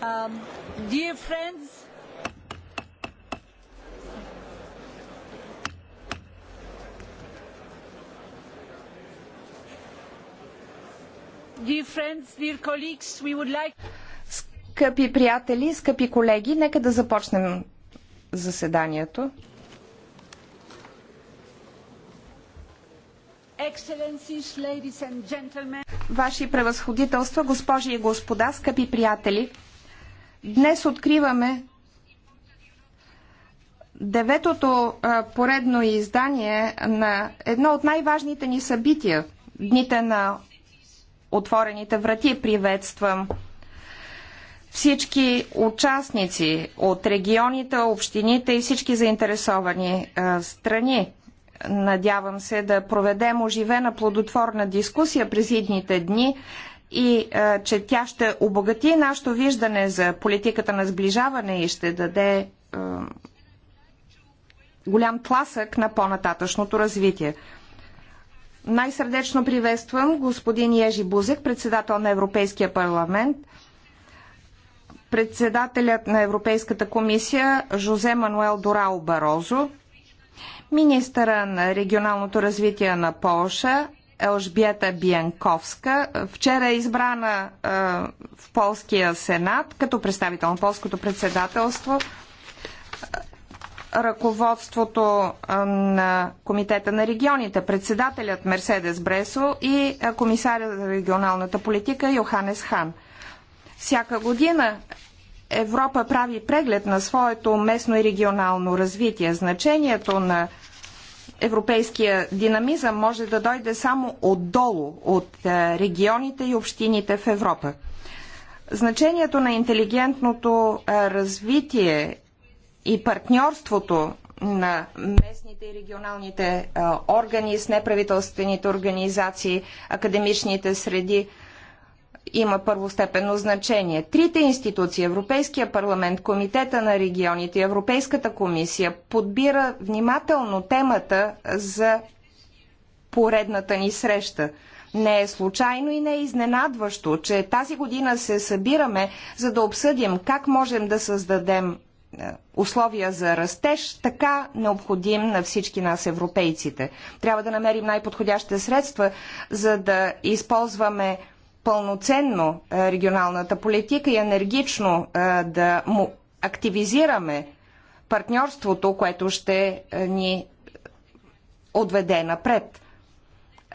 Um, dear friends, dear friends, dear colleagues, we would like... Скъпи приятели, скъпи колеги, нека да започнем заседанието. Ваши превъзходителства, госпожи и господа, скъпи приятели, Днес откриваме деветото поредно издание на едно от най-важните ни събития – Дните на отворените врати. Приветствам всички участници от регионите, общините и всички заинтересовани страни. Надявам се да проведем оживена плодотворна дискусия през идните дни и а, че тя ще обогати нашето виждане за политиката на сближаване и ще даде а, голям тласък на по-нататъчното развитие. Най-сърдечно приветствам господин Ежи Бузек, председател на Европейския парламент, председателят на Европейската комисия Жозе Мануел Дорао Барозо, министъра на регионалното развитие на Полша Елжбета Бянковска, Вчера е избрана е, в Полския сенат като представител на Полското председателство. Е, ръководството е, на Комитета на регионите, председателят Мерседес Бресо и комисарят за регионалната политика Йоханес Хан. Всяка година Европа прави преглед на своето местно и регионално развитие. Значението на европейския динамизъм може да дойде само отдолу, от е, регионите и общините в Европа. Значението на интелигентното е, развитие и партньорството на местните и регионалните е, органи с неправителствените организации, академичните среди – има първостепенно значение. Трите институции, Европейския парламент, Комитета на регионите и Европейската комисия подбира внимателно темата за поредната ни среща. Не е случайно и не е изненадващо, че тази година се събираме, за да обсъдим как можем да създадем е, условия за растеж, така необходим на всички нас европейците. Трябва да намерим най-подходящите средства, за да използваме пълноценно е, регионалната политика и енергично е, да му активизираме партньорството, което ще е, ни отведе напред.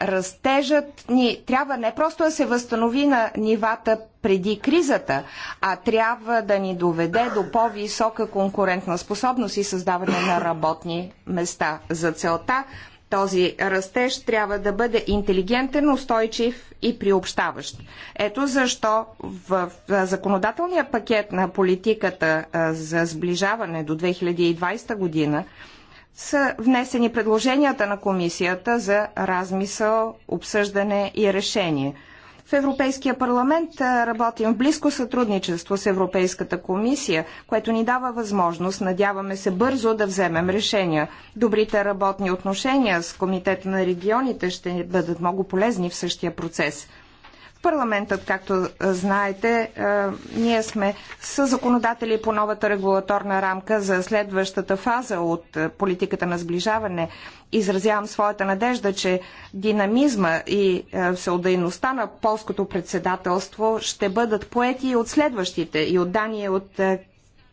Растежът ни трябва не просто да се възстанови на нивата преди кризата, а трябва да ни доведе до по-висока конкурентна способност и създаване на работни места. За целта този растеж трябва да бъде интелигентен, устойчив и приобщаващ. Ето защо в законодателния пакет на политиката за сближаване до 2020 година са внесени предложенията на комисията за размисъл, обсъждане и решение – в Европейския парламент работим в близко сътрудничество с Европейската комисия, което ни дава възможност, надяваме се бързо да вземем решения. Добрите работни отношения с Комитета на регионите ще бъдат много полезни в същия процес парламентът, както знаете, ние сме с законодатели по новата регулаторна рамка за следващата фаза от политиката на сближаване. Изразявам своята надежда, че динамизма и всеодайността на полското председателство ще бъдат поети и от следващите, и от Дания, от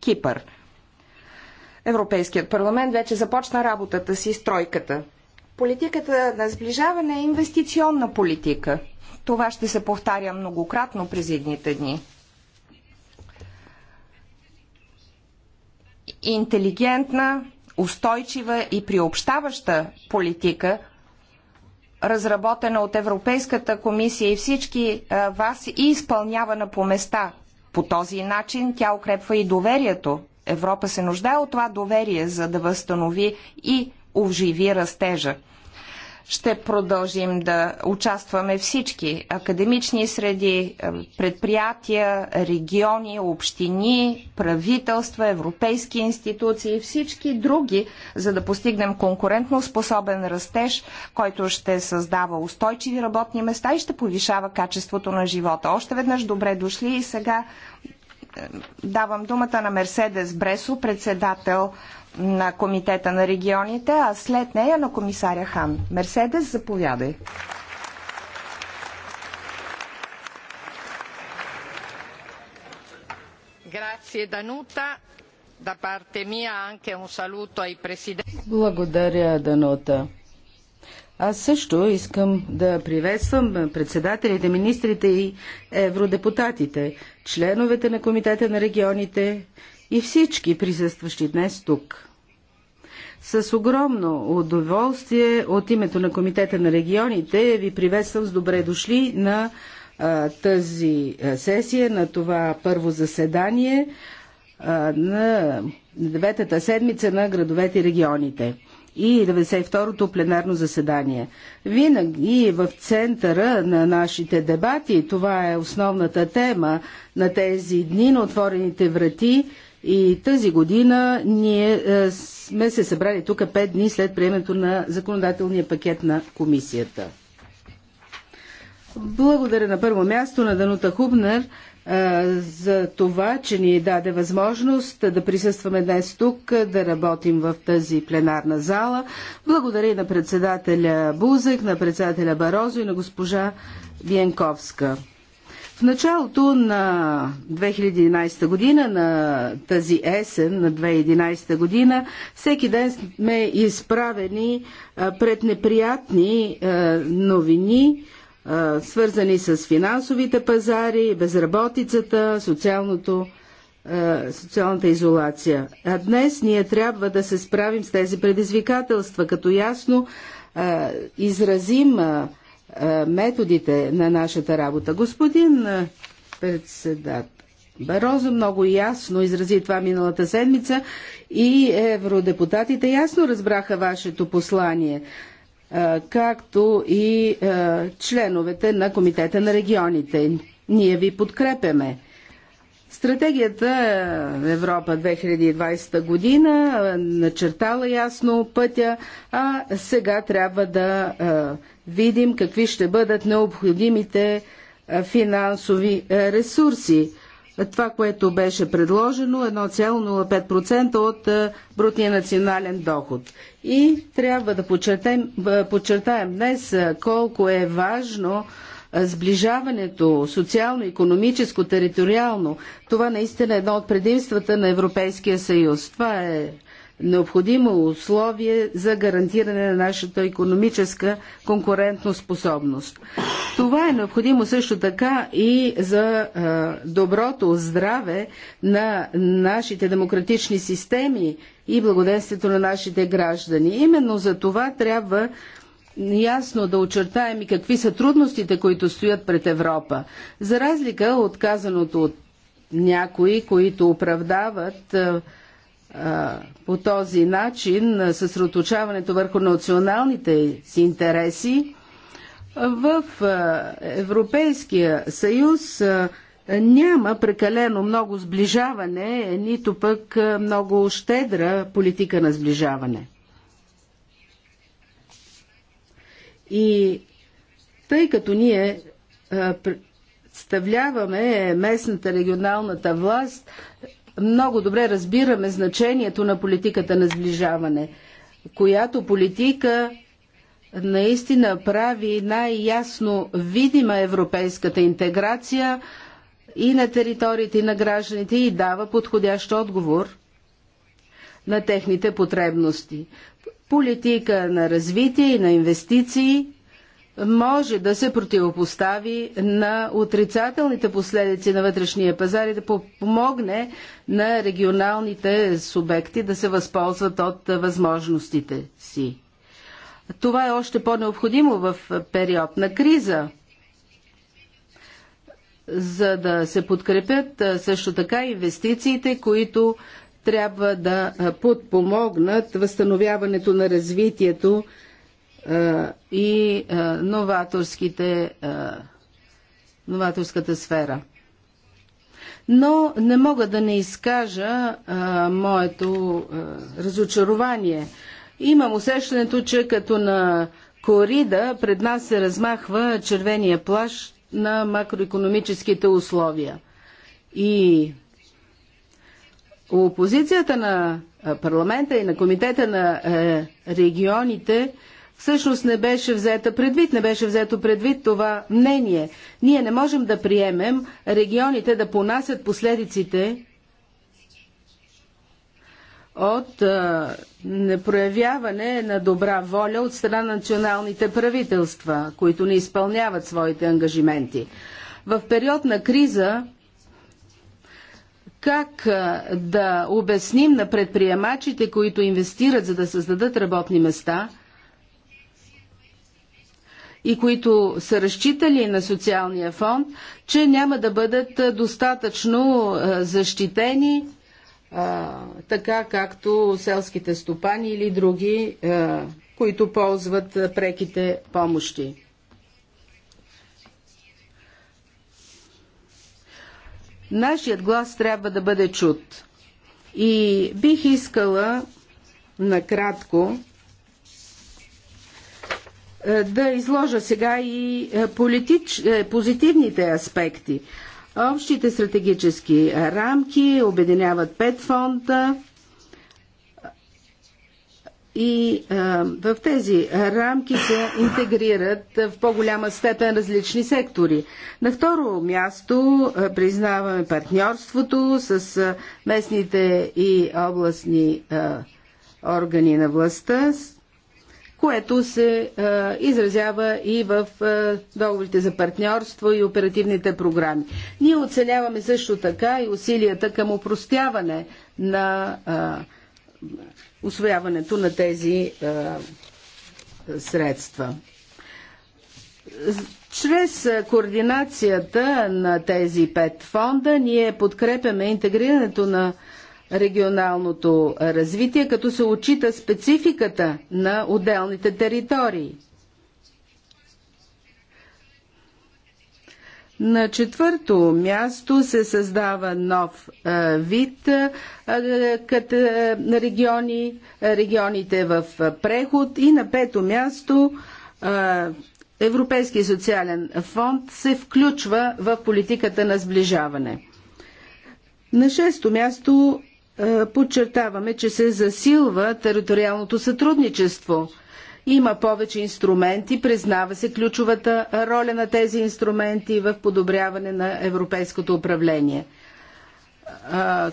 Кипър. Европейският парламент вече започна работата си с тройката. Политиката на сближаване е инвестиционна политика – това ще се повтаря многократно през едните дни. Интелигентна, устойчива и приобщаваща политика, разработена от Европейската комисия и всички вас и изпълнявана по места. По този начин тя укрепва и доверието. Европа се нуждае от това доверие, за да възстанови и оживи растежа ще продължим да участваме всички академични среди, предприятия, региони, общини, правителства, европейски институции и всички други, за да постигнем конкурентно способен растеж, който ще създава устойчиви работни места и ще повишава качеството на живота. Още веднъж добре дошли и сега давам думата на Мерседес Бресо, председател на Комитета на регионите, а след нея на комисаря Хан. Мерседес, заповядай. Благодаря, Данута. Аз също искам да приветствам председателите, министрите и евродепутатите, членовете на Комитета на регионите и всички присъстващи днес тук. С огромно удоволствие от името на Комитета на регионите ви приветствам с добре дошли на а, тази сесия, на това първо заседание а, на деветата седмица на градовете и регионите и 92-то пленарно заседание. Винаги в центъра на нашите дебати, това е основната тема на тези дни на отворените врати и тази година ние е, сме се събрали тук 5 дни след приемането на законодателния пакет на комисията. Благодаря на първо място на Данута Хубнер е, за това, че ни даде възможност да присъстваме днес тук, да работим в тази пленарна зала. Благодаря и на председателя Бузек, на председателя Барозо и на госпожа Биенковска. В началото на 2011 година, на тази есен на 2011 година, всеки ден сме изправени пред неприятни новини, свързани с финансовите пазари, безработицата, социалното социалната изолация. А днес ние трябва да се справим с тези предизвикателства, като ясно изразим е, методите на нашата работа. Господин е, председател, Барозо много ясно изрази това миналата седмица и евродепутатите ясно разбраха вашето послание, е, както и членовете на Комитета на регионите. Ние ви подкрепяме. Стратегията Европа 2020 година начертала ясно пътя, а сега трябва да видим какви ще бъдат необходимите финансови ресурси. Това, което беше предложено, 1,05% от брутния национален доход. И трябва да подчертаем, подчертаем днес колко е важно сближаването социално, економическо, териториално, това наистина е едно от предимствата на Европейския съюз. Това е необходимо условие за гарантиране на нашата економическа способност. Това е необходимо също така и за доброто здраве на нашите демократични системи и благоденствието на нашите граждани. Именно за това трябва ясно да очертаем и какви са трудностите, които стоят пред Европа. За разлика от казаното от някои, които оправдават по този начин съсредоточаването върху националните си интереси, в Европейския съюз няма прекалено много сближаване, нито пък много щедра политика на сближаване. И тъй като ние представляваме местната регионалната власт, много добре разбираме значението на политиката на сближаване, която политика наистина прави най-ясно видима европейската интеграция и на териториите и на гражданите и дава подходящ отговор на техните потребности политика на развитие и на инвестиции може да се противопостави на отрицателните последици на вътрешния пазар и да помогне на регионалните субекти да се възползват от възможностите си. Това е още по-необходимо в период на криза, за да се подкрепят също така инвестициите, които трябва да подпомогнат възстановяването на развитието и новаторските, новаторската сфера. Но не мога да не изкажа а, моето а, разочарование. Имам усещането, че като на корида пред нас се размахва червения плащ на макроекономическите условия. И Опозицията на парламента и на комитета на регионите всъщност не беше взета предвид, не беше взето предвид това мнение. Ние не можем да приемем регионите да понасят последиците от а, непроявяване на добра воля от страна на националните правителства, които не изпълняват своите ангажименти. В период на криза как да обясним на предприемачите, които инвестират за да създадат работни места и които са разчитали на социалния фонд, че няма да бъдат достатъчно защитени така както селските стопани или други, които ползват преките помощи. Нашият глас трябва да бъде чут. И бих искала накратко е, да изложа сега и е, политич... Е, позитивните аспекти. Общите стратегически рамки обединяват пет фонда и а, в тези рамки се интегрират в по-голяма степен различни сектори. На второ място а, признаваме партньорството с а, местните и областни а, органи на властта, което се а, изразява и в а, договорите за партньорство и оперативните програми. Ние оцеляваме също така и усилията към упростяване на. А, освояването на тези средства. Чрез координацията на тези пет фонда ние подкрепяме интегрирането на регионалното развитие, като се очита спецификата на отделните територии – На четвърто място се създава нов вид като региони, регионите в преход и на пето място Европейския социален фонд се включва в политиката на сближаване. На шесто място подчертаваме, че се засилва териториалното сътрудничество – има повече инструменти, признава се ключовата роля на тези инструменти в подобряване на европейското управление.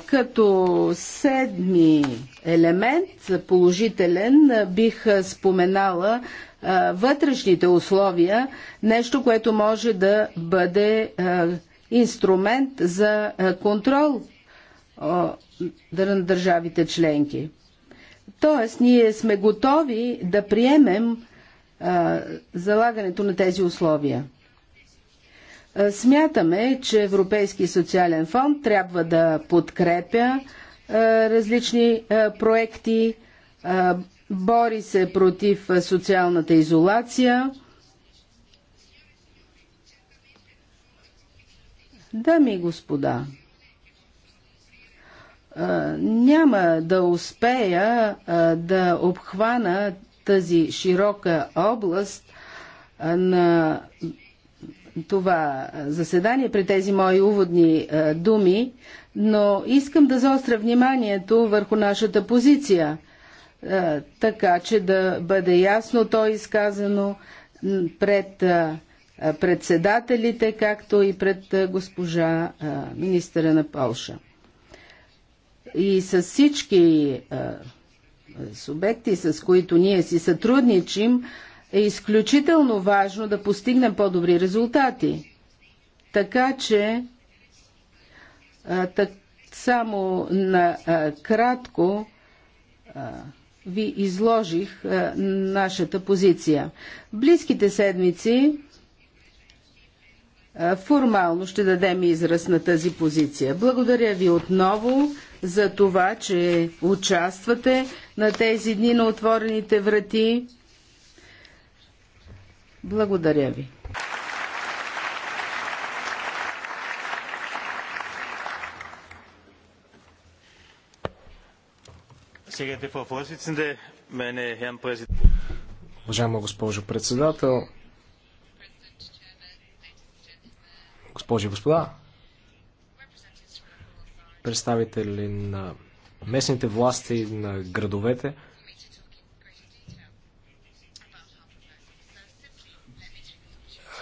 Като седми елемент, положителен, бих споменала вътрешните условия, нещо, което може да бъде инструмент за контрол на държавите членки. Тоест, ние сме готови да приемем а, залагането на тези условия. А, смятаме, че Европейски социален фонд трябва да подкрепя а, различни а, проекти, а, бори се против социалната изолация. Дами и господа, няма да успея да обхвана тази широка област на това заседание при тези мои уводни думи, но искам да заостря вниманието върху нашата позиция, така че да бъде ясно то изказано пред председателите, както и пред госпожа министъра на Полша и с всички е, субекти, с които ние си сътрудничим, е изключително важно да постигнем по-добри резултати. Така че, е, так, само на а, е, кратко а, ви изложих а, нашата позиция. Близките седмици формално ще дадем израз на тази позиция. Благодаря ви отново за това, че участвате на тези дни на отворените врати. Благодаря ви. Уважаема госпожо председател, госпожи и господа, представители на местните власти, на градовете.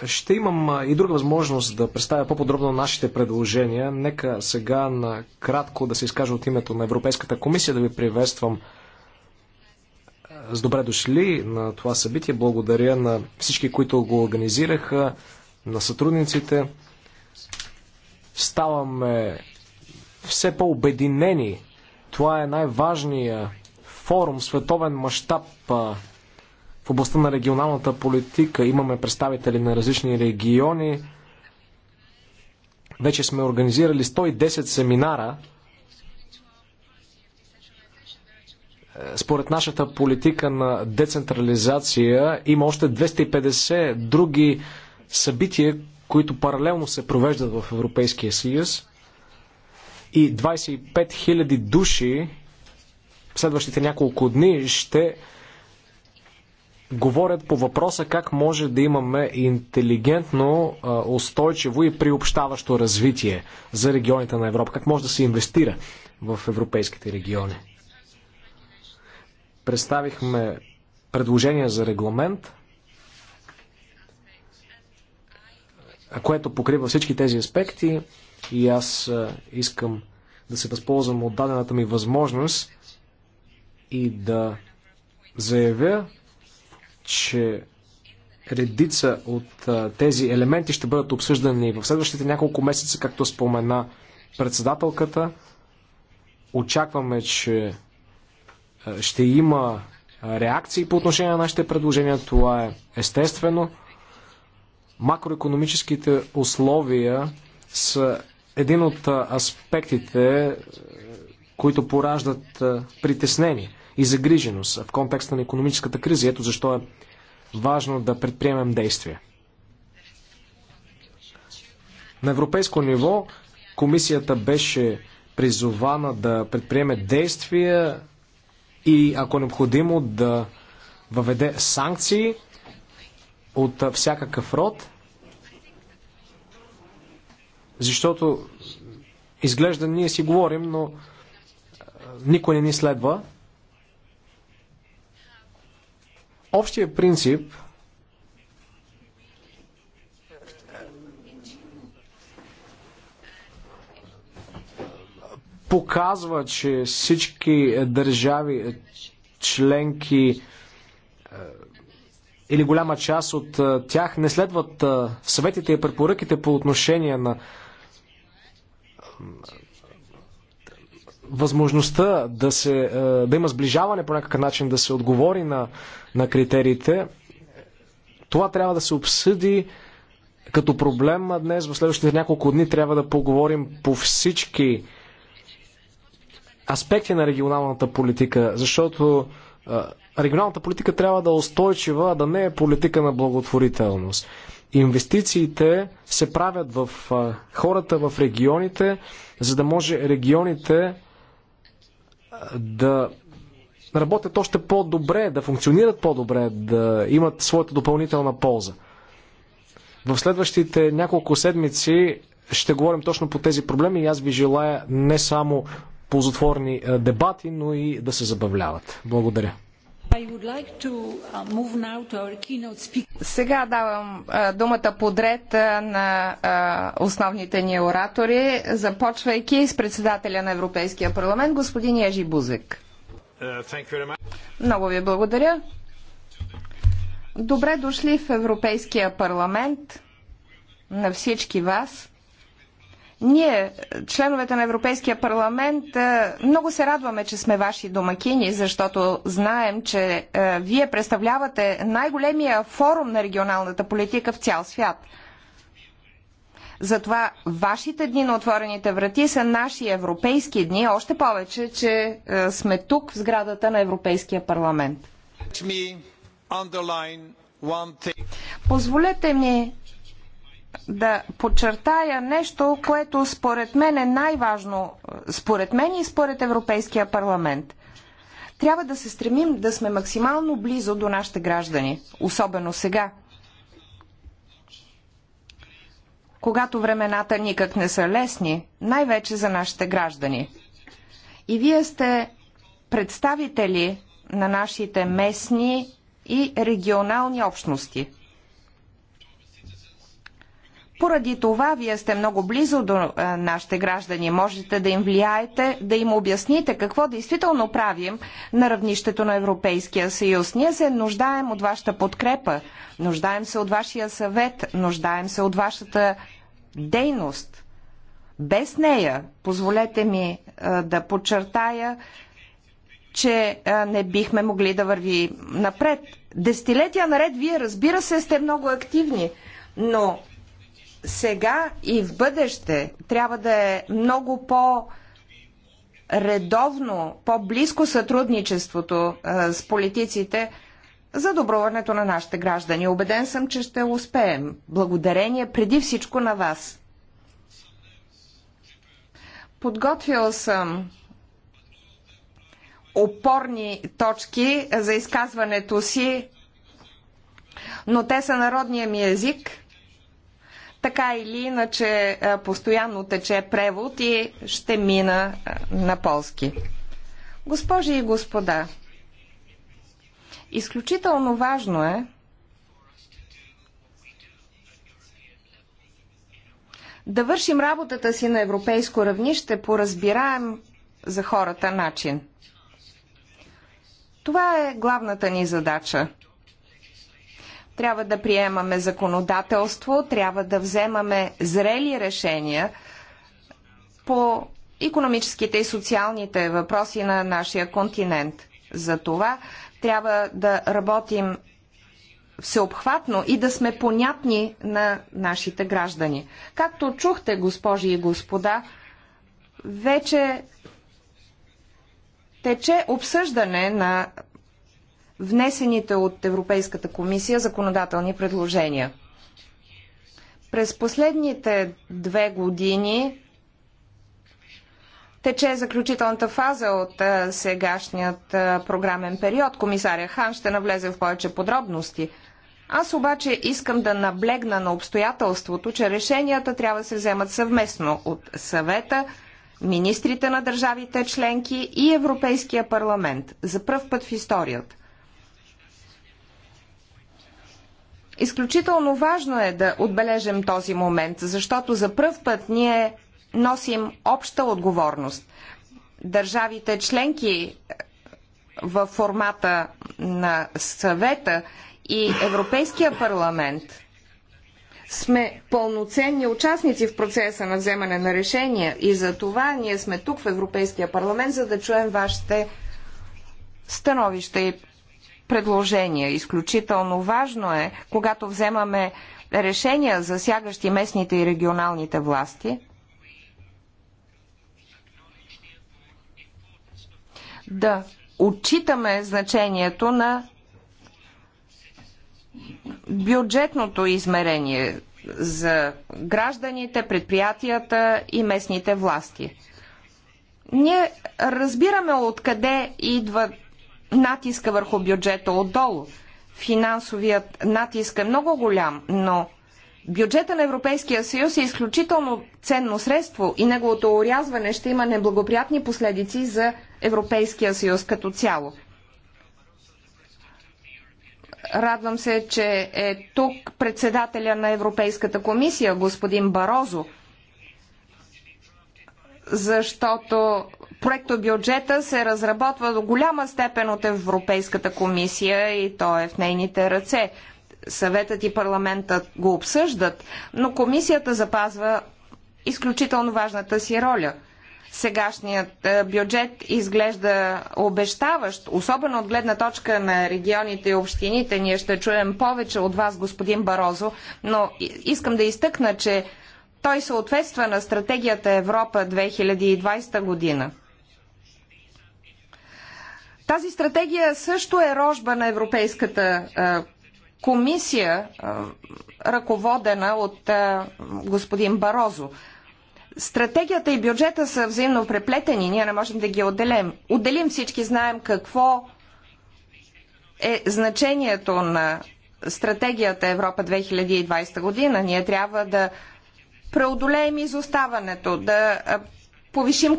Ще имам и друга възможност да представя по-подробно нашите предложения. Нека сега на кратко да се изкажа от името на Европейската комисия да ви приветствам с добре дошли на това събитие. Благодаря на всички, които го организираха, на сътрудниците. Ставаме все по-обединени. Това е най-важният форум, световен мащаб в областта на регионалната политика. Имаме представители на различни региони. Вече сме организирали 110 семинара. Според нашата политика на децентрализация има още 250 други събития, които паралелно се провеждат в Европейския съюз и 25 000 души в следващите няколко дни ще говорят по въпроса как може да имаме интелигентно, устойчиво и приобщаващо развитие за регионите на Европа. Как може да се инвестира в европейските региони. Представихме предложение за регламент, което покрива всички тези аспекти и аз искам да се възползвам от дадената ми възможност и да заявя, че редица от тези елементи ще бъдат обсъждани в следващите няколко месеца, както спомена председателката. Очакваме, че ще има реакции по отношение на нашите предложения. Това е естествено. Макроекономическите условия са един от аспектите, е, които пораждат е, притеснение и загриженост в контекста на економическата криза. Ето защо е важно да предприемем действия. На европейско ниво комисията беше призована да предприеме действия и ако е необходимо да въведе санкции от всякакъв род – защото изглежда ние си говорим, но никой не ни следва. Общия принцип показва, че всички държави членки или голяма част от тях не следват съветите и препоръките по отношение на възможността да, се, е, да има сближаване по някакъв начин, да се отговори на, на критериите, това трябва да се обсъди като проблем днес. В следващите няколко дни трябва да поговорим по всички аспекти на регионалната политика, защото е, регионалната политика трябва да е устойчива, да не е политика на благотворителност. Инвестициите се правят в хората, в регионите, за да може регионите да работят още по-добре, да функционират по-добре, да имат своята допълнителна полза. В следващите няколко седмици ще говорим точно по тези проблеми и аз ви желая не само ползотворни дебати, но и да се забавляват. Благодаря. Uh, Сега давам думата подред на основните ни оратори, започвайки с председателя на Европейския парламент, господин Ежи Бузек. Uh, Много ви благодаря. Добре дошли в Европейския парламент на всички вас. Ние, членовете на Европейския парламент, е, много се радваме, че сме ваши домакини, защото знаем, че е, вие представлявате най-големия форум на регионалната политика в цял свят. Затова вашите дни на отворените врати са наши европейски дни, още повече, че е, сме тук в сградата на Европейския парламент. Позволете ми да подчертая нещо, което според мен е най-важно, според мен и според Европейския парламент. Трябва да се стремим да сме максимално близо до нашите граждани, особено сега, когато времената никак не са лесни, най-вече за нашите граждани. И вие сте представители на нашите местни и регионални общности. Поради това вие сте много близо до нашите граждани. Можете да им влияете, да им обясните какво действително правим на равнището на Европейския съюз. Ние се нуждаем от вашата подкрепа, нуждаем се от вашия съвет, нуждаем се от вашата дейност. Без нея, позволете ми да подчертая, че не бихме могли да върви напред. Десетилетия наред вие, разбира се, сте много активни, но сега и в бъдеще трябва да е много по- редовно, по-близко сътрудничеството а, е, с политиците за доброването на нашите граждани. Обеден съм, че ще успеем. Благодарение преди всичко на вас. Подготвил съм опорни точки за изказването си, но те са народния ми език – така или иначе е, постоянно тече превод и ще мина е, на полски. Госпожи и господа, изключително важно е да вършим работата си на европейско равнище по разбираем за хората начин. Това е главната ни задача – трябва да приемаме законодателство, трябва да вземаме зрели решения по економическите и социалните въпроси на нашия континент. За това трябва да работим всеобхватно и да сме понятни на нашите граждани. Както чухте, госпожи и господа, вече тече обсъждане на внесените от Европейската комисия законодателни предложения. През последните две години тече заключителната фаза от сегашният програмен период. Комисаря Хан ще навлезе в повече подробности. Аз обаче искам да наблегна на обстоятелството, че решенията трябва да се вземат съвместно от съвета, министрите на държавите членки и Европейския парламент за пръв път в историята. Изключително важно е да отбележим този момент, защото за пръв път ние носим обща отговорност. Държавите членки е, в формата на съвета и Европейския парламент сме пълноценни участници в процеса на вземане на решения и за това ние сме тук в Европейския парламент, за да чуем вашите становища и предложения. Изключително важно е, когато вземаме решения, засягащи местните и регионалните власти, да отчитаме значението на бюджетното измерение за гражданите, предприятията и местните власти. Ние разбираме откъде идват натиска върху бюджета отдолу. Финансовият натиск е много голям, но бюджета на Европейския съюз е изключително ценно средство и неговото урязване ще има неблагоприятни последици за Европейския съюз като цяло. Радвам се, че е тук председателя на Европейската комисия, господин Барозо, защото Проектобюджета се разработва до голяма степен от Европейската комисия и то е в нейните ръце. Съветът и парламентът го обсъждат, но комисията запазва изключително важната си роля. Сегашният е, бюджет изглежда обещаващ, особено от гледна точка на регионите и общините. Ние ще чуем повече от вас, господин Барозо, но искам да изтъкна, че той съответства на стратегията Европа 2020 година. Тази стратегия също е рожба на Европейската комисия, ръководена от господин Барозо. Стратегията и бюджета са взаимно преплетени, ние не можем да ги отделим. Отделим всички знаем какво е значението на стратегията Европа 2020 година. Ние трябва да преодолеем изоставането, да повишим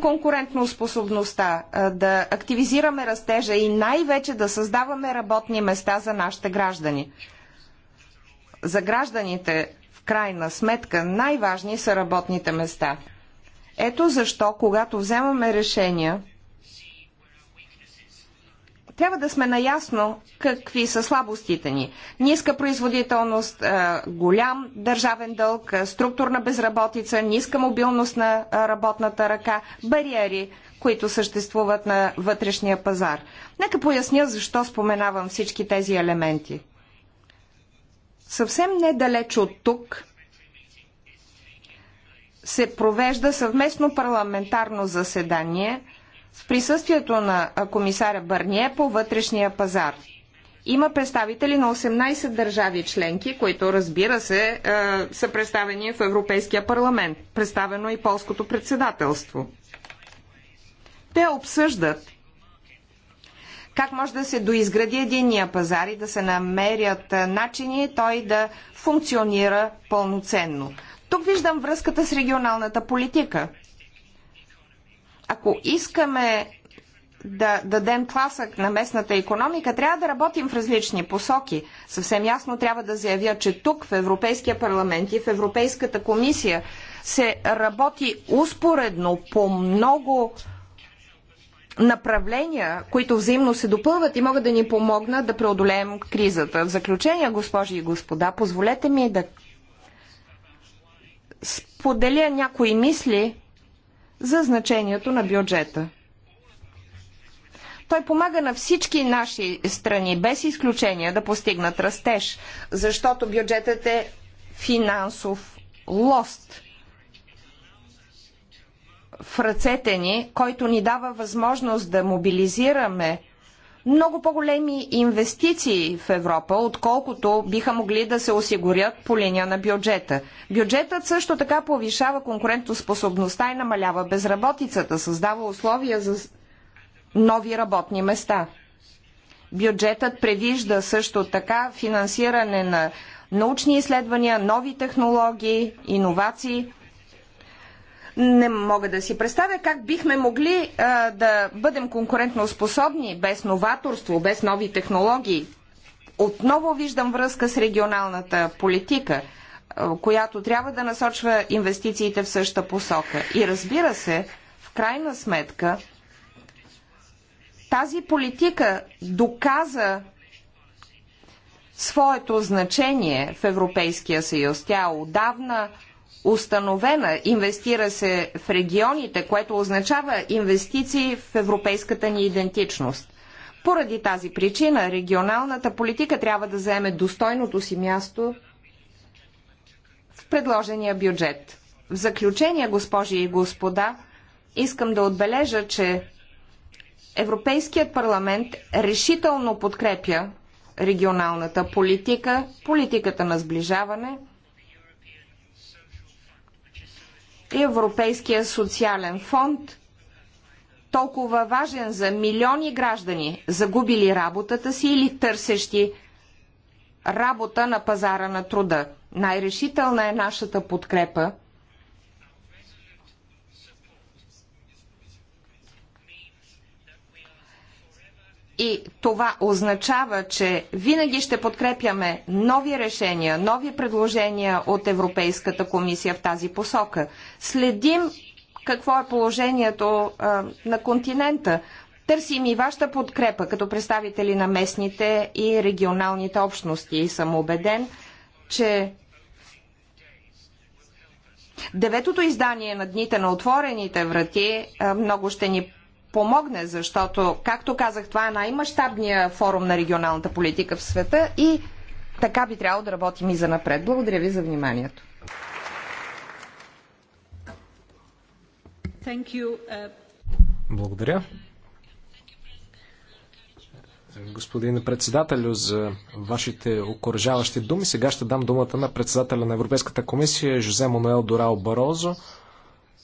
способността, да активизираме растежа и най-вече да създаваме работни места за нашите граждани. За гражданите, в крайна сметка, най-важни са работните места. Ето защо, когато вземаме решения, трябва да сме наясно какви са слабостите ни. Ниска производителност, голям държавен дълг, структурна безработица, ниска мобилност на работната ръка, бариери, които съществуват на вътрешния пазар. Нека поясня защо споменавам всички тези елементи. Съвсем недалеч от тук се провежда съвместно парламентарно заседание – в присъствието на комисаря Бърние по вътрешния пазар. Има представители на 18 държави членки, които разбира се са представени в Европейския парламент. Представено и полското председателство. Те обсъждат как може да се доизгради единния пазар и да се намерят начини той да функционира пълноценно. Тук виждам връзката с регионалната политика – ако искаме да дадем тласък на местната економика, трябва да работим в различни посоки. Съвсем ясно трябва да заявя, че тук в Европейския парламент и в Европейската комисия се работи успоредно по много направления, които взаимно се допълват и могат да ни помогнат да преодолеем кризата. В заключение, госпожи и господа, позволете ми да споделя някои мисли, за значението на бюджета. Той помага на всички наши страни, без изключение, да постигнат растеж, защото бюджетът е финансов лост в ръцете ни, който ни дава възможност да мобилизираме много по-големи инвестиции в Европа, отколкото биха могли да се осигурят по линия на бюджета. Бюджетът също така повишава конкурентоспособността и намалява безработицата, създава условия за нови работни места. Бюджетът предвижда също така финансиране на научни изследвания, нови технологии, иновации, не мога да си представя как бихме могли а, да бъдем конкурентноспособни без новаторство, без нови технологии. Отново виждам връзка с регионалната политика, а, която трябва да насочва инвестициите в същата посока. И разбира се, в крайна сметка, тази политика доказа своето значение в Европейския съюз. Тя е отдавна установена. Инвестира се в регионите, което означава инвестиции в европейската ни идентичност. Поради тази причина регионалната политика трябва да заеме достойното си място в предложения бюджет. В заключение, госпожи и господа, искам да отбележа, че Европейският парламент решително подкрепя регионалната политика, политиката на сближаване – и Европейския социален фонд, толкова важен за милиони граждани, загубили работата си или търсещи работа на пазара на труда. Най-решителна е нашата подкрепа И това означава, че винаги ще подкрепяме нови решения, нови предложения от Европейската комисия в тази посока. Следим какво е положението а, на континента. Търсим и вашата подкрепа като представители на местните и регионалните общности. И съм убеден, че Деветото издание на Дните на отворените врати много ще ни помогне, защото, както казах, това е най-мащабният форум на регионалната политика в света и така би трябвало да работим и за напред. Благодаря ви за вниманието. Uh, Благодаря. Господин председателю, за вашите окоръжаващи думи. Сега ще дам думата на председателя на Европейската комисия Жозе Мануел Дорао Барозо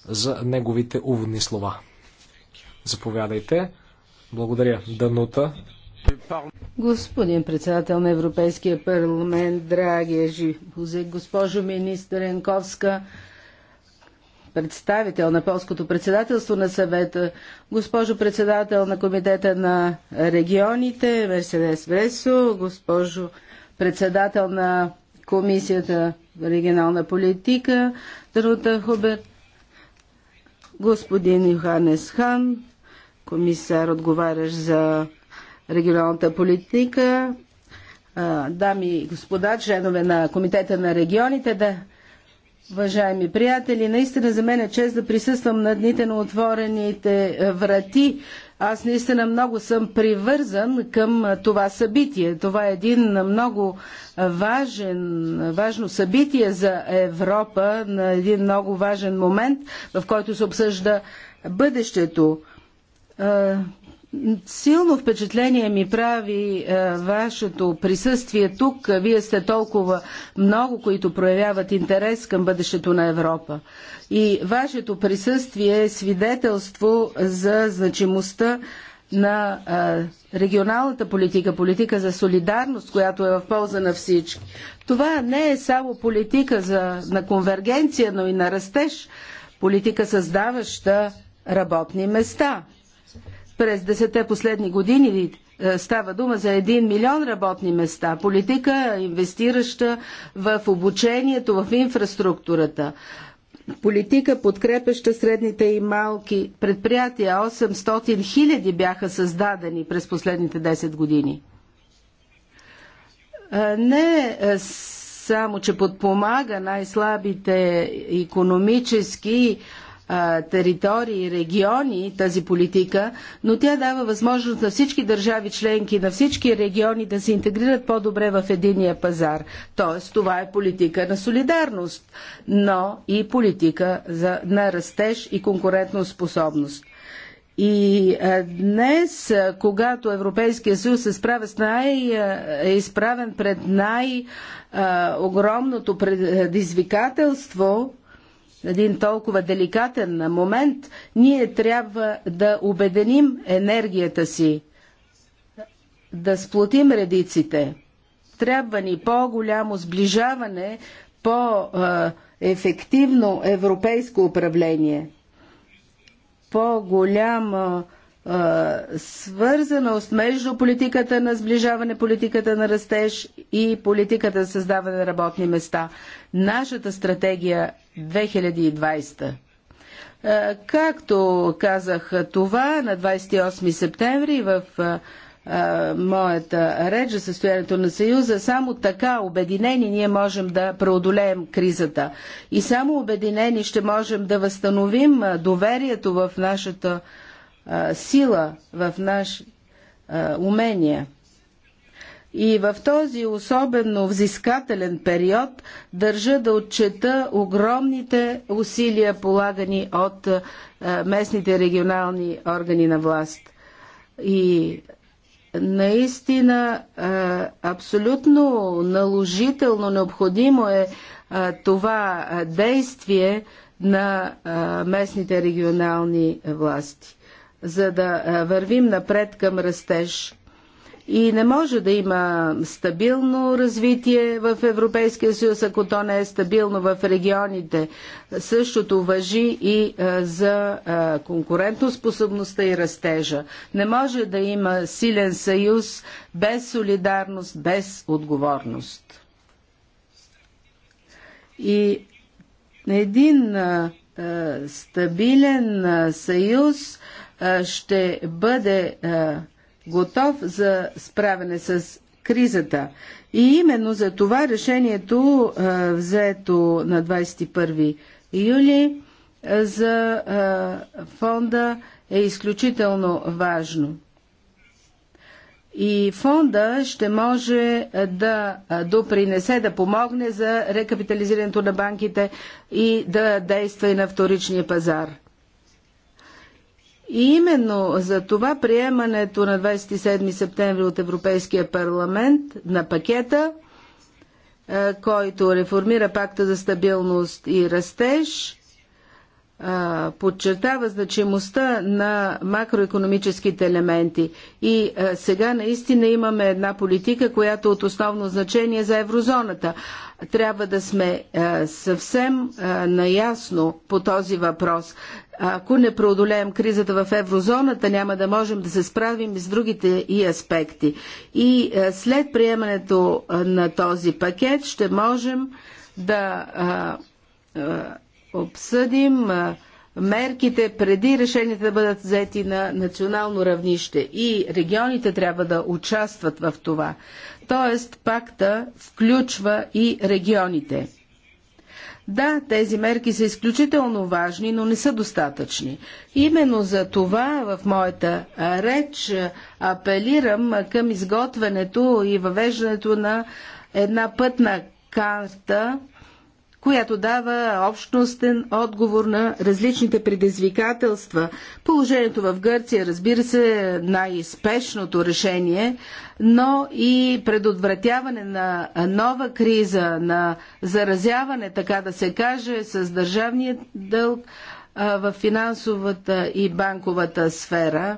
за неговите уводни слова. Заповядайте. Благодаря. Данута. Господин председател на Европейския парламент, драги ежи, госпожо министър Енковска, представител на полското председателство на съвета, госпожо председател на комитета на регионите, Мерседес Бресо, госпожо председател на комисията регионална политика, Дарута Хубер, господин Йоханес Хан, комисар, отговарящ за регионалната политика, дами и господа, членове на Комитета на регионите, да Уважаеми приятели, наистина за мен е чест да присъствам на дните на отворените врати. Аз наистина много съм привързан към това събитие. Това е един много важен, важно събитие за Европа, на един много важен момент, в който се обсъжда бъдещето Силно впечатление ми прави а, вашето присъствие тук. Вие сте толкова много, които проявяват интерес към бъдещето на Европа. И вашето присъствие е свидетелство за значимостта на а, регионалната политика, политика за солидарност, която е в полза на всички. Това не е само политика за, на конвергенция, но и на растеж, политика създаваща работни места – през десете последни години е, става дума за 1 милион работни места. Политика, инвестираща в обучението, в инфраструктурата. Политика, подкрепеща средните и малки предприятия. 800 хиляди бяха създадени през последните 10 години. Е, не е, само, че подпомага най-слабите економически територии, региони тази политика, но тя дава възможност на всички държави членки, на всички региони да се интегрират по-добре в единия пазар. Тоест, това е политика на солидарност, но и политика за, на растеж и конкурентоспособност. И днес, когато Европейския съюз е, справя с най, е изправен пред най-огромното предизвикателство, един толкова деликатен момент, ние трябва да обеденим енергията си, да сплотим редиците. Трябва ни по-голямо сближаване, по-ефективно европейско управление, по голямо свързаност между политиката на сближаване, политиката на растеж и политиката за създаване на работни места. Нашата стратегия 2020. Както казах това на 28 септември в моята реч за състоянието на Съюза, само така обединени ние можем да преодолеем кризата. И само обединени ще можем да възстановим доверието в нашата сила, в наши умения. И в този особено взискателен период държа да отчета огромните усилия, полагани от местните регионални органи на власт. И наистина абсолютно наложително необходимо е това действие на местните регионални власти за да вървим напред към растеж. И не може да има стабилно развитие в Европейския съюз, ако то не е стабилно в регионите. Същото въжи и за конкурентоспособността и растежа. Не може да има силен съюз без солидарност, без отговорност. И един стабилен съюз ще бъде готов за справяне с кризата. И именно за това решението, взето на 21 юли, за фонда е изключително важно. И фонда ще може да допринесе, да помогне за рекапитализирането на банките и да действа и на вторичния пазар. И именно за това приемането на 27 септември от Европейския парламент на пакета, е, който реформира пакта за стабилност и растеж, подчертава значимостта на макроекономическите елементи. И сега наистина имаме една политика, която е от основно значение за еврозоната. Трябва да сме съвсем наясно по този въпрос. Ако не преодолеем кризата в еврозоната, няма да можем да се справим с другите и аспекти. И след приемането на този пакет ще можем да обсъдим мерките преди решенията да бъдат взети на национално равнище и регионите трябва да участват в това. Тоест пакта включва и регионите. Да, тези мерки са изключително важни, но не са достатъчни. Именно за това в моята реч апелирам към изготвянето и въвеждането на една пътна карта която дава общностен отговор на различните предизвикателства. Положението в Гърция, разбира се, е най-спешното решение, но и предотвратяване на нова криза, на заразяване, така да се каже, с държавния дълг в финансовата и банковата сфера.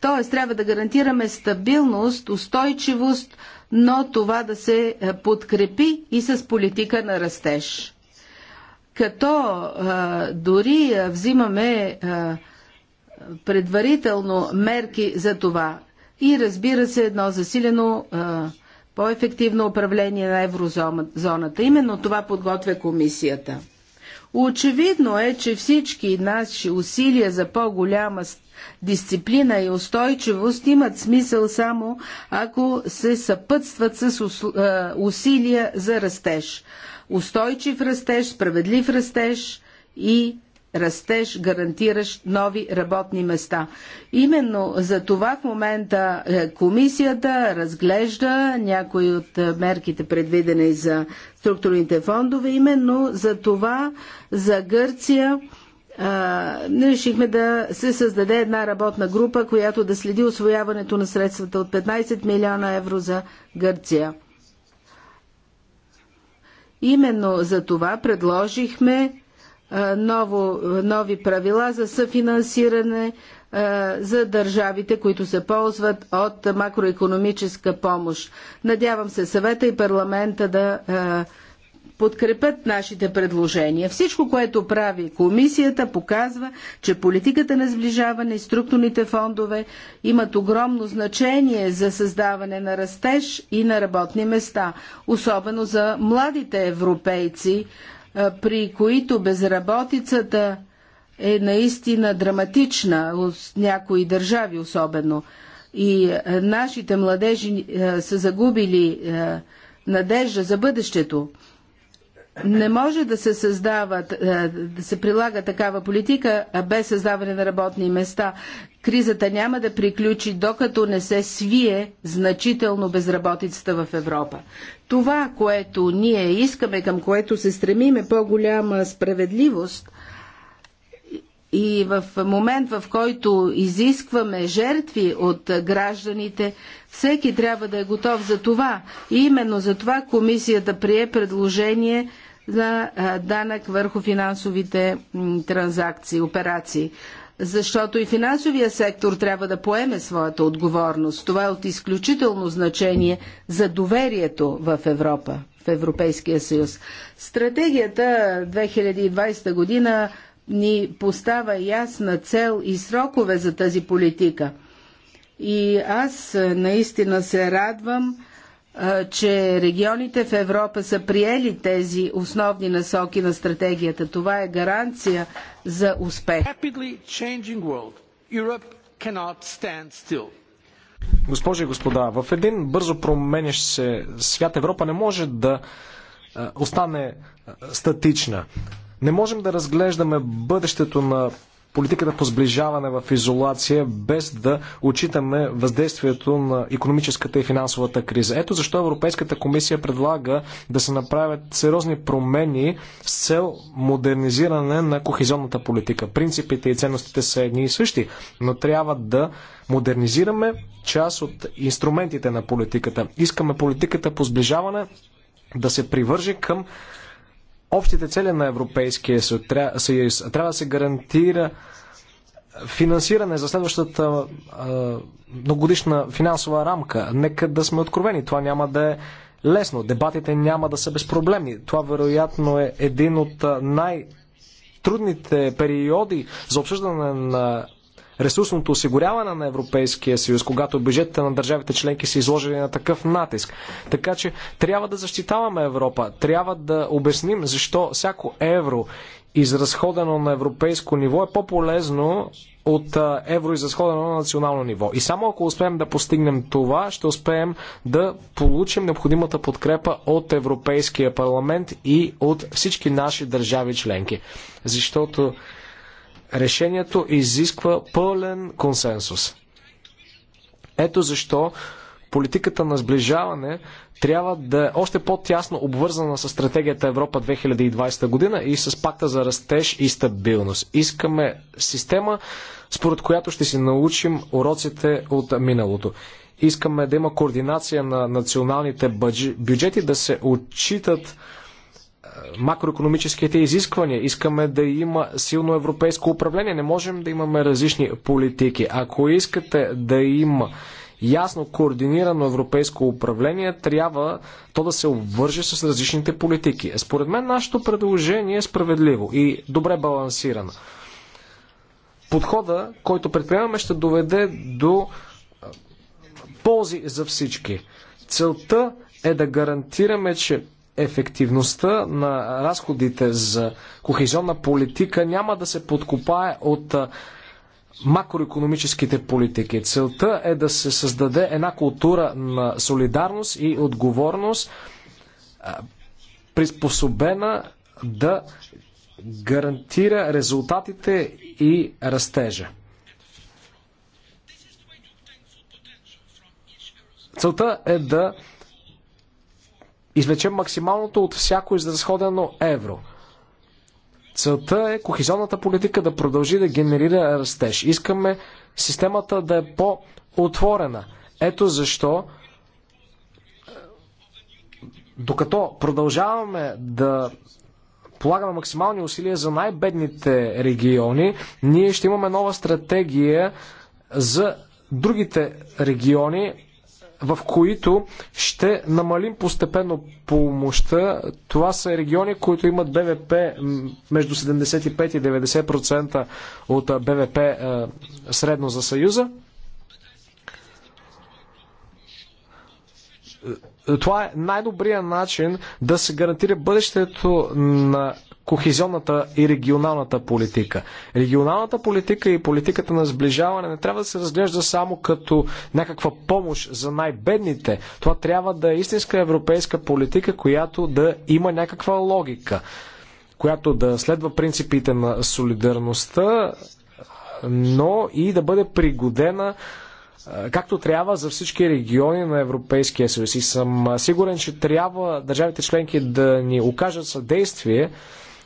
Тоест, трябва да гарантираме стабилност, устойчивост, но това да се е, подкрепи и с политика на растеж. Като е, дори е, взимаме предварително мерки за това и разбира се едно засилено по-ефективно управление на еврозоната. Именно това подготвя комисията. Очевидно е, че всички наши усилия за по-голяма дисциплина и устойчивост имат смисъл само ако се съпътстват с усилия за растеж. Устойчив растеж, справедлив растеж и растеж, гарантиращ нови работни места. Именно за това в момента е, комисията разглежда някои от е, мерките предвидени за структурните фондове. Именно за това за Гърция решихме да се създаде една работна група, която да следи освояването на средствата от 15 милиона евро за Гърция. Именно за това предложихме ново, нови правила за съфинансиране е, за държавите, които се ползват от макроекономическа помощ. Надявам се съвета и парламента да е, подкрепят нашите предложения. Всичко, което прави комисията, показва, че политиката на сближаване и структурните фондове имат огромно значение за създаване на растеж и на работни места, особено за младите европейци, е, при които безработицата е наистина драматична от някои държави особено. И е, нашите младежи е, са загубили е, надежда за бъдещето. Не може да се създава, да се прилага такава политика без създаване на работни места. Кризата няма да приключи, докато не се свие значително безработицата в Европа. Това, което ние искаме, към което се стремиме по-голяма справедливост – и в момент, в който изискваме жертви от гражданите, всеки трябва да е готов за това. И именно за това комисията прие предложение за данък върху финансовите транзакции, операции. Защото и финансовия сектор трябва да поеме своята отговорност. Това е от изключително значение за доверието в Европа, в Европейския съюз. Стратегията 2020 година ни поставя ясна цел и срокове за тази политика. И аз е, наистина се радвам, е, че регионите в Европа са приели тези основни насоки на стратегията. Това е гаранция за успех. Госпожи и господа, в един бързо променящ се свят Европа не може да е, остане статична. Не можем да разглеждаме бъдещето на политиката по сближаване в изолация, без да отчитаме въздействието на економическата и финансовата криза. Ето защо Европейската комисия предлага да се направят сериозни промени с цел модернизиране на кохезионната политика. Принципите и ценностите са едни и същи, но трябва да модернизираме част от инструментите на политиката. Искаме политиката по сближаване да се привърже към общите цели на Европейския съюз. Трябва да се гарантира финансиране за следващата а, многогодишна финансова рамка. Нека да сме откровени. Това няма да е лесно. Дебатите няма да са безпроблемни. Това вероятно е един от най- трудните периоди за обсъждане на ресурсното осигуряване на Европейския съюз, когато бюджетите на държавите членки са изложени на такъв натиск. Така че трябва да защитаваме Европа, трябва да обясним защо всяко евро изразходено на европейско ниво е по-полезно от евро изразходено на национално ниво. И само ако успеем да постигнем това, ще успеем да получим необходимата подкрепа от Европейския парламент и от всички наши държави членки. Защото Решението изисква пълен консенсус. Ето защо политиката на сближаване трябва да е още по-тясно обвързана с стратегията Европа 2020 година и с пакта за растеж и стабилност. Искаме система, според която ще си научим уроците от миналото. Искаме да има координация на националните бюджети, да се отчитат макроекономическите изисквания. Искаме да има силно европейско управление. Не можем да имаме различни политики. Ако искате да има ясно координирано европейско управление, трябва то да се обвърже с различните политики. Според мен нашето предложение е справедливо и добре балансирано. Подхода, който предприемаме, ще доведе до ползи за всички. Целта е да гарантираме, че ефективността на разходите за кохезионна политика няма да се подкопае от макроекономическите политики. Целта е да се създаде една култура на солидарност и отговорност, приспособена да гарантира резултатите и растежа. Целта е да извлечем максималното от всяко изразходено евро. Целта е кохизионната политика да продължи да генерира растеж. Искаме системата да е по-отворена. Ето защо, докато продължаваме да полагаме максимални усилия за най-бедните региони, ние ще имаме нова стратегия за другите региони, в които ще намалим постепенно помощта. Това са региони, които имат БВП между 75 и 90% от БВП средно за Съюза. Е, е, това е най-добрият начин да се гарантира бъдещето на кохезионната и регионалната политика. Регионалната политика и политиката на сближаване не трябва да се разглежда само като някаква помощ за най-бедните. Това трябва да е истинска европейска политика, която да има някаква логика, която да следва принципите на солидарността, но и да бъде пригодена както трябва за всички региони на Европейския съюз. И съм сигурен, че трябва държавите членки да ни окажат съдействие,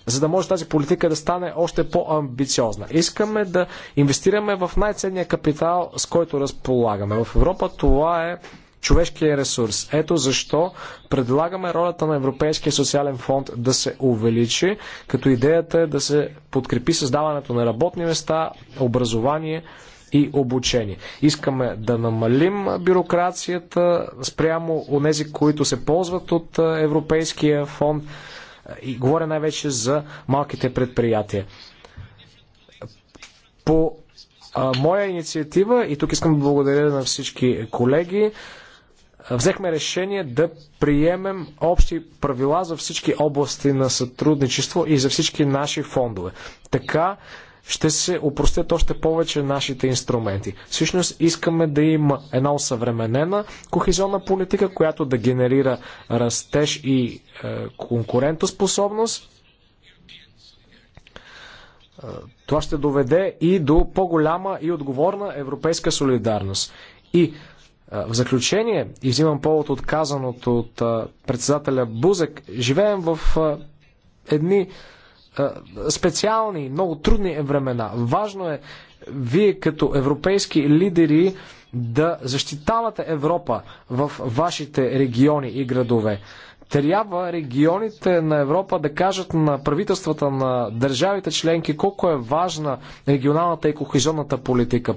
за да може тази политика да стане още по-амбициозна. Искаме да инвестираме в най-ценния капитал, с който разполагаме. В Европа това е човешкия ресурс. Ето защо предлагаме ролята на Европейския социален фонд да се увеличи, като идеята е да се подкрепи създаването на работни места, образование и обучение. Искаме да намалим бюрокрацията спрямо от тези, които се ползват от е, Европейския фонд. И говоря най-вече за малките предприятия. По а, моя инициатива, и тук искам да благодаря на всички колеги, взехме решение да приемем общи правила за всички области на сътрудничество и за всички наши фондове. Така ще се опростят още повече нашите инструменти. Всъщност искаме да има една усъвременена кохезионна политика, която да генерира растеж и е, конкурентоспособност. Е, това ще доведе и до по-голяма и отговорна европейска солидарност. И е, в заключение, и взимам повод от казаното е, от председателя Бузек, живеем в едни е, специални, много трудни е времена. Важно е вие като европейски лидери да защитавате Европа в вашите региони и градове. Трябва регионите на Европа да кажат на правителствата на държавите членки колко е важна регионалната и кохезионната политика.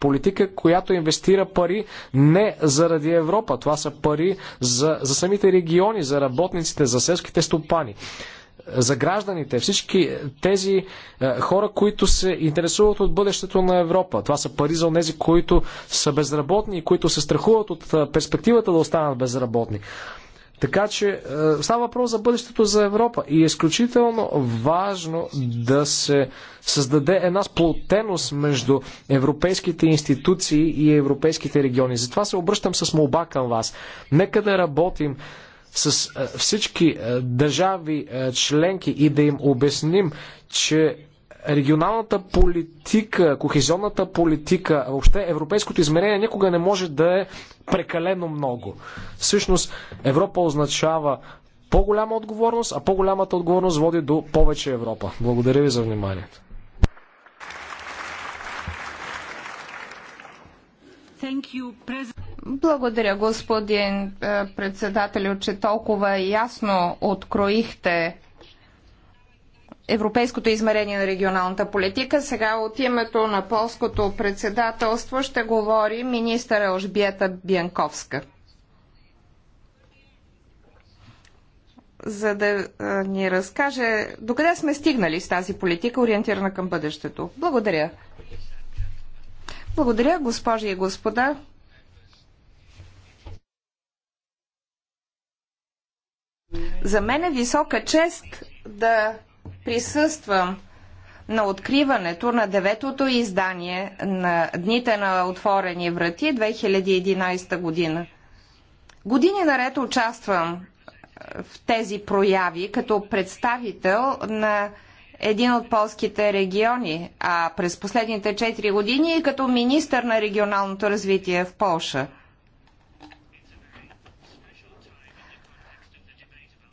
Политика, която инвестира пари не заради Европа. Това са пари за, за самите региони, за работниците, за селските стопани за гражданите, всички тези е, хора, които се интересуват от бъдещето на Европа. Това са пари за тези, които са безработни и които се страхуват от е, перспективата да останат безработни. Така че е, става въпрос за бъдещето за Европа и е изключително важно да се създаде една сплотеност между европейските институции и европейските региони. Затова се обръщам с молба към вас. Нека да работим с е, всички е, държави е, членки и да им обясним, че регионалната политика, кохезионната политика, въобще европейското измерение никога не може да е прекалено много. Всъщност Европа означава по-голяма отговорност, а по-голямата отговорност води до повече Европа. Благодаря ви за вниманието. Благодаря, господин е, председател, че толкова ясно откроихте европейското измерение на регионалната политика. Сега от името на полското председателство ще говори министър Елжбиета Бянковска. за да е, ни разкаже докъде сме стигнали с тази политика, ориентирана към бъдещето. Благодаря. Благодаря, госпожи и господа. За мен е висока чест да присъствам на откриването на деветото издание на Дните на отворени врати 2011 година. Години наред участвам в тези прояви като представител на един от полските региони, а през последните 4 години и е като министър на регионалното развитие в Полша.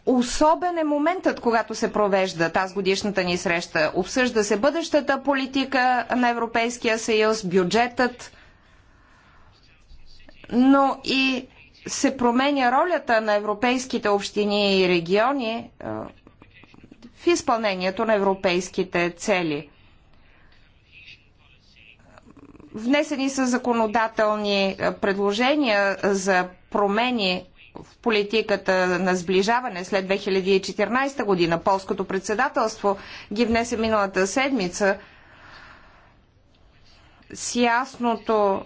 Особен е моментът, когато се провежда тази годишната ни среща. Обсъжда се бъдещата политика на Европейския съюз, бюджетът, но и се променя ролята на европейските общини и региони в изпълнението на европейските цели. Внесени са законодателни предложения за промени в политиката на сближаване след 2014 година. Полското председателство ги внесе миналата седмица с ясното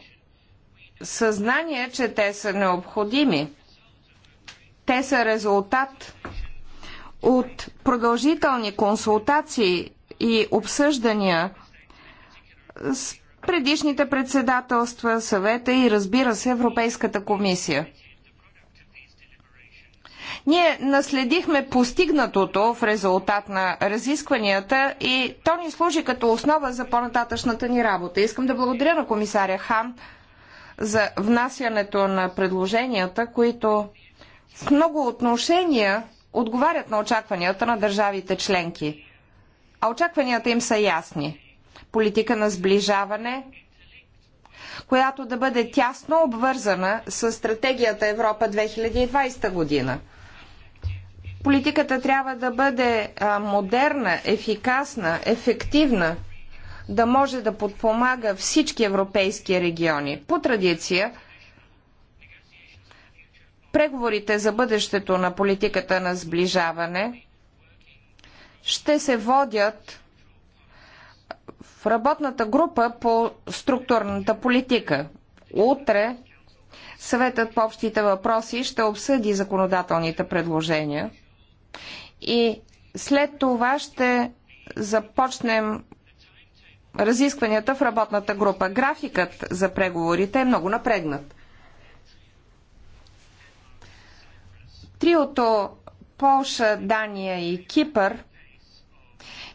съзнание, че те са необходими. Те са резултат от продължителни консултации и обсъждания с предишните председателства, съвета и разбира се Европейската комисия. Ние наследихме постигнатото в резултат на разискванията и то ни служи като основа за по-нататъчната ни работа. Искам да благодаря на комисаря Хан за внасянето на предложенията, които в много отношения отговарят на очакванията на държавите членки. А очакванията им са ясни. Политика на сближаване, която да бъде тясно обвързана с стратегията Европа 2020 година. Политиката трябва да бъде модерна, ефикасна, ефективна, да може да подпомага всички европейски региони. По традиция, преговорите за бъдещето на политиката на сближаване ще се водят в работната група по структурната политика. Утре съветът по общите въпроси ще обсъди законодателните предложения и след това ще започнем разискванията в работната група. Графикът за преговорите е много напрегнат. Триото Полша, Дания и Кипър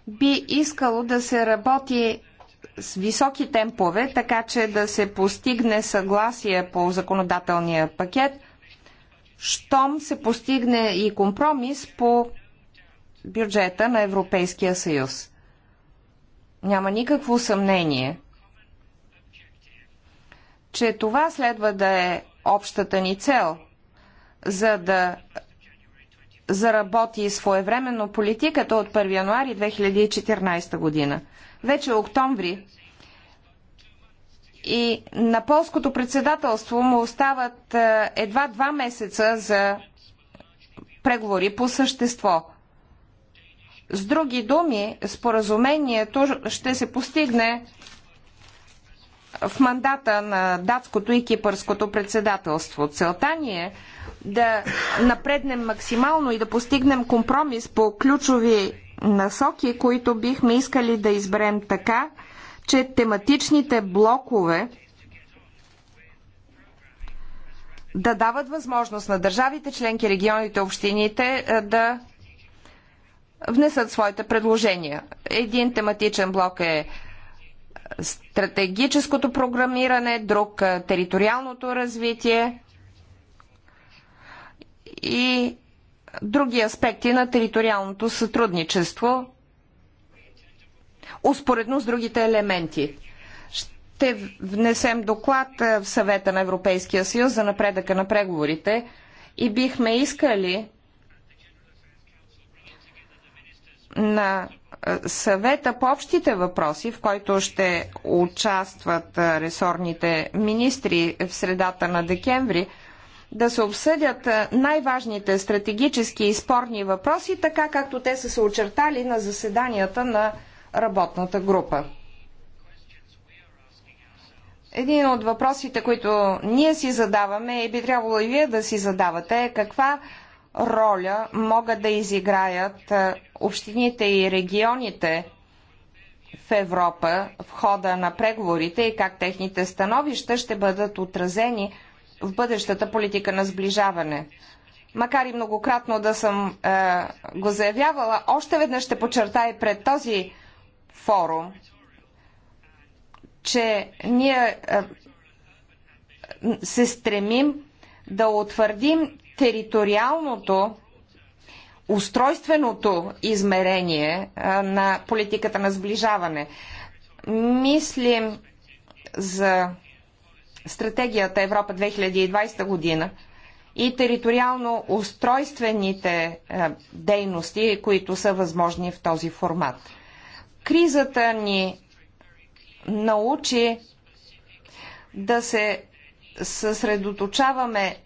би искало да се работи с високи темпове, така че да се постигне съгласие по законодателния пакет, щом се постигне и компромис по бюджета на Европейския съюз. Няма никакво съмнение, че това следва да е общата ни цел – за да заработи своевременно политиката от 1 януари 2014 година. Вече е октомври и на полското председателство му остават е, едва два месеца за преговори по същество. С други думи, споразумението ще се постигне в мандата на датското и кипърското председателство. Целта ни е да напреднем максимално и да постигнем компромис по ключови насоки, които бихме искали да изберем така, че тематичните блокове да дават възможност на държавите, членки, регионите, общините е, да внесат своите предложения. Един тематичен блок е стратегическото програмиране, друг е, териториалното развитие, и други аспекти на териториалното сътрудничество, успоредно с другите елементи. Ще внесем доклад е, в съвета на Европейския съюз за напредъка на преговорите и бихме искали на е, съвета по общите въпроси, в който ще участват е, ресорните министри в средата на декември, да се обсъдят най-важните стратегически и спорни въпроси, така както те са се очертали на заседанията на работната група. Един от въпросите, които ние си задаваме и би трябвало и вие да си задавате е каква роля могат да изиграят общините и регионите в Европа в хода на преговорите и как техните становища ще бъдат отразени в бъдещата политика на сближаване. Макар и многократно да съм е, го заявявала, още веднъж ще подчертая пред този форум, че ние е, се стремим да утвърдим териториалното устройственото измерение е, на политиката на сближаване. Мислим за стратегията Европа 2020 година и териториално-устройствените е, дейности, които са възможни в този формат. Кризата ни научи да се съсредоточаваме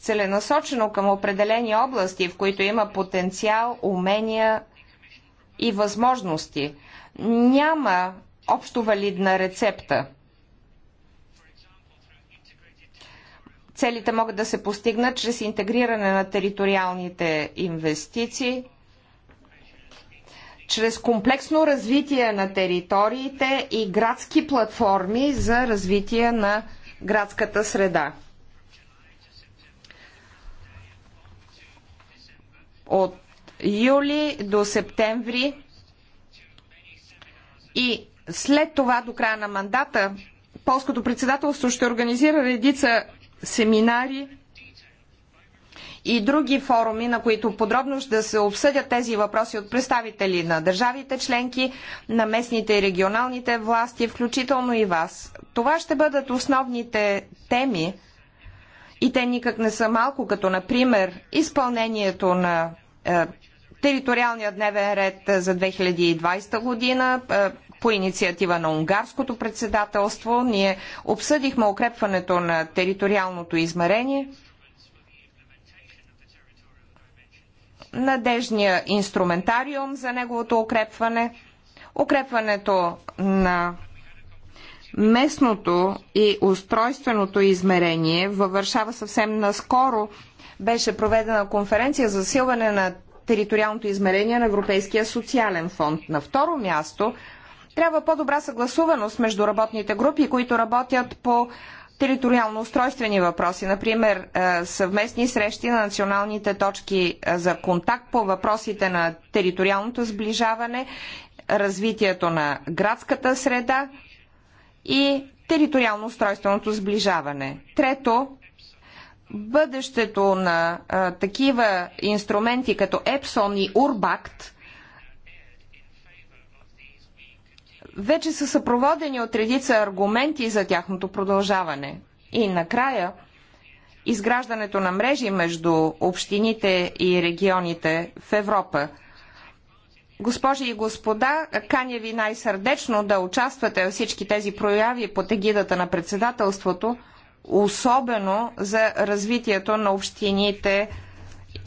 целенасочено към определени области, в които има потенциал, умения и възможности. Няма общо валидна рецепта. Целите могат да се постигнат чрез интегриране на териториалните инвестиции, чрез комплексно развитие на териториите и градски платформи за развитие на градската среда. От юли до септември и след това до края на мандата полското председателство ще организира редица семинари и други форуми, на които подробно ще се обсъдят тези въпроси от представители на държавите членки, на местните и регионалните власти, включително и вас. Това ще бъдат основните теми и те никак не са малко, като например изпълнението на е, териториалния дневен ред за 2020 година, е, по инициатива на унгарското председателство. Ние обсъдихме укрепването на териториалното измерение. надежния инструментариум за неговото укрепване, укрепването на местното и устройственото измерение. Във Варшава съвсем наскоро беше проведена конференция за силване на териториалното измерение на Европейския социален фонд. На второ място трябва по-добра съгласуваност между работните групи, които работят по териториално-устройствени въпроси, например е, съвместни срещи на националните точки е, за контакт по въпросите на териториалното сближаване, развитието на градската среда и териториално-устройственото сближаване. Трето, бъдещето на а, е, такива инструменти като Епсон и Урбакт вече са съпроводени от редица аргументи за тяхното продължаване. И накрая, изграждането на мрежи между общините и регионите в Европа. Госпожи и господа, каня ви най-сърдечно да участвате в всички тези прояви под егидата на председателството, особено за развитието на общините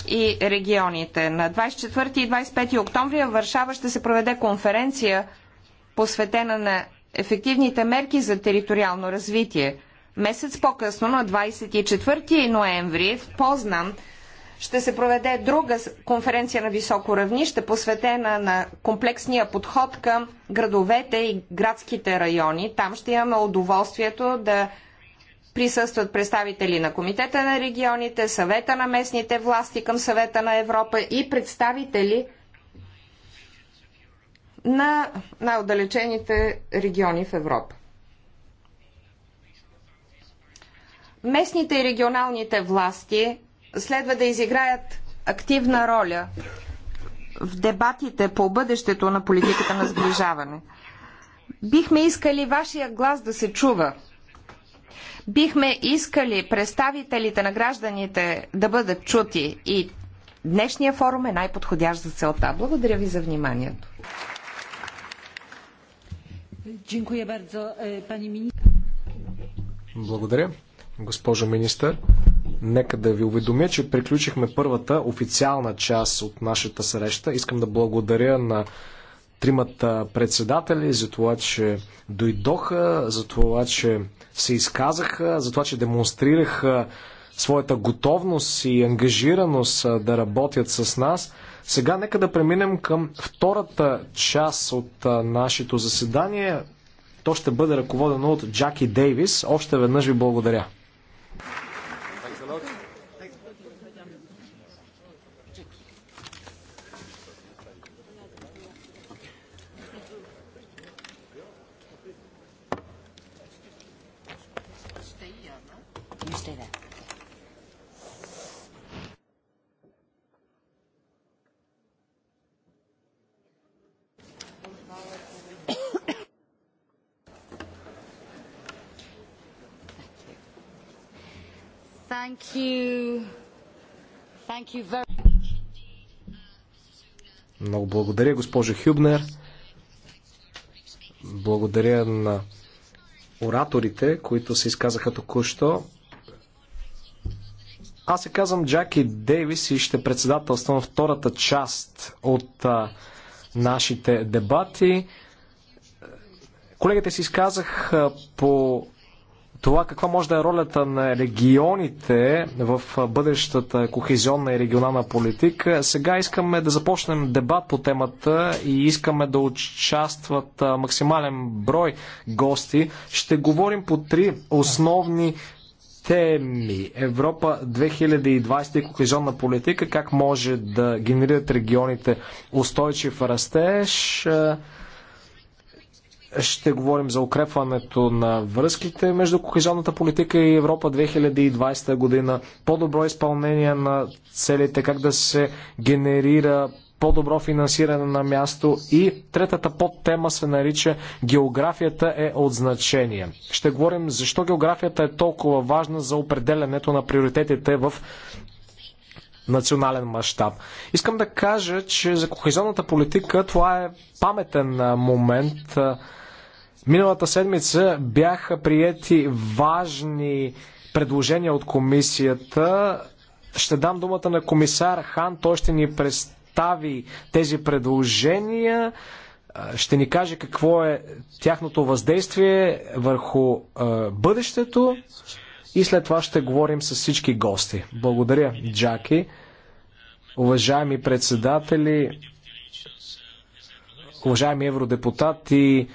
и регионите. На 24 и 25 октомври в Варшава ще се проведе конференция посветена на ефективните мерки за териториално развитие. Месец по-късно, на 24 ноември, в Познан, ще се проведе друга конференция на високо равнище, посветена на комплексния подход към градовете и градските райони. Там ще имаме удоволствието да присъстват представители на Комитета на регионите, Съвета на местните власти към Съвета на Европа и представители на най-отдалечените региони в Европа. Местните и регионалните власти следва да изиграят активна роля в дебатите по бъдещето на политиката на сближаване. Бихме искали вашия глас да се чува. Бихме искали представителите на гражданите да бъдат чути и днешния форум е най-подходящ за целта. Благодаря ви за вниманието. E, благодаря, госпожо министър. Нека да ви уведомя, че приключихме първата официална част от нашата среща. Искам да благодаря на тримата председатели за това, че дойдоха, за това, че се изказаха, за това, че демонстрираха своята готовност и ангажираност да работят с нас. Сега нека да преминем към втората част от нашето заседание. То ще бъде ръководено от Джаки Дейвис. Още веднъж ви благодаря. Много благодаря, госпожо Хюбнер. Благодаря на ораторите, които се изказаха току-що. Аз се казвам Джаки Дейвис и ще председателствам втората част от а, нашите дебати. Колегите си изказах по това каква може да е ролята на регионите в бъдещата кохезионна и регионална политика. Сега искаме да започнем дебат по темата и искаме да участват максимален брой гости. Ще говорим по три основни теми. Европа 2020 и кохезионна политика, как може да генерират регионите устойчив растеж. Ще говорим за укрепването на връзките между кохезионната политика и Европа 2020 година, по-добро изпълнение на целите, как да се генерира по-добро финансиране на място и третата подтема се нарича географията е от значение. Ще говорим защо географията е толкова важна за определенето на приоритетите в национален мащаб. Искам да кажа, че за кохезионната политика това е паметен момент. Миналата седмица бяха приети важни предложения от комисията. Ще дам думата на комисар Хан. Той ще ни представи тези предложения. Ще ни каже какво е тяхното въздействие върху е, бъдещето. И след това ще говорим с всички гости. Благодаря, Джаки. Уважаеми председатели, уважаеми евродепутати,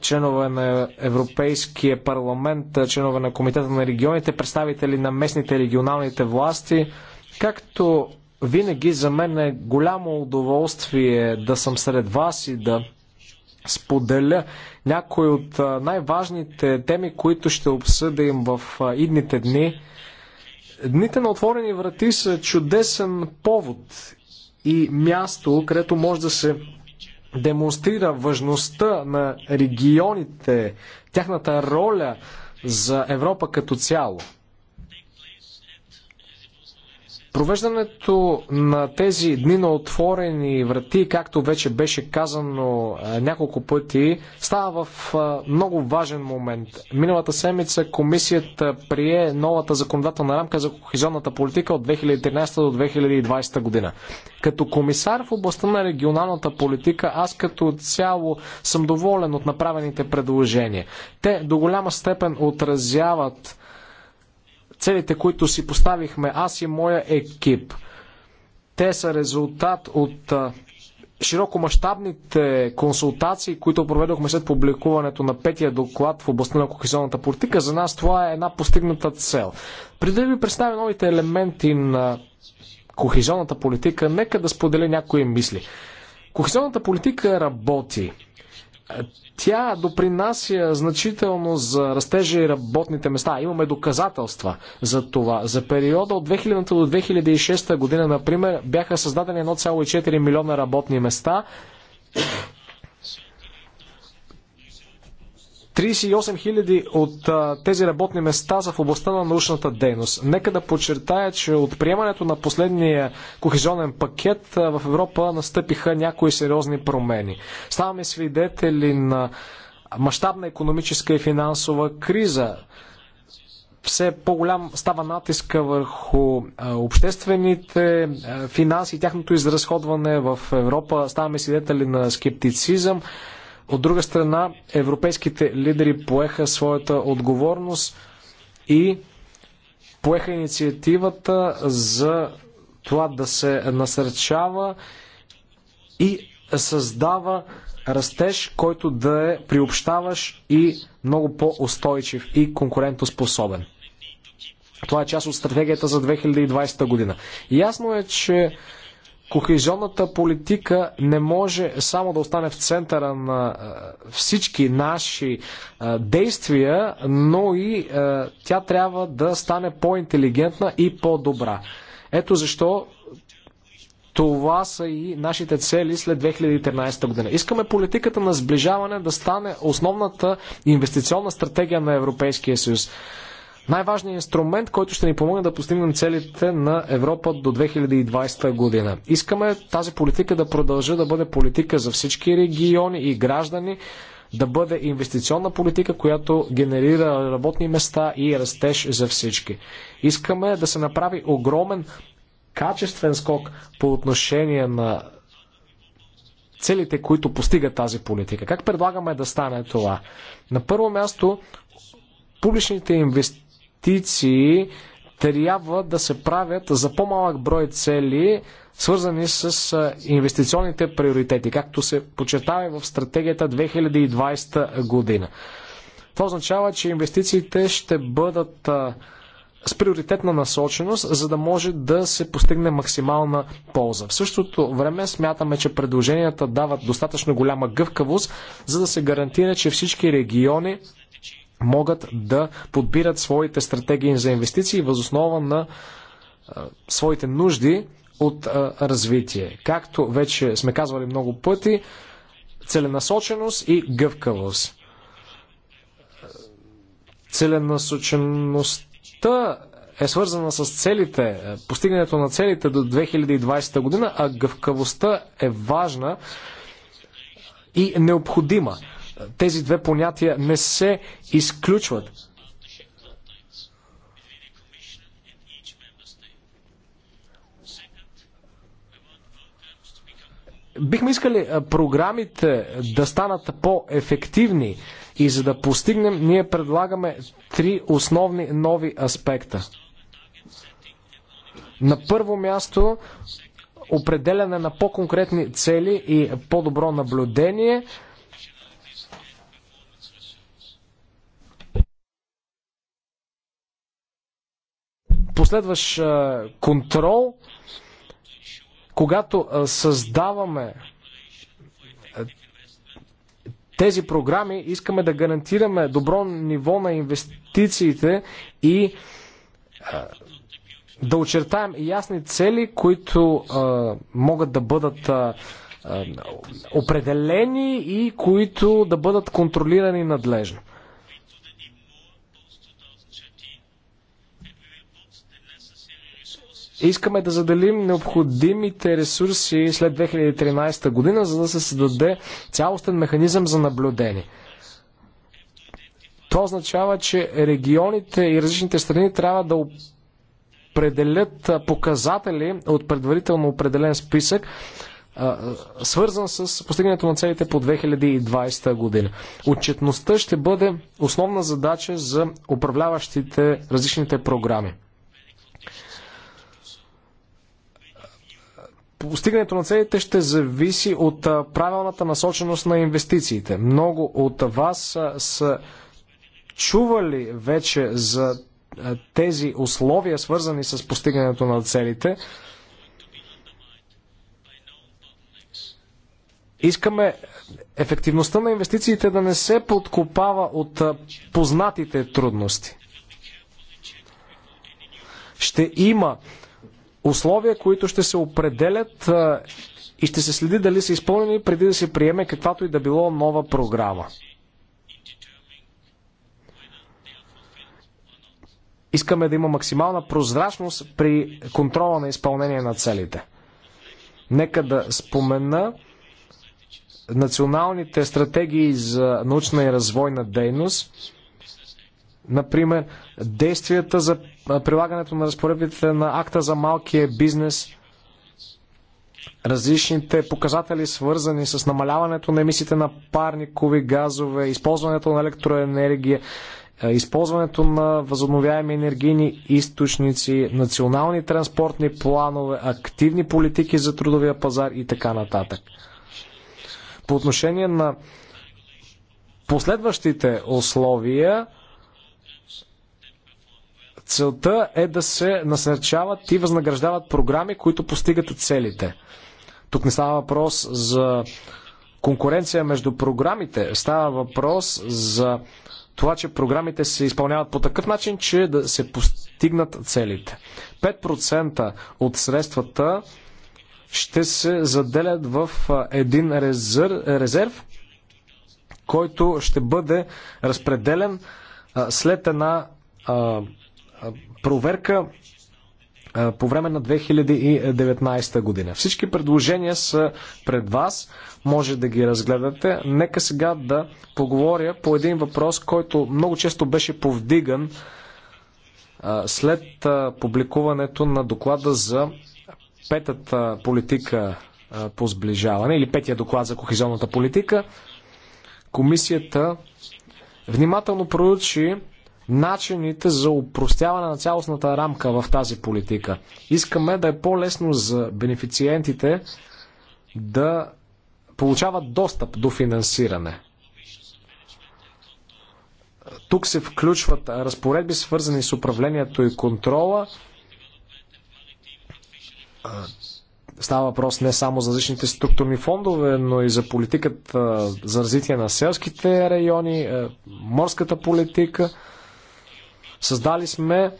членове на Европейския парламент, членове на Комитета на регионите, представители на местните регионалните власти. Както винаги за мен е голямо удоволствие да съм сред вас и да споделя някои от най-важните теми, които ще обсъдим в идните дни. Дните на отворени врати са чудесен повод и място, където може да се демонстрира важността на регионите, тяхната роля за Европа като цяло. Провеждането на тези дни на отворени врати, както вече беше казано е, няколко пъти, става в е, много важен момент. Миналата седмица комисията прие новата законодателна рамка за кохезионната политика от 2013 до 2020 година. Като комисар в областта на регионалната политика, аз като цяло съм доволен от направените предложения. Те до голяма степен отразяват целите, които си поставихме аз и моя екип. Те са резултат от широкомащабните консултации, които проведохме след публикуването на петия доклад в областта на кохезионната политика, за нас това е една постигната цел. Преди да ви представя новите елементи на кохезионната политика, нека да споделя някои мисли. Кохезионната политика работи. Тя допринася значително за растежа и работните места. Имаме доказателства за това. За периода от 2000 до 2006 година, например, бяха създадени 1,4 милиона работни места 38 000 от а, тези работни места са в областта на научната дейност. Нека да подчертая, че от приемането на последния кохезионен пакет а, в Европа настъпиха някои сериозни промени. Ставаме свидетели на мащабна економическа и финансова криза. Все по-голям става натиска върху а, обществените а, финанси и тяхното изразходване в Европа. Ставаме свидетели на скептицизъм. От друга страна, европейските лидери поеха своята отговорност и поеха инициативата за това да се насърчава и създава растеж, който да е приобщаващ и много по-устойчив и конкурентоспособен. Това е част от стратегията за 2020 година. Ясно е, че Кохезионната политика не може само да остане в центъра на всички наши действия, но и тя трябва да стане по-интелигентна и по-добра. Ето защо това са и нашите цели след 2013 година. Искаме политиката на сближаване да стане основната инвестиционна стратегия на Европейския съюз най-важният инструмент, който ще ни помогне да постигнем целите на Европа до 2020 година. Искаме тази политика да продължи да бъде политика за всички региони и граждани, да бъде инвестиционна политика, която генерира работни места и растеж за всички. Искаме да се направи огромен качествен скок по отношение на целите, които постига тази политика. Как предлагаме да стане това? На първо място, публичните инвестиции инвестиции трябва да се правят за по-малък брой цели, свързани с инвестиционните приоритети, както се почетава в стратегията 2020 година. Това означава, че инвестициите ще бъдат с приоритетна насоченост, за да може да се постигне максимална полза. В същото време смятаме, че предложенията дават достатъчно голяма гъвкавост, за да се гарантира, че всички региони могат да подбират своите стратегии за инвестиции възоснова на а, своите нужди от а, развитие. Както вече сме казвали много пъти, целенасоченост и гъвкавост. Целенасочеността е свързана с целите, постигането на целите до 2020 година, а гъвкавостта е важна и необходима тези две понятия не се изключват. Бихме искали програмите да станат по-ефективни и за да постигнем, ние предлагаме три основни нови аспекта. На първо място определяне на по-конкретни цели и по-добро наблюдение – последващ контрол, когато създаваме тези програми, искаме да гарантираме добро ниво на инвестициите и да очертаем ясни цели, които а, могат да бъдат а, определени и които да бъдат контролирани надлежно. искаме да заделим необходимите ресурси след 2013 година, за да се създаде цялостен механизъм за наблюдение. Това означава, че регионите и различните страни трябва да определят показатели от предварително определен списък, свързан с постигането на целите по 2020 година. Отчетността ще бъде основна задача за управляващите различните програми. постигането на целите ще зависи от правилната насоченост на инвестициите. Много от вас са чували вече за тези условия, свързани с постигането на целите. Искаме ефективността на инвестициите да не се подкопава от познатите трудности. Ще има условия, които ще се определят и ще се следи дали са изпълнени преди да се приеме каквато и да било нова програма. Искаме да има максимална прозрачност при контрола на изпълнение на целите. Нека да спомена националните стратегии за научна и развойна дейност, например, действията за прилагането на разпоредбите на акта за малкия бизнес, различните показатели свързани с намаляването на емисиите на парникови газове, използването на електроенергия, използването на възобновяеми енергийни източници, национални транспортни планове, активни политики за трудовия пазар и така нататък. По отношение на последващите условия, Целта е да се насърчават и възнаграждават програми, които постигат целите. Тук не става въпрос за конкуренция между програмите, става въпрос за това, че програмите се изпълняват по такъв начин, че да се постигнат целите. 5% от средствата ще се заделят в един резерв, резерв който ще бъде разпределен след една проверка по време на 2019 година. Всички предложения са пред вас, може да ги разгледате. Нека сега да поговоря по един въпрос, който много често беше повдиган след публикуването на доклада за петата политика по сближаване или петия доклад за кохезионната политика. Комисията внимателно проучи начините за упростяване на цялостната рамка в тази политика. Искаме да е по-лесно за бенефициентите да получават достъп до финансиране. Тук се включват разпоредби, свързани с управлението и контрола. Става въпрос не само за различните структурни фондове, но и за политиката за развитие на селските райони, морската политика. Създали сме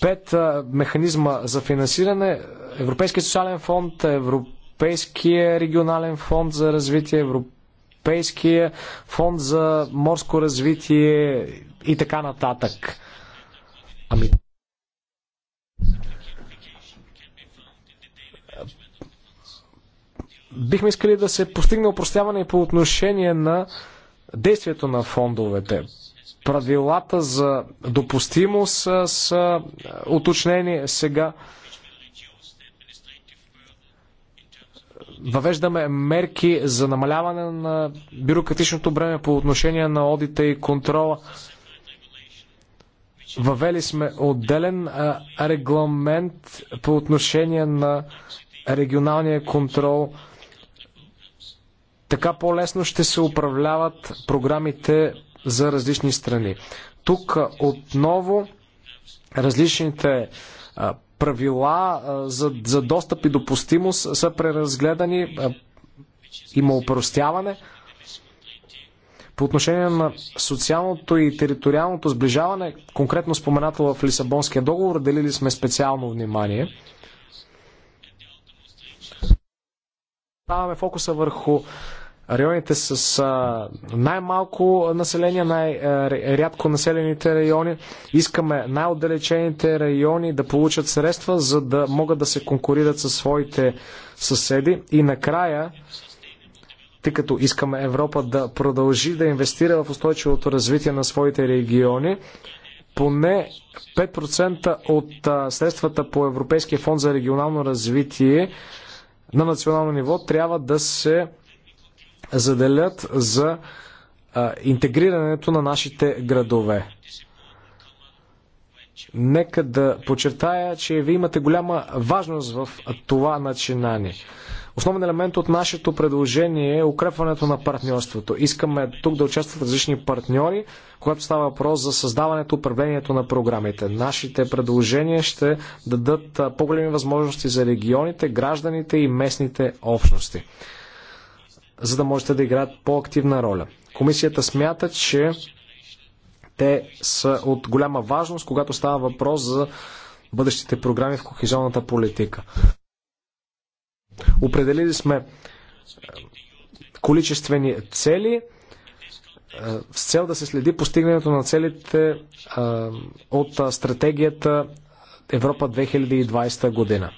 пет механизма за финансиране. Европейския социален фонд, Европейския регионален фонд за развитие, Европейския фонд за морско развитие и така нататък. Ами... Бихме искали да се постигне упростяване по отношение на действието на фондовете. Правилата за допустимост са уточнени сега. Въвеждаме мерки за намаляване на бюрократичното бреме по отношение на одита и контрола. Въвели сме отделен регламент по отношение на регионалния контрол. Така по-лесно ще се управляват програмите за различни страни. Тук отново различните правила за, за достъп и допустимост са преразгледани. Има упростяване. По отношение на социалното и териториалното сближаване, конкретно споменато в Лисабонския договор, делили сме специално внимание. Ставаме фокуса върху районите с най-малко население, най-рядко населените райони. Искаме най-отдалечените райони да получат средства, за да могат да се конкурират със своите съседи. И накрая, тъй като искаме Европа да продължи да инвестира в устойчивото развитие на своите региони, поне 5% от средствата по Европейския фонд за регионално развитие на национално ниво трябва да се заделят за а, интегрирането на нашите градове. Нека да подчертая, че вие имате голяма важност в това начинание. Основен елемент от нашето предложение е укрепването на партньорството. Искаме тук да участват различни партньори, когато става въпрос за създаването, и управлението на програмите. Нашите предложения ще дадат по-големи възможности за регионите, гражданите и местните общности за да можете да играят по-активна роля. Комисията смята, че те са от голяма важност, когато става въпрос за бъдещите програми в кохезионната политика. Определили сме е, количествени цели е, с цел да се следи постигането на целите е, от стратегията Европа 2020 година.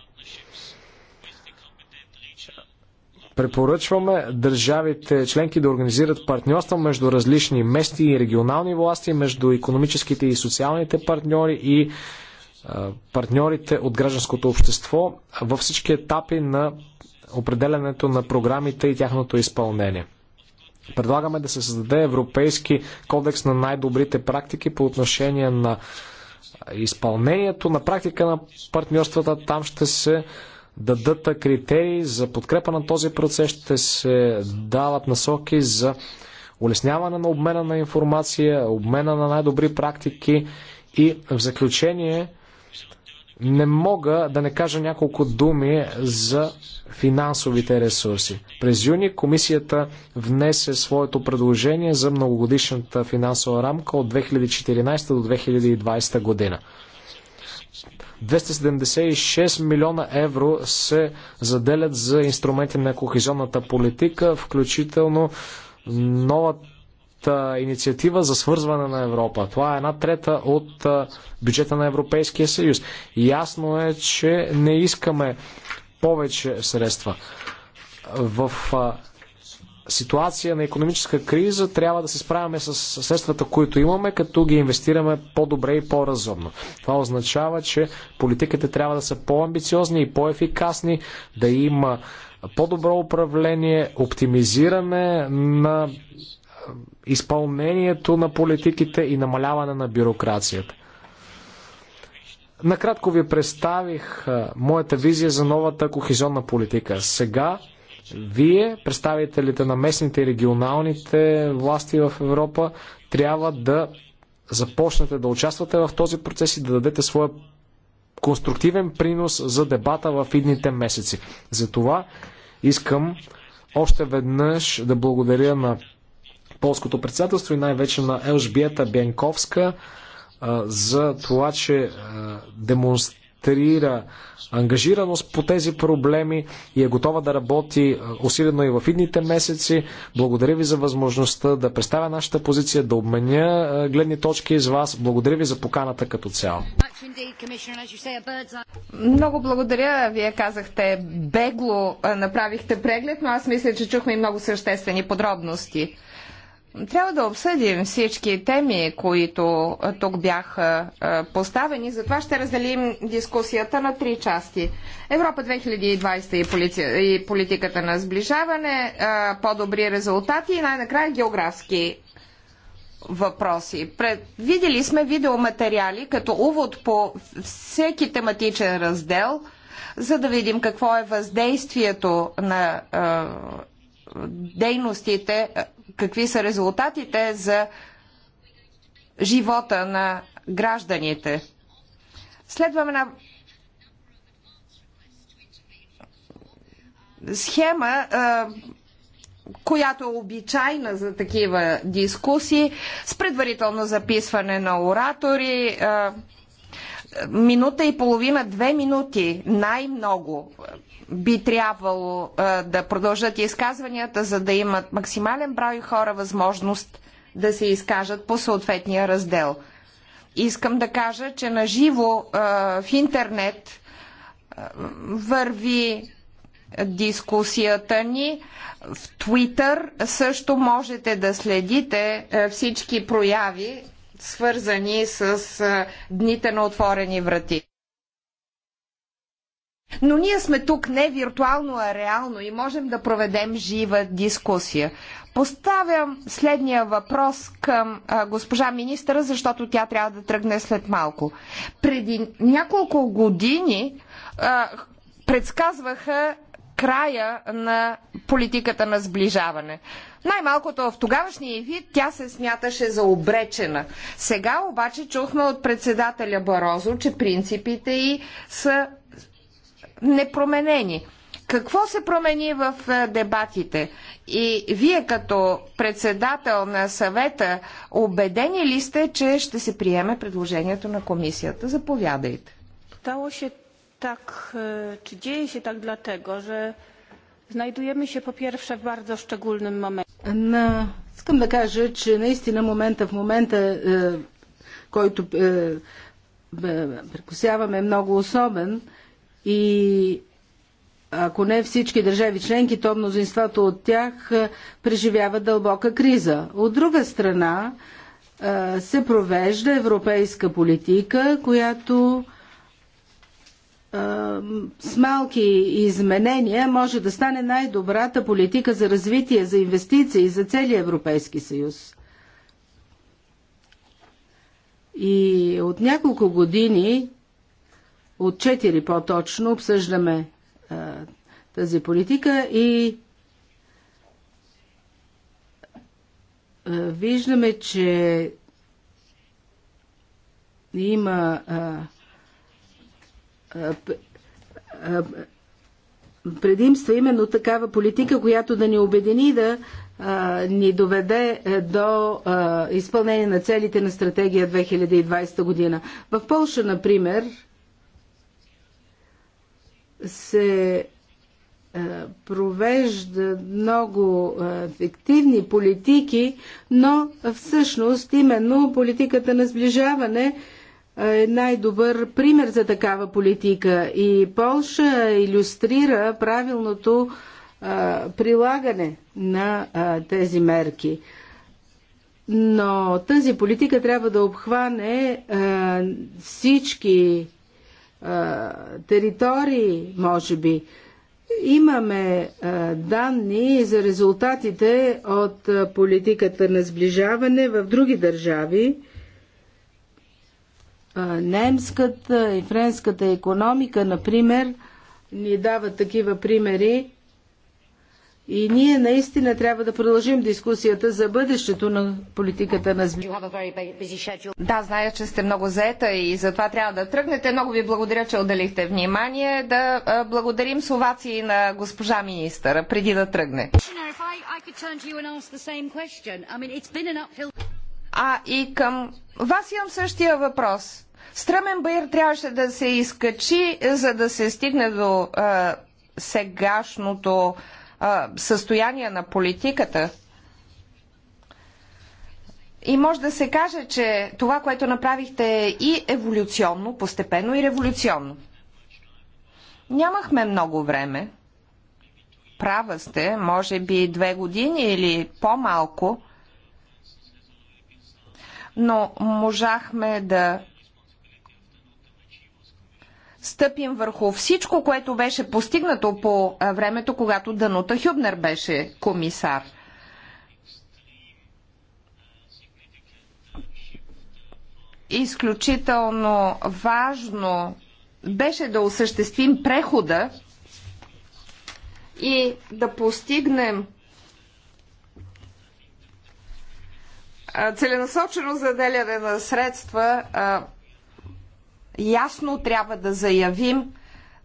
Препоръчваме държавите членки да организират партньорства между различни местни и регионални власти, между економическите и социалните партньори и е, партньорите от гражданското общество във всички етапи на определенето на програмите и тяхното изпълнение. Предлагаме да се създаде Европейски кодекс на най-добрите практики по отношение на изпълнението на практика на партньорствата. Там ще се дадат критерии за подкрепа на този процес, ще се дават насоки за улесняване на обмена на информация, обмена на най-добри практики и в заключение не мога да не кажа няколко думи за финансовите ресурси. През юни комисията внесе своето предложение за многогодишната финансова рамка от 2014 до 2020 година. 276 милиона евро се заделят за инструменти на кохезионната политика, включително новата инициатива за свързване на Европа. Това е една трета от бюджета на Европейския съюз. Ясно е, че не искаме повече средства. В ситуация на економическа криза трябва да се справяме с средствата, които имаме, като ги инвестираме по-добре и по-разумно. Това означава, че политиките трябва да са по-амбициозни и по-ефикасни, да има по-добро управление, оптимизиране на изпълнението на политиките и намаляване на бюрокрацията. Накратко ви представих моята визия за новата кохезионна политика. Сега вие, представителите на местните и регионалните власти в Европа, трябва да започнете да участвате в този процес и да дадете своя конструктивен принос за дебата в идните месеци. Затова искам още веднъж да благодаря на полското председателство и най-вече на Елжбиета Бянковска за това, че демонстрирате демонстрира ангажираност по тези проблеми и е готова да работи усилено и в идните месеци. Благодаря ви за възможността да представя нашата позиция, да обменя гледни точки с вас. Благодаря ви за поканата като цяло. Много благодаря. Вие казахте бегло направихте преглед, но аз мисля, че чухме и много съществени подробности. Трябва да обсъдим всички теми, които тук бяха поставени. Затова ще разделим дискусията на три части. Европа 2020 и политиката на сближаване, по-добри резултати и най-накрая географски въпроси. Видели сме видеоматериали като увод по всеки тематичен раздел, за да видим какво е въздействието на дейностите какви са резултатите за живота на гражданите. Следваме на схема, която е обичайна за такива дискусии, с предварително записване на оратори, минута и половина, две минути най-много би трябвало да продължат изказванията, за да имат максимален брой хора възможност да се изкажат по съответния раздел. Искам да кажа, че наживо в интернет върви дискусията ни. В Твитър също можете да следите всички прояви, свързани с дните на отворени врати. Но ние сме тук не виртуално, а реално и можем да проведем жива дискусия. Поставям следния въпрос към а, госпожа министра, защото тя трябва да тръгне след малко. Преди няколко години а, предсказваха края на политиката на сближаване. Най-малкото в тогавашния вид тя се смяташе за обречена. Сега обаче чухме от председателя Барозо, че принципите й са непроменени. Какво се промени в е, дебатите? И вие като председател на съвета, убедени ли сте, че ще се приеме предложението на комисията? Заповядайте. Стало се tak, czy dzieje się tak dlatego, че знайдуеме се, по перше, в bardzo szczególnym момент. На... искам да кажа, че наистина момента в момента, е, който е, прекусяваме е много особен, и ако не всички държави членки, то мнозинството от тях е, преживява дълбока криза. От друга страна е, се провежда европейска политика, която е, с малки изменения може да стане най-добрата политика за развитие, за инвестиции, за целия Европейски съюз. И от няколко години от четири по-точно обсъждаме а, е, тази политика и а, е, виждаме, че има а, е, а, предимства именно такава политика, която да ни обедини да а, ни доведе до а, изпълнение на целите на стратегия 2020 година. В Польша, например, се е, провеждат много ефективни политики, но всъщност именно политиката на сближаване е, е най-добър пример за такава политика и Полша иллюстрира правилното е, прилагане на тези мерки. Но тази политика трябва да обхване всички територии, може би. Имаме данни за резултатите от политиката на сближаване в други държави. Немската и френската економика, например, ни дават такива примери и ние наистина трябва да продължим дискусията за бъдещето на политиката на Да, зная, че сте много заета и затова трябва да тръгнете. Много ви благодаря, че отделихте внимание. Да благодарим словаци на госпожа министъра, преди да тръгне. А и към вас имам същия въпрос. Стръмен байер трябваше да се изкачи, за да се стигне до сегашното състояние на политиката. И може да се каже, че това, което направихте е и еволюционно, постепенно и революционно. Нямахме много време. Права сте, може би две години или по-малко, но можахме да стъпим върху всичко, което беше постигнато по времето, когато Данута Хюбнер беше комисар. Изключително важно беше да осъществим прехода и да постигнем целенасочено заделяне на средства ясно трябва да заявим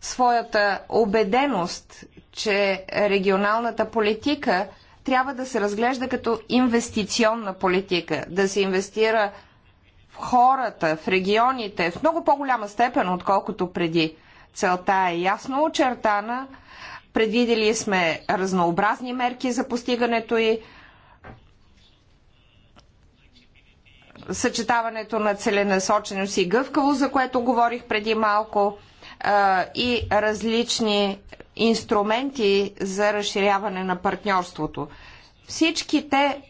своята убеденост, че регионалната политика трябва да се разглежда като инвестиционна политика, да се инвестира в хората, в регионите, в много по-голяма степен, отколкото преди. Целта е ясно очертана. Предвидели сме разнообразни мерки за постигането и съчетаването на целенасоченост и гъвкаво, за което говорих преди малко, и различни инструменти за разширяване на партньорството. Всички те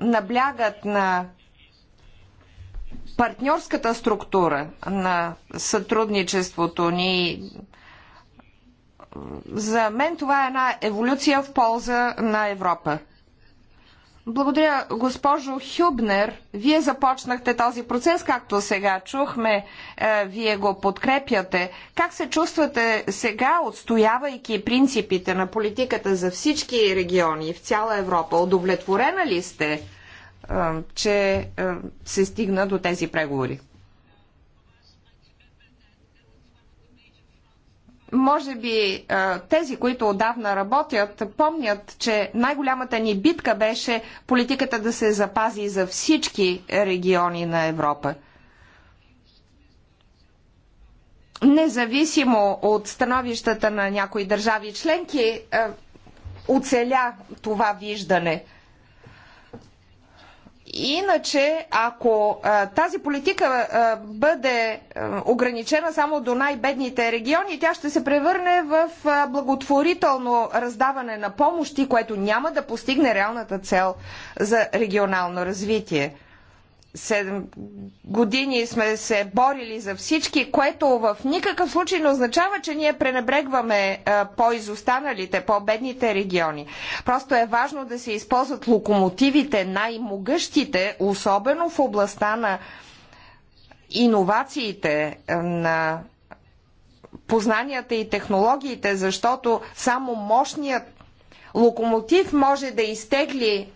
наблягат на партньорската структура на сътрудничеството ни. За мен това е една еволюция в полза на Европа. Благодаря, госпожо Хюбнер. Вие започнахте този процес, както сега чухме. Е, вие го подкрепяте. Как се чувствате сега, отстоявайки принципите на политиката за всички региони в цяла Европа? Удовлетворена ли сте, е, че е, се стигна до тези преговори? Може би тези, които отдавна работят, помнят, че най-голямата ни битка беше политиката да се запази за всички региони на Европа. Независимо от становищата на някои държави членки, оцеля това виждане – Иначе, ако а, тази политика а, бъде а, ограничена само до най-бедните региони, тя ще се превърне в а, благотворително раздаване на помощи, което няма да постигне реалната цел за регионално развитие. 7 години сме се борили за всички, което в никакъв случай не означава, че ние пренебрегваме по-изостаналите, по-бедните региони. Просто е важно да се използват локомотивите, най-могъщите, особено в областта на иновациите, на познанията и технологиите, защото само мощният локомотив може да изтегли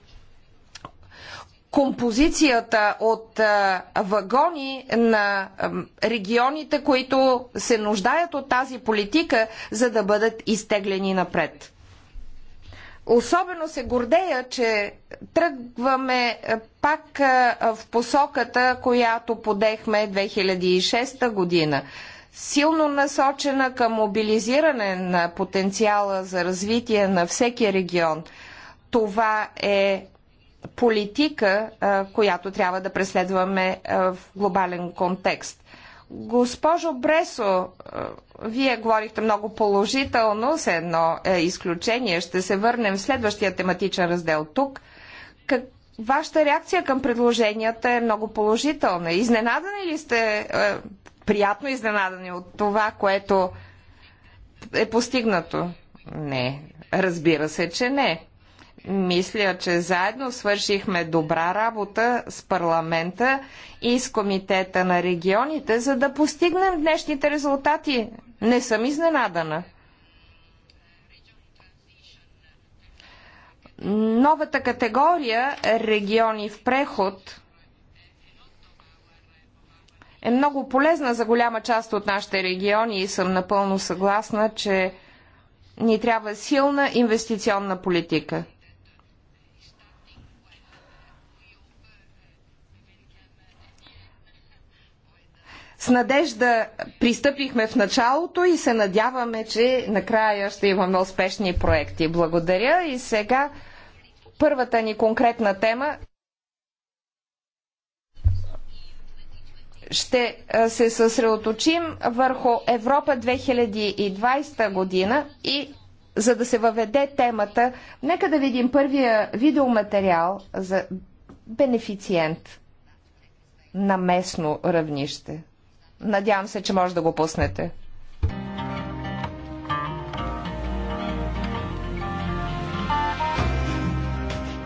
композицията от вагони на регионите, които се нуждаят от тази политика, за да бъдат изтеглени напред. Особено се гордея, че тръгваме пак в посоката, която подехме 2006 година. Силно насочена към мобилизиране на потенциала за развитие на всеки регион. Това е политика, която трябва да преследваме в глобален контекст. Госпожо Бресо, вие говорихте много положително, с едно е, изключение. Ще се върнем в следващия тематичен раздел тук. Как... Вашата реакция към предложенията е много положителна. Изненадани ли сте, е, приятно изненадани от това, което е постигнато? Не, разбира се, че не. Мисля, че заедно свършихме добра работа с парламента и с комитета на регионите, за да постигнем днешните резултати. Не съм изненадана. Новата категория региони в преход е много полезна за голяма част от нашите региони и съм напълно съгласна, че ни трябва силна инвестиционна политика. С надежда пристъпихме в началото и се надяваме, че накрая ще имаме успешни проекти. Благодаря и сега първата ни конкретна тема ще се съсредоточим върху Европа 2020 година и за да се въведе темата, нека да видим първия видеоматериал за бенефициент на местно равнище. Надявам се, че може да го пуснете.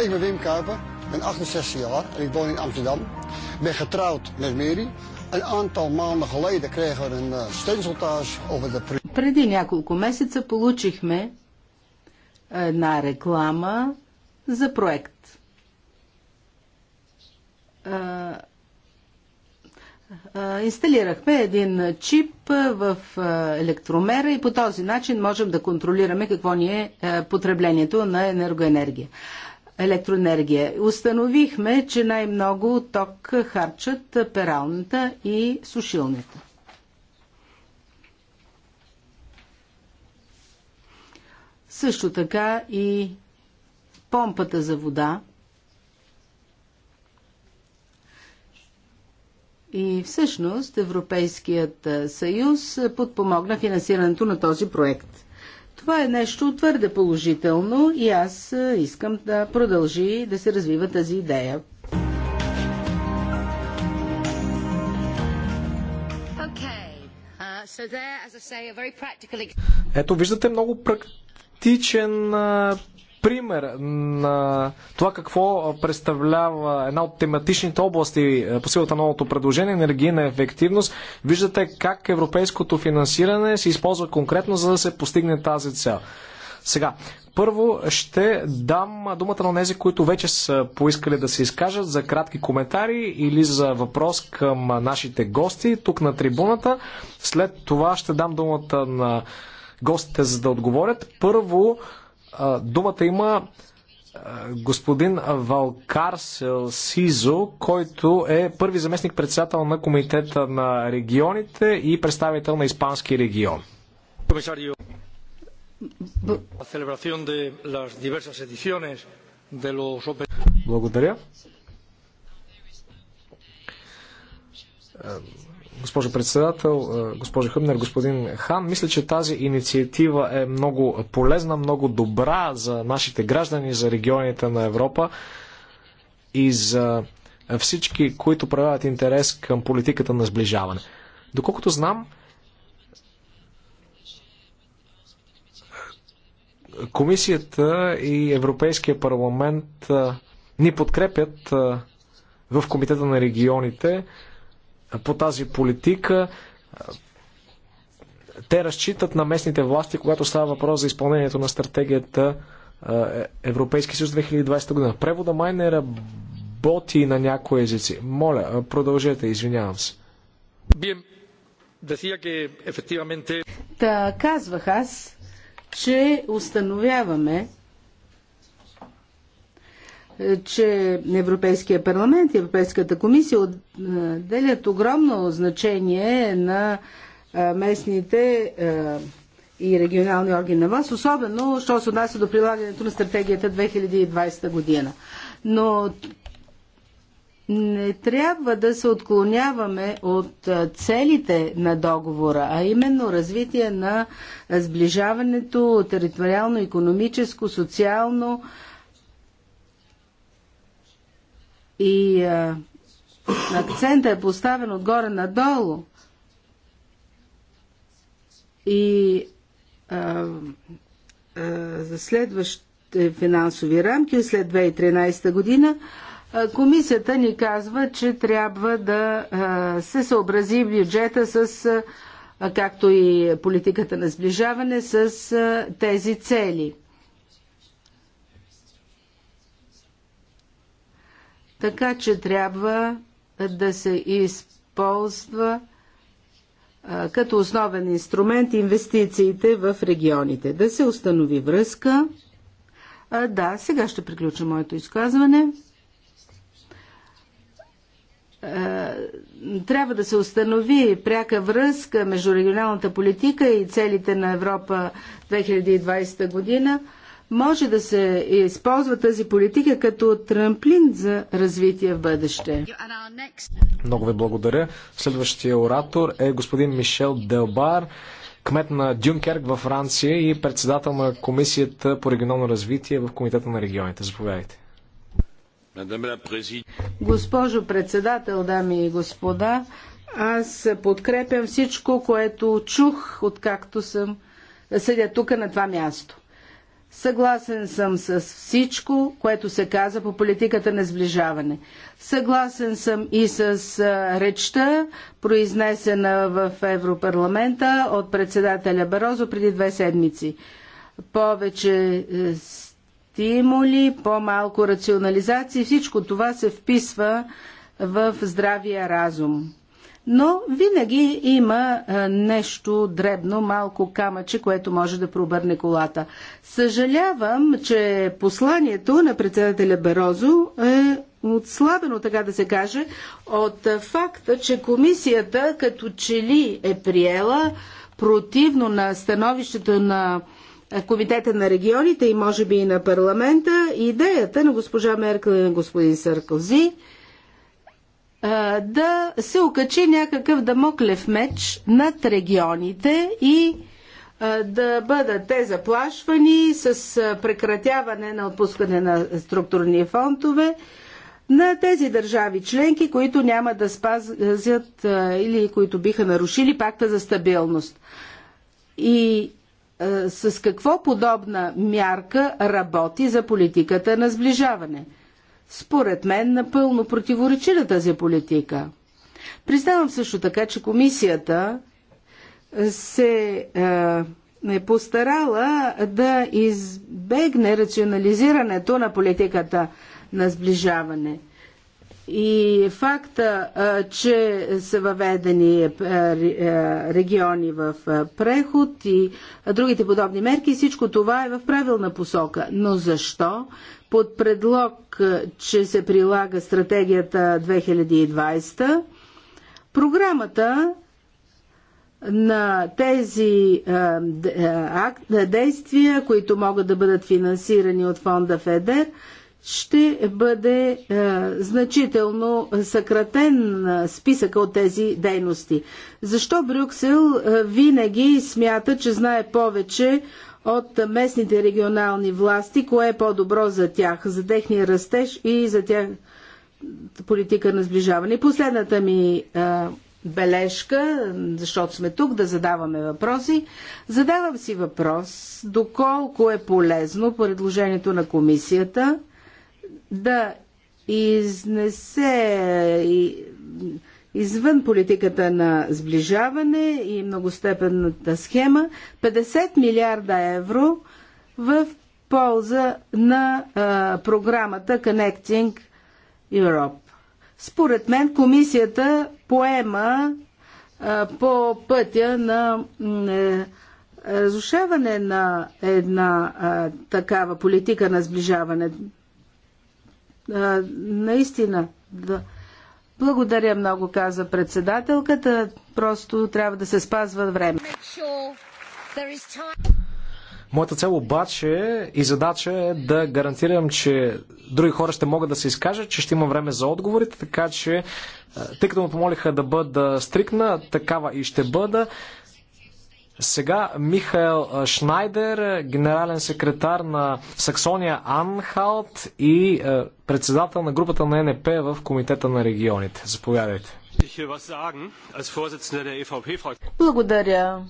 Ik ben Wim Kuiper, ben 68 jaar en ik woon in Amsterdam. Ik ben getrouwd met Mary. Een aantal maanden geleden kregen we een uh, stencil thuis over de... Преди няколко месеца получихме една реклама за проект. Инсталирахме един чип в електромера и по този начин можем да контролираме какво ни е потреблението на енергоенергия. Електроенергия. Установихме, че най-много ток харчат пералната и сушилната. Също така и помпата за вода И всъщност Европейският съюз подпомогна финансирането на този проект. Това е нещо твърде положително и аз искам да продължи да се развива тази идея. Uh, Ето, виждате много практичен пример на това какво представлява една от тематичните области е, по силата на новото предложение енергийна ефективност. Виждате как европейското финансиране се използва конкретно за да се постигне тази цел. Сега, първо ще дам думата на тези, които вече са поискали да се изкажат за кратки коментари или за въпрос към нашите гости тук на трибуната. След това ще дам думата на гостите, за да отговорят. Първо, Думата има господин Валкарсел Сизо, който е първи заместник председател на Комитета на регионите и представител на Испански регион. Благодаря госпожо председател, е, госпожо Хъбнер, господин Хан. Мисля, че тази инициатива е много полезна, много добра за нашите граждани, за регионите на Европа и за всички, които правят интерес към политиката на сближаване. Доколкото знам, Комисията и Европейския парламент е, ни подкрепят е, в Комитета на регионите по тази политика. Те разчитат на местните власти, когато става въпрос за изпълнението на стратегията е, Европейски съюз 2020 година. Превода май не работи на някои езици. Моля, продължете, извинявам се. Та, казвах аз, че установяваме, че Европейския парламент и Европейската комисия отделят огромно значение на местните и регионални органи на вас, особено, що се отнася до прилагането на стратегията 2020 година. Но не трябва да се отклоняваме от целите на договора, а именно развитие на сближаването териториално, економическо, социално, и а, акцента е поставен отгоре надолу и а, а, за следващите финансови рамки след 2013 година Комисията ни казва, че трябва да се съобрази бюджета с, както и политиката на сближаване, с тези цели – Така че трябва да се използва а, като основен инструмент инвестициите в регионите. Да се установи връзка. А, да, сега ще приключа моето изказване. А, трябва да се установи пряка връзка между регионалната политика и целите на Европа 2020 година – може да се използва тази политика като трамплин за развитие в бъдеще. Много ви благодаря. Следващия оратор е господин Мишел Делбар, кмет на Дюнкерк във Франция и председател на Комисията по регионално развитие в Комитета на регионите. Заповядайте. Госпожо председател, дами и господа, аз подкрепям всичко, което чух, откакто съм седя тук на това място. Съгласен съм с всичко, което се каза по политиката на сближаване. Съгласен съм и с речта, произнесена в Европарламента от председателя Барозо преди две седмици. Повече е, стимули, по-малко рационализации, всичко това се вписва в здравия разум но винаги има нещо дребно, малко камъче, което може да пробърне колата. Съжалявам, че посланието на председателя Берозо е отслабено, така да се каже, от факта, че комисията като че ли е приела противно на становището на Комитета на регионите и може би и на парламента идеята на госпожа Меркел и на господин Саркози – да се окачи някакъв дамоклев меч над регионите и да бъдат те заплашвани с прекратяване на отпускане на структурни фондове на тези държави членки, които няма да спазят или които биха нарушили пакта за стабилност. И с какво подобна мярка работи за политиката на сближаване – според мен напълно противоречи на тази политика. Признавам също така, че комисията се е, е постарала да избегне рационализирането на политиката на сближаване. И факта, е, че са въведени е, региони в преход и другите подобни мерки, всичко това е в правилна посока. Но защо под предлог, е, че се прилага стратегията 2020, програмата на тези е, е, действия, които могат да бъдат финансирани от фонда ФЕДЕР, ще бъде е, значително съкратен списъка от тези дейности. Защо Брюксел винаги смята, че знае повече от местните регионални власти, кое е по-добро за тях, за техния растеж и за тях политика на сближаване. И последната ми а, бележка, защото сме тук да задаваме въпроси. Задавам си въпрос, доколко е полезно предложението на комисията да изнесе и извън политиката на сближаване и многостепенната схема 50 милиарда евро в полза на а, програмата Connecting Europe. Според мен комисията поема а, по пътя на е, разрушаване на една а, такава политика на сближаване. А, наистина, да. Благодаря много, каза председателката. Просто трябва да се спазва време. Моята цел обаче и задача е да гарантирам, че други хора ще могат да се изкажат, че ще има време за отговорите, така че е, тъй като му помолиха да бъда стрикна, такава и ще бъда. Сега Михаел Шнайдер, генерален секретар на Саксония Анхалт и председател на групата на НП в Комитета на регионите. Заповядайте. E Благодаря.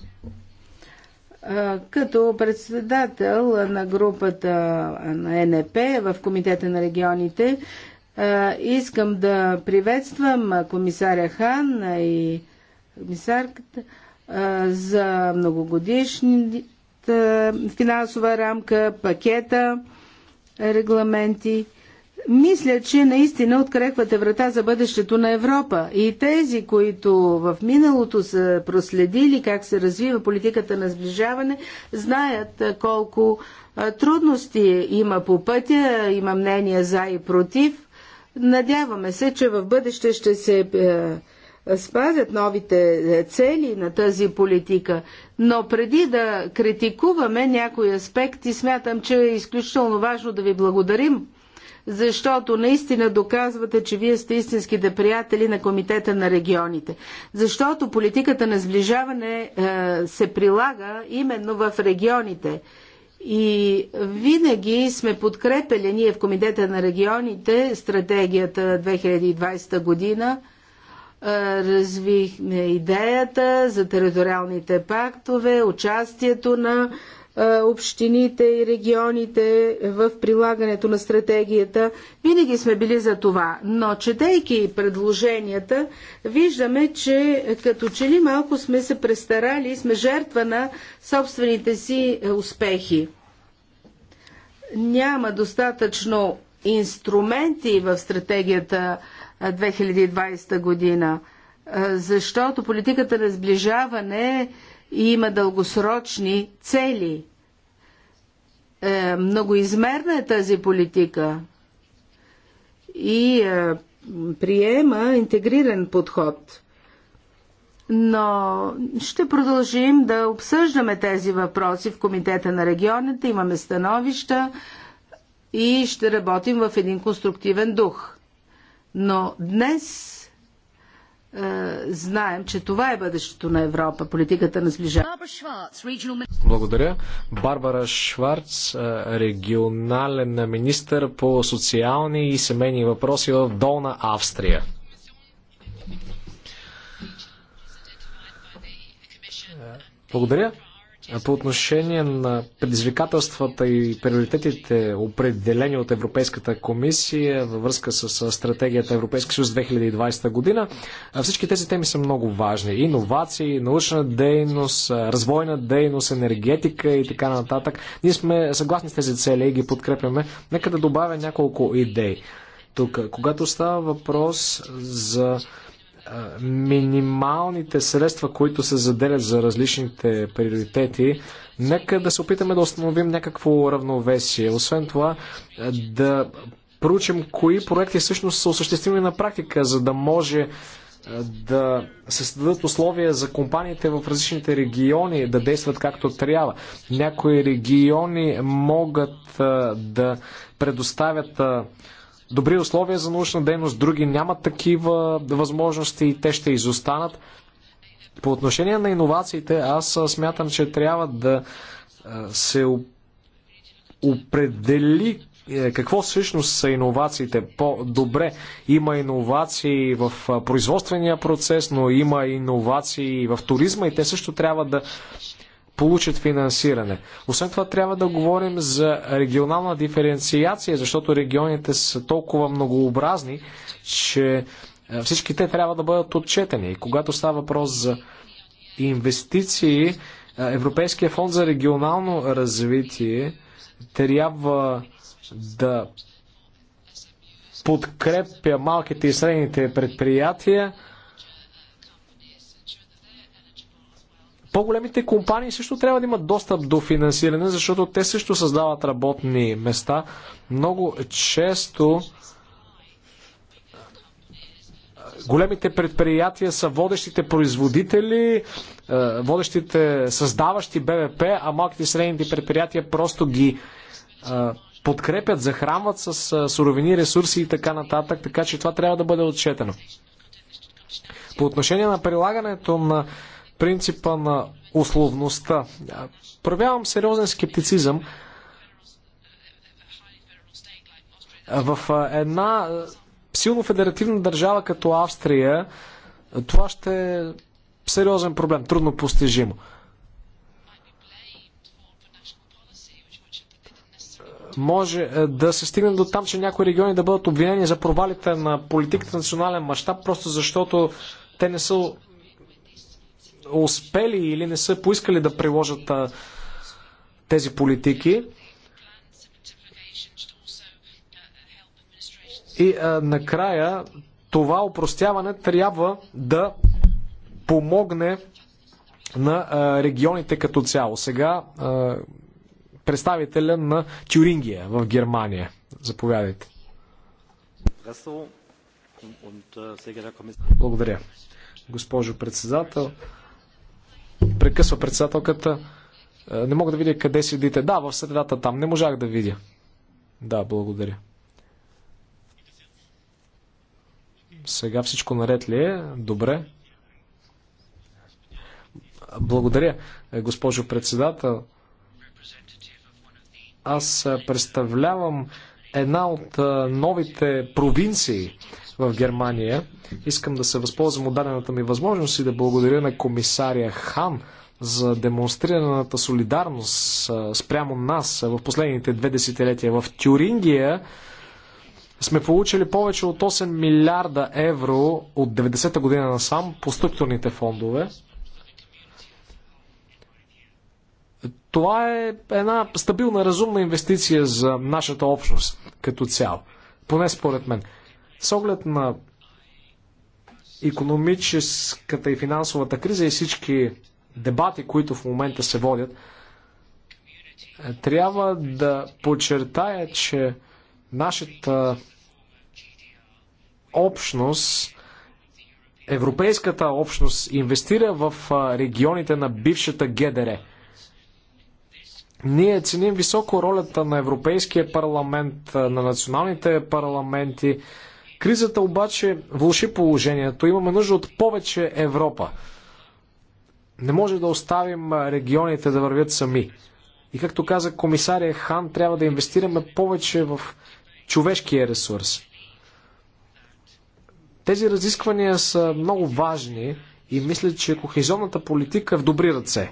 Като председател на групата на НП в Комитета на регионите, искам да приветствам комисаря Хан и комисарката за многогодишната финансова рамка, пакета, регламенти. Мисля, че наистина открехвате врата за бъдещето на Европа. И тези, които в миналото са проследили как се развива политиката на сближаване, знаят колко трудности има по пътя, има мнения за и против. Надяваме се, че в бъдеще ще се спазят новите цели на тази политика. Но преди да критикуваме някои аспекти, смятам, че е изключително важно да ви благодарим, защото наистина доказвате, че вие сте истинските приятели на Комитета на регионите. Защото политиката на сближаване е, се прилага именно в регионите. И винаги сме подкрепили ние в Комитета на регионите стратегията 2020 година – развихме идеята за териториалните пактове, участието на общините и регионите в прилагането на стратегията. Винаги сме били за това, но четейки предложенията, виждаме, че като че ли малко сме се престарали и сме жертва на собствените си успехи. Няма достатъчно инструменти в стратегията 2020 година, защото политиката на сближаване има дългосрочни цели. Е, многоизмерна е тази политика и е, приема интегриран подход. Но ще продължим да обсъждаме тези въпроси в Комитета на регионите. Имаме становища и ще работим в един конструктивен дух. Но днес е, знаем, че това е бъдещето на Европа, политиката на сближаване. Благодаря. Барбара Шварц, е, регионален министр по социални и семейни въпроси в Долна Австрия. Благодаря. По отношение на предизвикателствата и приоритетите, определени от Европейската комисия във връзка с стратегията Европейска съюз 2020 година, всички тези теми са много важни. Иновации, научна дейност, развойна дейност, енергетика и така нататък. Ние сме съгласни с тези цели и ги подкрепяме. Нека да добавя няколко идеи тук. Когато става въпрос за минималните средства, които се заделят за различните приоритети, нека да се опитаме да установим някакво равновесие. Освен това, да проучим кои проекти всъщност са осъществими на практика, за да може да се създадат условия за компаниите в различните региони да действат както трябва. Някои региони могат да предоставят добри условия за научна дейност, други нямат такива възможности и те ще изостанат. По отношение на иновациите, аз смятам, че трябва да се определи е, какво всъщност са иновациите по-добре. Има иновации в производствения процес, но има иновации в туризма и те също трябва да получат финансиране. Освен това трябва да говорим за регионална диференциация, защото регионите са толкова многообразни, че е, всички те трябва да бъдат отчетени. И когато става въпрос за инвестиции, е, Европейския фонд за регионално развитие трябва да подкрепя малките и средните предприятия, По-големите компании също трябва да имат достъп до финансиране, защото те също създават работни места. Много често големите предприятия са водещите производители, е, водещите създаващи БВП, а малките и средните предприятия просто ги е, подкрепят, захранват с е, суровини, ресурси и така нататък, така че това трябва да бъде отчетено. По отношение на прилагането на принципа на условността. Проявявам сериозен скептицизъм в една силно федеративна държава като Австрия, това ще е сериозен проблем, трудно постижимо. Може да се стигне до там, че някои региони да бъдат обвинени за провалите на политиката на национален мащаб, просто защото те не са успели или не са поискали да приложат а, тези политики. И а, накрая това упростяване трябва да помогне на а, регионите като цяло. Сега а, представителя на Тюрингия в Германия. Заповядайте. Благодаря. Госпожо председател, Прекъсва председателката. Е, не мога да видя къде седите. Да, в средата там. Не можах да видя. Да, благодаря. Сега всичко наред ли е? Добре. Благодаря, е, госпожо председател. Аз е, представлявам една от новите провинции в Германия. Искам да се възползвам от дадената ми възможност и да благодаря на комисария Хан за демонстрираната солидарност спрямо нас в последните две десетилетия. В Тюрингия сме получили повече от 8 милиарда евро от 90-та година насам по структурните фондове. Това е една стабилна, разумна инвестиция за нашата общност като цяло. Поне според мен. С оглед на економическата и финансовата криза и всички дебати, които в момента се водят, е, трябва да подчертая, че нашата общност, европейската общност инвестира в регионите на бившата ГДР. Ние ценим високо ролята на Европейския парламент, на националните парламенти, Кризата обаче влуши положението. Имаме нужда от повече Европа. Не може да оставим регионите да вървят сами. И както каза комисария Хан, трябва да инвестираме повече в човешкия ресурс. Тези разисквания са много важни и мисля, че кохезионната политика е в добри ръце е,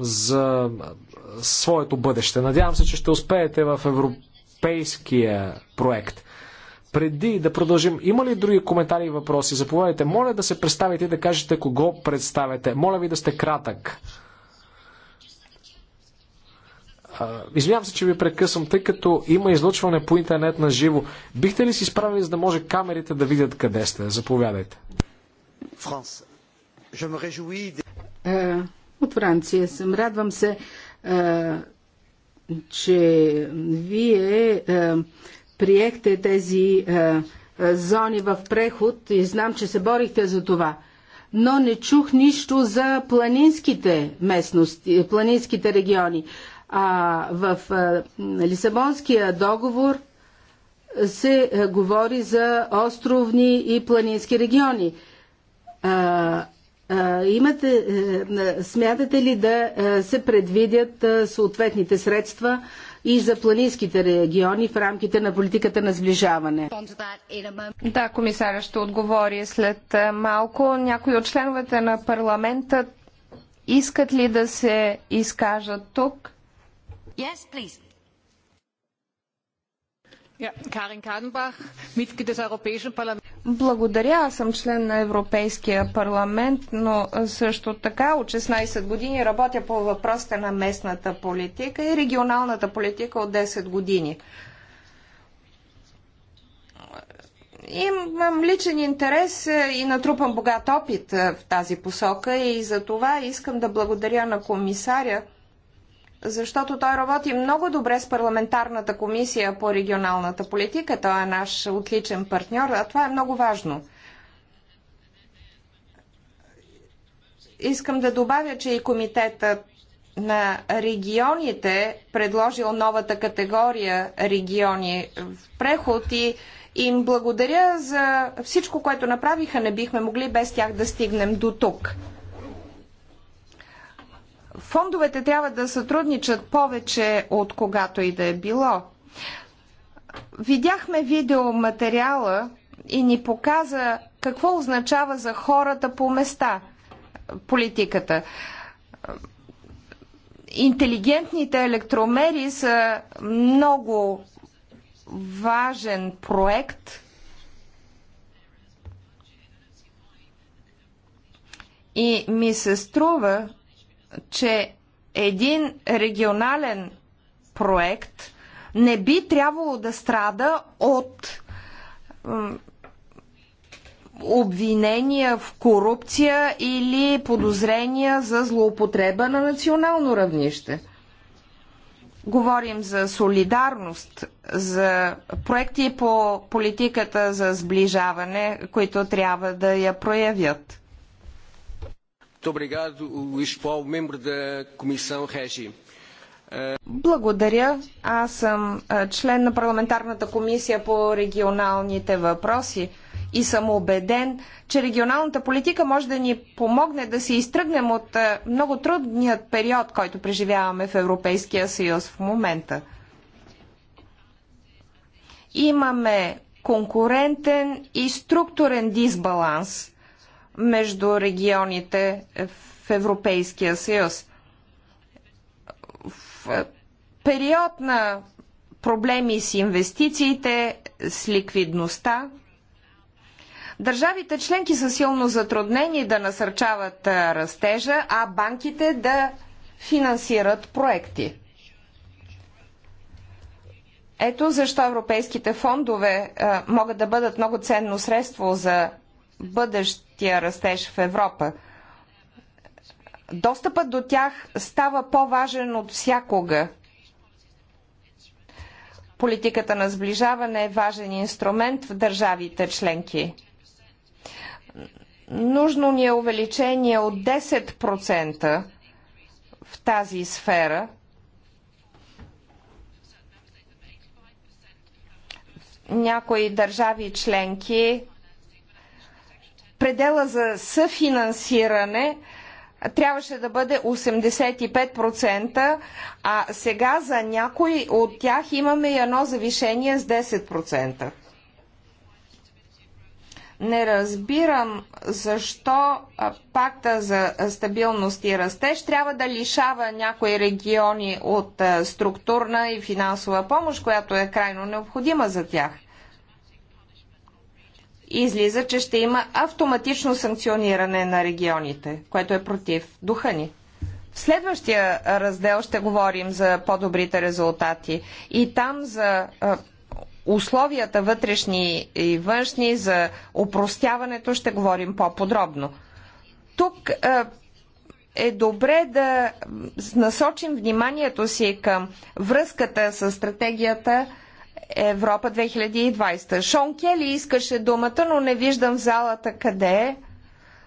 за своето бъдеще. Надявам се, че ще успеете в европейския проект. Преди да продължим, има ли други коментари и въпроси? Заповядайте. Моля да се представите и да кажете кого представяте. Моля ви да сте кратък. Извинявам се, че ви прекъсвам, тъй като има излъчване по интернет на живо. Бихте ли си справили, за да може камерите да видят къде сте? Заповядайте. Франс. Е, от Франция съм. Радвам се, е, че вие е, приехте тези е, е, зони в преход и знам, че се борихте за това. Но не чух нищо за планинските местности, планинските региони. А в е, Лисабонския договор се говори за островни и планински региони. А, а, имате, смятате ли да се предвидят съответните средства и за планинските региони в рамките на политиката на сближаване. Да, комисаря ще отговори след е, малко. Някои от членовете на парламента искат ли да се изкажат тук? Yes, please. Благодаря, аз съм член на Европейския парламент, но също така от 16 години работя по въпросите на местната политика и регионалната политика от 10 години. Имам личен интерес и натрупам богат опит в тази посока и за това искам да благодаря на комисаря защото той работи много добре с парламентарната комисия по регионалната политика. Той е наш отличен партньор, а това е много важно. Искам да добавя, че и комитетът на регионите предложил новата категория региони в преход и им благодаря за всичко, което направиха. Не бихме могли без тях да стигнем до тук. Фондовете трябва да сътрудничат повече от когато и да е било. Видяхме видеоматериала и ни показа какво означава за хората по места политиката. Интелигентните електромери са много важен проект. И ми се струва, че един регионален проект не би трябвало да страда от обвинения в корупция или подозрения за злоупотреба на национално равнище. Говорим за солидарност, за проекти по политиката за сближаване, които трябва да я проявят. Благодаря. Аз съм член на парламентарната комисия по регионалните въпроси и съм убеден, че регионалната политика може да ни помогне да се изтръгнем от много трудният период, който преживяваме в Европейския съюз в момента. Имаме конкурентен и структурен дисбаланс – между регионите в Европейския съюз. В период на проблеми с инвестициите, с ликвидността, държавите членки са силно затруднени да насърчават растежа, а банките да финансират проекти. Ето защо европейските фондове а, могат да бъдат много ценно средство за бъдещия растеж в Европа. Достъпът до тях става по-важен от всякога. Политиката на сближаване е важен инструмент в държавите членки. Нужно ни е увеличение от 10% в тази сфера. Някои държави членки предела за съфинансиране трябваше да бъде 85%, а сега за някой от тях имаме и едно завишение с 10%. Не разбирам защо пакта за стабилност и растеж трябва да лишава някои региони от структурна и финансова помощ, която е крайно необходима за тях – излиза, че ще има автоматично санкциониране на регионите, което е против духа ни. В следващия раздел ще говорим за по-добрите резултати и там за условията вътрешни и външни, за упростяването ще говорим по-подробно. Тук е добре да насочим вниманието си към връзката с стратегията Европа 2020. Шон Кели искаше думата, но не виждам в залата къде е.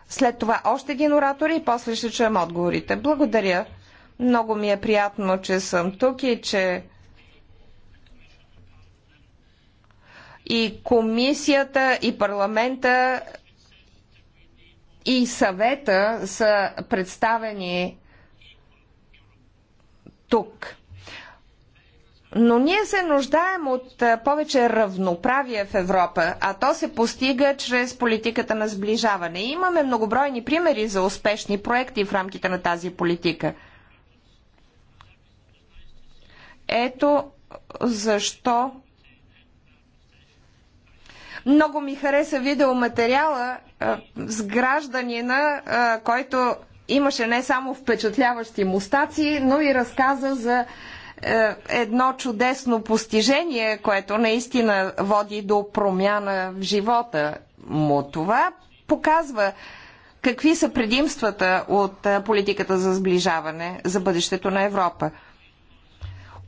След това още един оратор и после ще чуем отговорите. Благодаря. Много ми е приятно, че съм тук и че и комисията, и парламента, и съвета са представени тук. Но ние се нуждаем от повече равноправие в Европа, а то се постига чрез политиката на сближаване. И имаме многобройни примери за успешни проекти в рамките на тази политика. Ето защо много ми хареса видеоматериала с гражданина, който имаше не само впечатляващи мустаци, но и разказа за е, едно чудесно постижение, което наистина води до промяна в живота му. Това показва какви са предимствата от е, политиката за сближаване за бъдещето на Европа.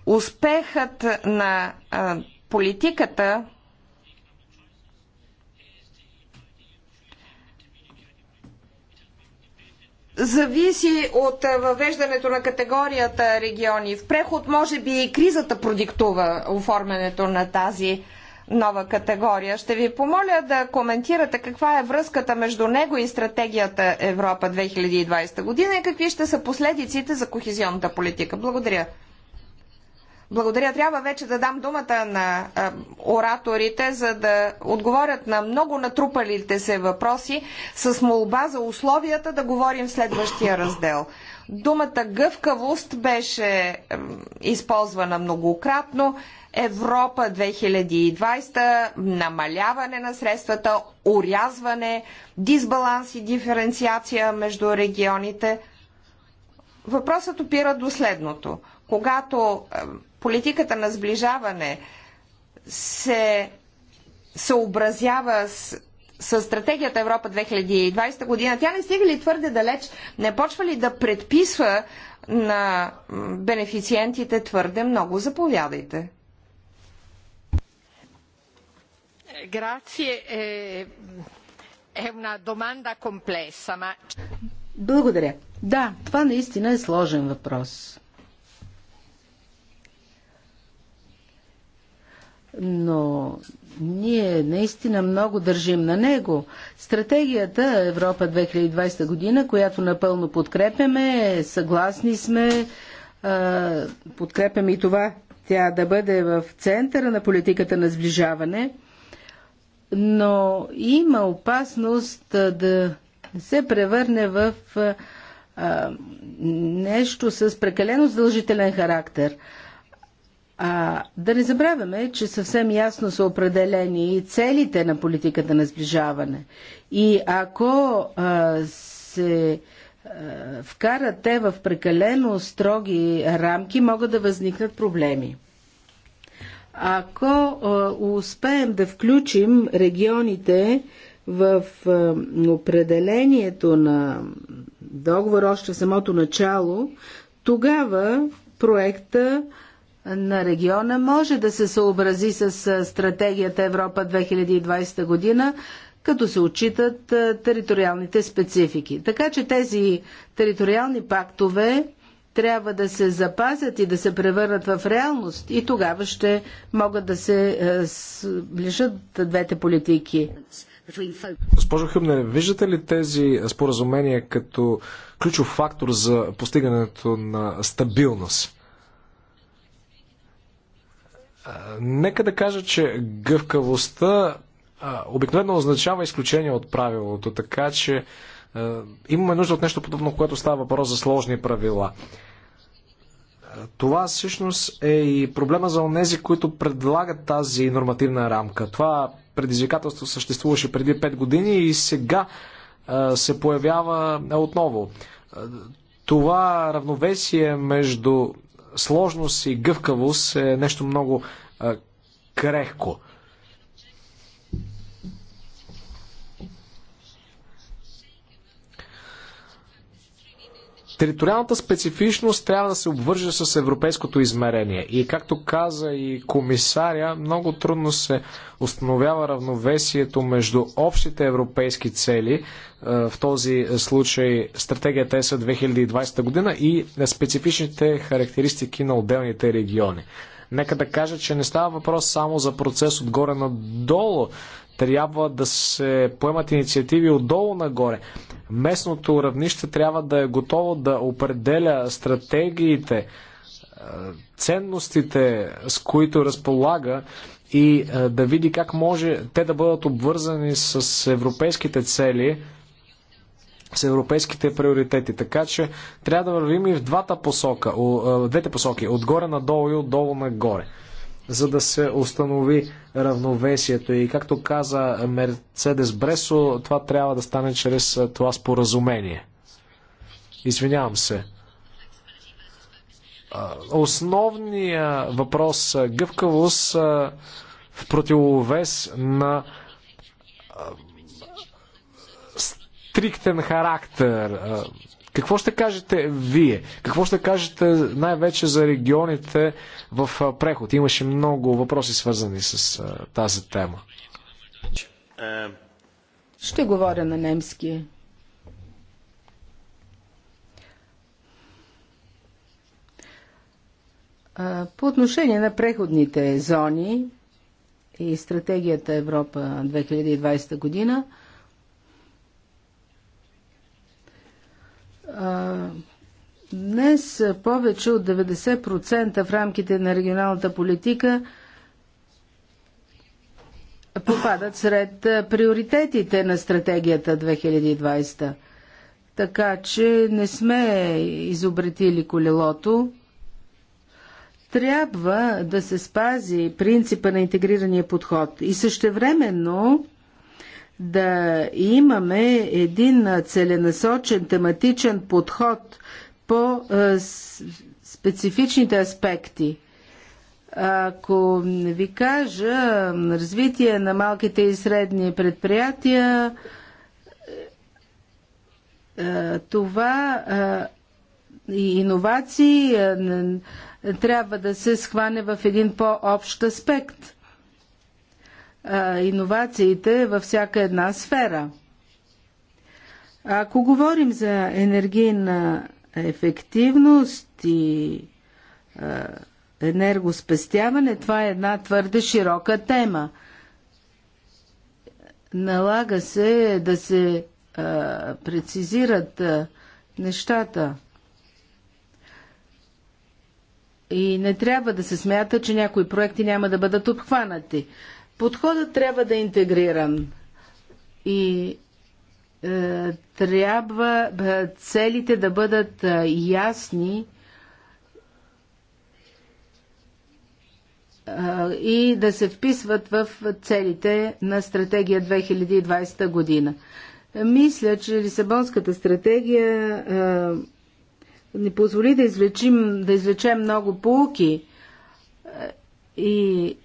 Успехът на е, политиката зависи от въвеждането на категорията региони. В преход може би и кризата продиктува оформянето на тази нова категория. Ще ви помоля да коментирате каква е връзката между него и стратегията Европа 2020 година и какви ще са последиците за кохезионната политика. Благодаря. Благодаря. Трябва вече да дам думата на а, ораторите, за да отговорят на много натрупалите се въпроси с молба за условията да говорим в следващия раздел. Думата гъвкавост беше използвана многократно. Европа 2020, намаляване на средствата, урязване, дисбаланс и диференциация между регионите. Въпросът опира до следното. Когато политиката на сближаване се съобразява с с стратегията Европа 2020 година, тя не стига ли твърде далеч? Не почва ли да предписва на бенефициентите твърде много? Заповядайте. Е, е Благодаря. Да, това наистина е сложен въпрос. но ние наистина много държим на него. Стратегията Европа 2020 година, която напълно подкрепяме, е съгласни сме, подкрепяме и това тя да бъде в центъра на политиката на сближаване, но има опасност да се превърне в нещо с прекалено задължителен характер – а, да не забравяме, че съвсем ясно са определени и целите на политиката на сближаване. И ако а, се а, вкарат те в прекалено строги рамки, могат да възникнат проблеми. Ако а, успеем да включим регионите в а, определението на договор още в самото начало, тогава проекта на региона може да се съобрази с стратегията Европа 2020 година, като се отчитат териториалните специфики. Така че тези териториални пактове трябва да се запазят и да се превърнат в реалност и тогава ще могат да се ближат двете политики. Госпожо Хъбнер, виждате ли тези споразумения като ключов фактор за постигането на стабилност? Нека да кажа, че гъвкавостта обикновено означава изключение от правилото, така че имаме нужда от нещо подобно, което става въпрос за сложни правила. Това всъщност е и проблема за онези, които предлагат тази нормативна рамка. Това предизвикателство съществуваше преди 5 години и сега се появява отново. Това равновесие между сложност и гъвкавост е нещо много крехко. Териториалната специфичност трябва да се обвърже с европейското измерение. И както каза и комисаря, много трудно се установява равновесието между общите европейски цели, е, в този случай стратегията ЕС 2020 година и специфичните характеристики на отделните региони. Нека да кажа, че не става въпрос само за процес отгоре надолу. Трябва да се поемат инициативи отдолу нагоре местното равнище трябва да е готово да определя стратегиите, е, ценностите, с които разполага и е, да види как може те да бъдат обвързани с европейските цели, с европейските приоритети. Така че трябва да вървим и в двата посока, е, двете посоки, отгоре надолу и отдолу нагоре за да се установи равновесието. И както каза Мерцедес Бресо, това трябва да стане чрез това споразумение. Извинявам се. Основният въпрос гъвкавост в противовес на стриктен характер, какво ще кажете вие? Какво ще кажете най-вече за регионите в преход? Имаше много въпроси свързани с тази тема. Ще говоря на немски. По отношение на преходните зони и стратегията Европа 2020 година, Днес повече от 90% в рамките на регионалната политика попадат сред приоритетите на стратегията 2020. Така че не сме изобретили колелото. Трябва да се спази принципа на интегрирания подход и същевременно да имаме един целенасочен тематичен подход по е, специфичните аспекти. Ако ви кажа развитие на малките и средни предприятия, е, това е, и иновации трябва да се схване в един по-общ аспект иновациите във всяка една сфера. Ако говорим за енергийна ефективност и енергоспестяване, това е една твърде широка тема. Налага се да се а, прецизират а, нещата. И не трябва да се смята, че някои проекти няма да бъдат обхванати. Подходът трябва да е интегриран и е, трябва е, целите да бъдат е, ясни е, и да се вписват в целите на стратегия 2020 година. Мисля, че Лисабонската стратегия е, ни позволи да извлечем, да извлечем много полуки е, и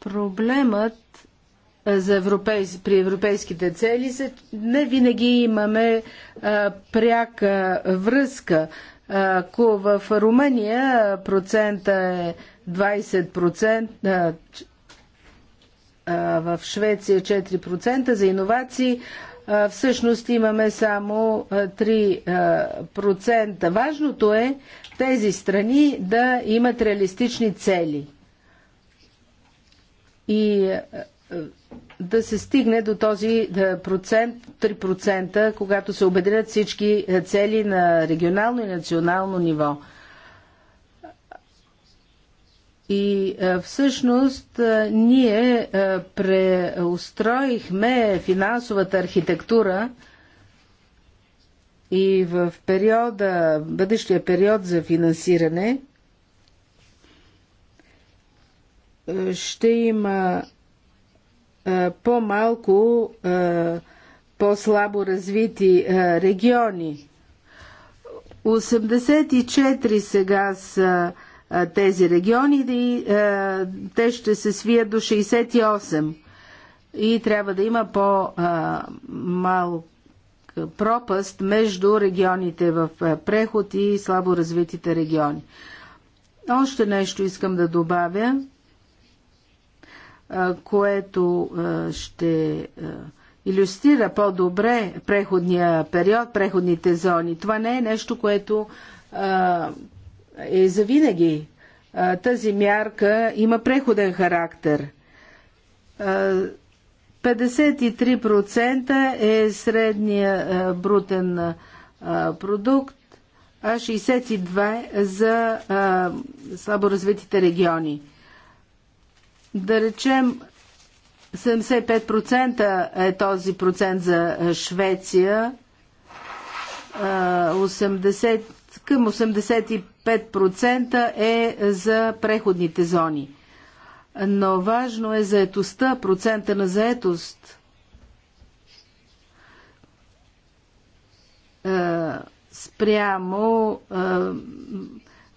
Проблемът за европейс, при европейските цели се, не винаги имаме а, пряка връзка. Ако в Румъния процента е 20%, а, в Швеция 4% за иновации, а, всъщност имаме само 3%. Важното е тези страни да имат реалистични цели – и е, е, да се стигне до този е, процент 3%, когато се обединят всички цели на регионално и национално ниво. И всъщност ние преустроихме финансовата архитектура и в периода, бъдещия период за финансиране – ще има е, по-малко е, по-слабо развити е, региони. 84 сега са тези региони и те ще се свият до 68 и трябва да има по малък пропаст между регионите в преход и слабо развитите региони. Още нещо искам да добавя което ще иллюстрира по-добре преходния период, преходните зони. Това не е нещо, което е завинаги. Тази мярка има преходен характер. 53% е средния брутен продукт, а 62% за слабо развитите региони. Да речем, 75% е този процент за Швеция, 80, към 85% е за преходните зони. Но важно е заетостта, процента на заетост. Спрямо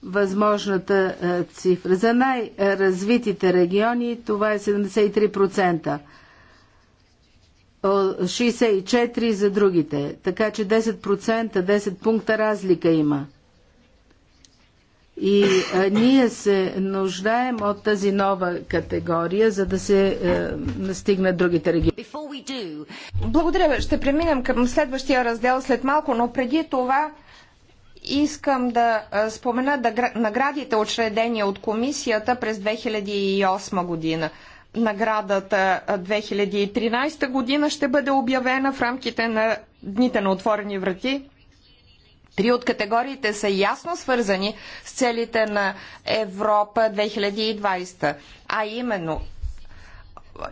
възможната е, цифра. За най-развитите региони това е 73%. 64 за другите. Така че 10%, 10 пункта разлика има. И а, е, ние се нуждаем от тази нова категория, за да се е, настигнат другите региони. Благодаря. Ще преминем към следващия раздел след малко, но преди това Искам да спомена наградите, учредени от комисията през 2008 година. Наградата 2013 година ще бъде обявена в рамките на дните на отворени врати. Три от категориите са ясно свързани с целите на Европа 2020, а именно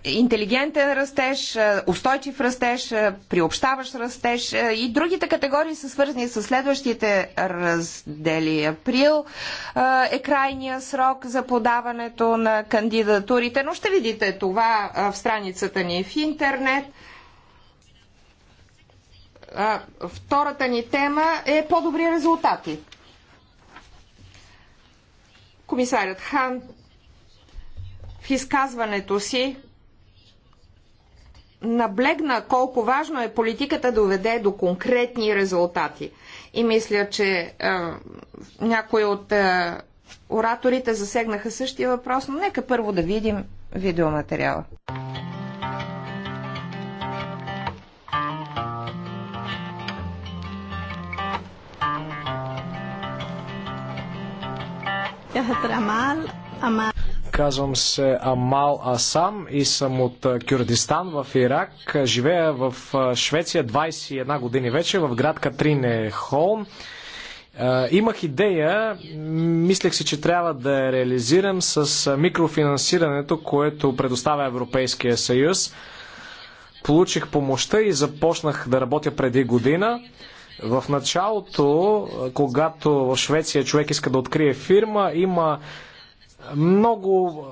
интелигентен растеж, е, устойчив растеж, е, приобщаващ растеж е, и другите категории са свързани с следващите раздели. Април е крайния срок за подаването на кандидатурите, но ще видите това в страницата ни в интернет. Втората ни тема е по-добри резултати. Комисарят Хан в изказването си наблегна колко важно е политиката да доведе до конкретни резултати. И мисля, че е, някои от е, ораторите засегнаха същия въпрос, но нека първо да видим видеоматериала. Я Казвам се Амал Асам и съм от Кюрдистан в Ирак. Живея в Швеция 21 години вече в град Катрине Холм. Имах идея, мислех си, че трябва да я реализирам с микрофинансирането, което предоставя Европейския съюз. Получих помощта и започнах да работя преди година. В началото, когато в Швеция човек иска да открие фирма, има много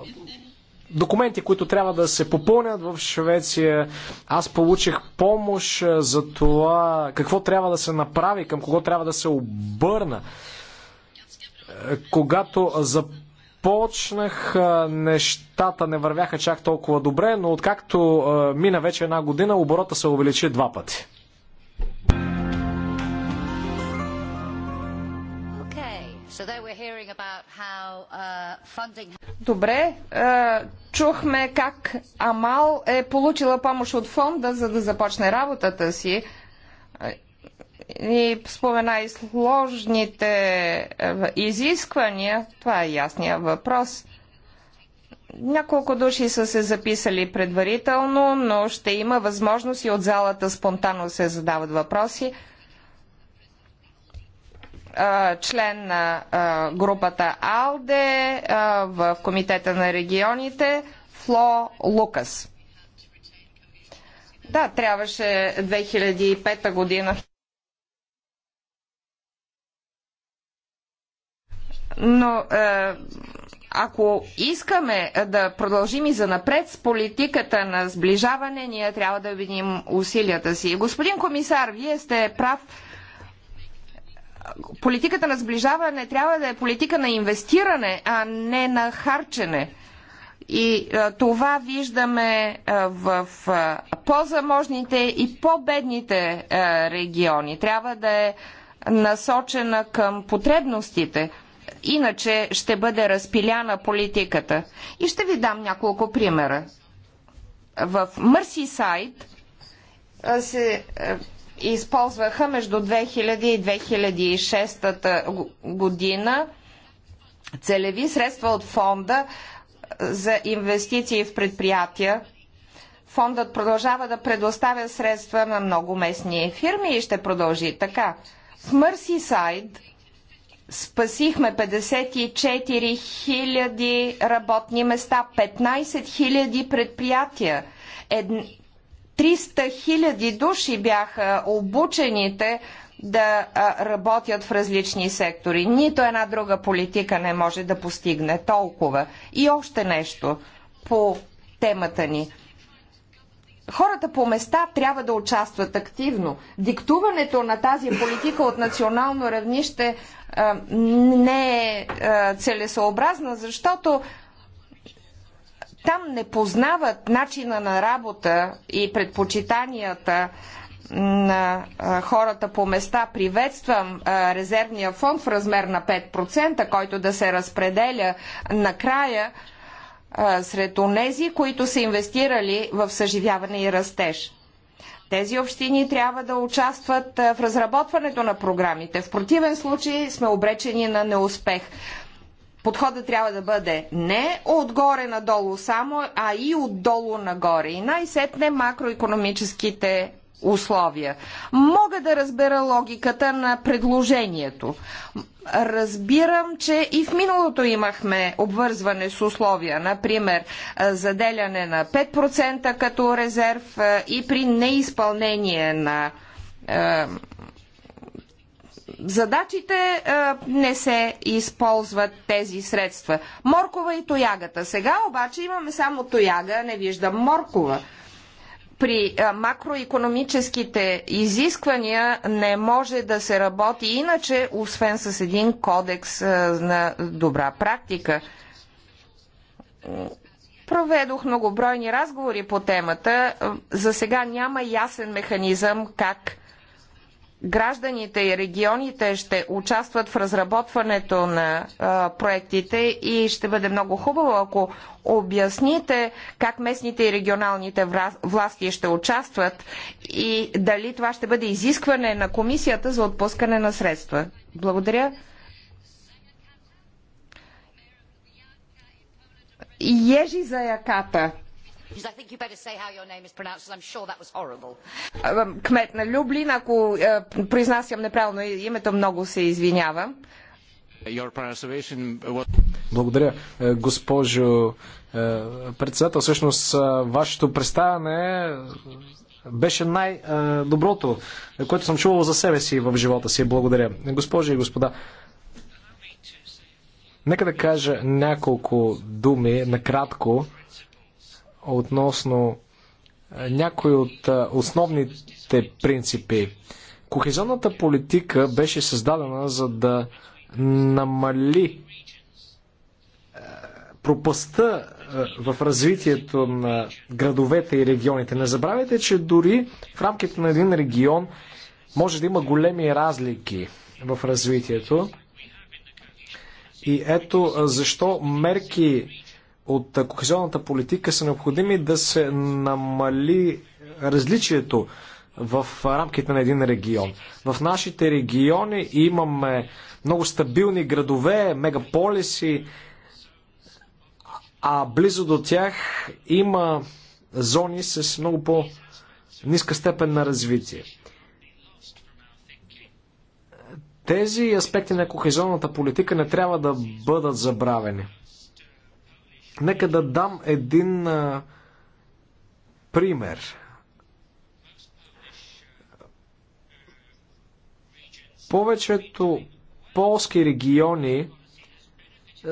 документи, които трябва да се попълнят в Швеция. Аз получих помощ за това какво трябва да се направи, към кого трябва да се обърна. Когато започнах нещата не вървяха чак толкова добре, но откакто мина вече една година, оборота се увеличи два пъти. Okay. So Uh, Добре, е, чухме как Амал е получила помощ от фонда, за да започне работата си. И спомена и сложните е, изисквания. Това е ясния въпрос. Няколко души са се записали предварително, но ще има възможност и от залата спонтанно се задават въпроси член на групата АЛДЕ в Комитета на регионите Фло Лукас. Да, трябваше 2005 година. Но ако искаме да продължим и занапред с политиката на сближаване, ние трябва да видим усилията си. Господин комисар, вие сте прав политиката на сближаване трябва да е политика на инвестиране, а не на харчене. И а, това виждаме а, в а, по-заможните и по-бедните региони. Трябва да е насочена към потребностите. Иначе ще бъде разпиляна политиката. И ще ви дам няколко примера. В Мърсисайд се използваха между 2000 и 2006 година целеви средства от фонда за инвестиции в предприятия. Фондът продължава да предоставя средства на много местни фирми и ще продължи така. В Мърсисайд спасихме 54 000 работни места, 15 000 предприятия, 300 хиляди души бяха обучените да работят в различни сектори. Нито една друга политика не може да постигне толкова. И още нещо по темата ни. Хората по места трябва да участват активно. Диктуването на тази политика от национално равнище не е целесообразна, защото там не познават начина на работа и предпочитанията на хората по места. Приветствам резервния фонд в размер на 5%, който да се разпределя накрая сред онези, които са инвестирали в съживяване и растеж. Тези общини трябва да участват в разработването на програмите. В противен случай сме обречени на неуспех подходът трябва да бъде не отгоре надолу само, а и отдолу нагоре. И най-сетне макроекономическите условия. Мога да разбера логиката на предложението. Разбирам, че и в миналото имахме обвързване с условия, например заделяне на 5% като резерв и при неизпълнение на задачите а, не се използват тези средства. Моркова и тоягата. Сега обаче имаме само тояга, не виждам моркова. При а, макроекономическите изисквания не може да се работи иначе, освен с един кодекс а, на добра практика. Проведох многобройни разговори по темата. За сега няма ясен механизъм как гражданите и регионите ще участват в разработването на а, проектите и ще бъде много хубаво, ако обясните как местните и регионалните власти ще участват и дали това ще бъде изискване на комисията за отпускане на средства. Благодаря. Ежи заяката Кмет на Люблин, ако е, произнасям неправилно името, много се извинявам. Благодаря, е, госпожо е, председател. Всъщност, вашето представяне беше най-доброто, което съм чувал за себе си в живота си. Благодаря. Госпожи и господа, нека да кажа няколко думи накратко относно е, някои от е, основните принципи. Кохезионната политика беше създадена за да намали е, пропаста в развитието на градовете и регионите. Не забравяйте, че дори в рамките на един регион може да има големи разлики в развитието. И ето защо мерки от кохезионната политика са необходими да се намали различието в рамките на един регион. В нашите региони имаме много стабилни градове, мегаполиси, а близо до тях има зони с много по-ниска степен на развитие. Тези аспекти на кохезионната политика не трябва да бъдат забравени. Нека да дам един а, пример. Повечето полски региони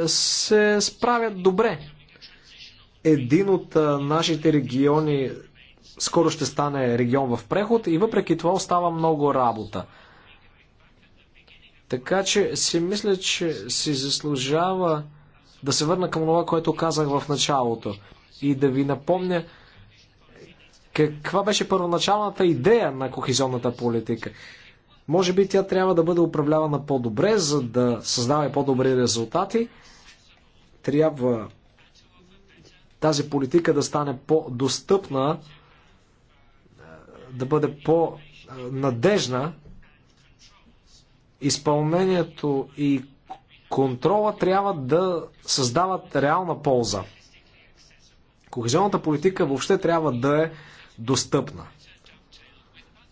се справят добре. Един от а, нашите региони скоро ще стане регион в преход и въпреки това остава много работа. Така че си мисля, че си заслужава да се върна към това, което казах в началото и да ви напомня каква беше първоначалната идея на кохизионната политика. Може би тя трябва да бъде управлявана по-добре, за да създава по-добри резултати. Трябва тази политика да стане по-достъпна, да бъде по-надежна. Изпълнението и Контрола трябва да създават реална полза. Кохезионната политика въобще трябва да е достъпна.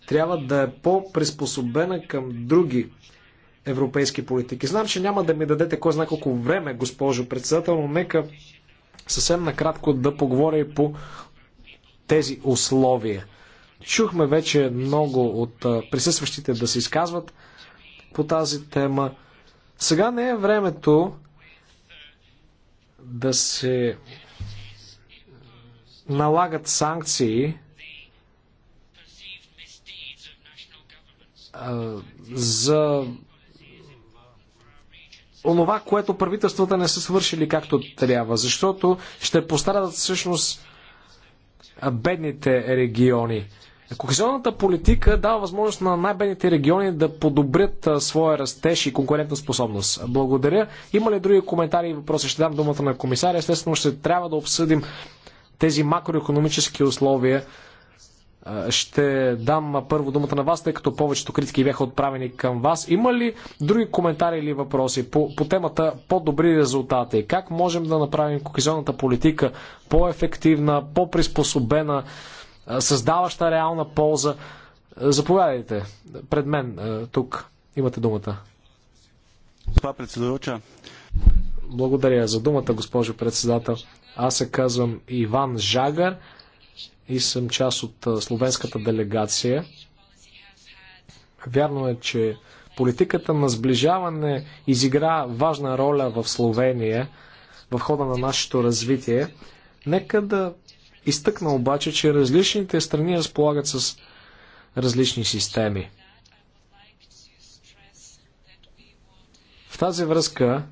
Трябва да е по-приспособена към други европейски политики. Знам, че няма да ми дадете кой знае колко време, госпожо председател, но нека съвсем накратко да поговоря и по тези условия. Чухме вече много от присъстващите да се изказват по тази тема. Сега не е времето да се налагат санкции за онова, което правителствата не са свършили както трябва, защото ще пострадат всъщност бедните региони. Кохезионната политика дава възможност на най-бедните региони да подобрят своя растеж и конкурентна способност. Благодаря. Има ли други коментари и въпроси? Ще дам думата на комисаря. Естествено, ще трябва да обсъдим тези макроекономически условия. Ще дам първо думата на вас, тъй като повечето критики бяха отправени към вас. Има ли други коментари или въпроси по, по темата по-добри резултати? Как можем да направим кохезионната политика по-ефективна, по-приспособена? създаваща реална полза. Заповядайте пред мен тук. Имате думата. Това председателча. Благодаря за думата, госпожо председател. Аз се казвам Иван Жагар и съм част от словенската делегация. Вярно е, че политиката на сближаване изигра важна роля в Словения в хода на нашето развитие. Нека да изтъкна обаче, че различните страни разполагат с различни системи. В тази връзка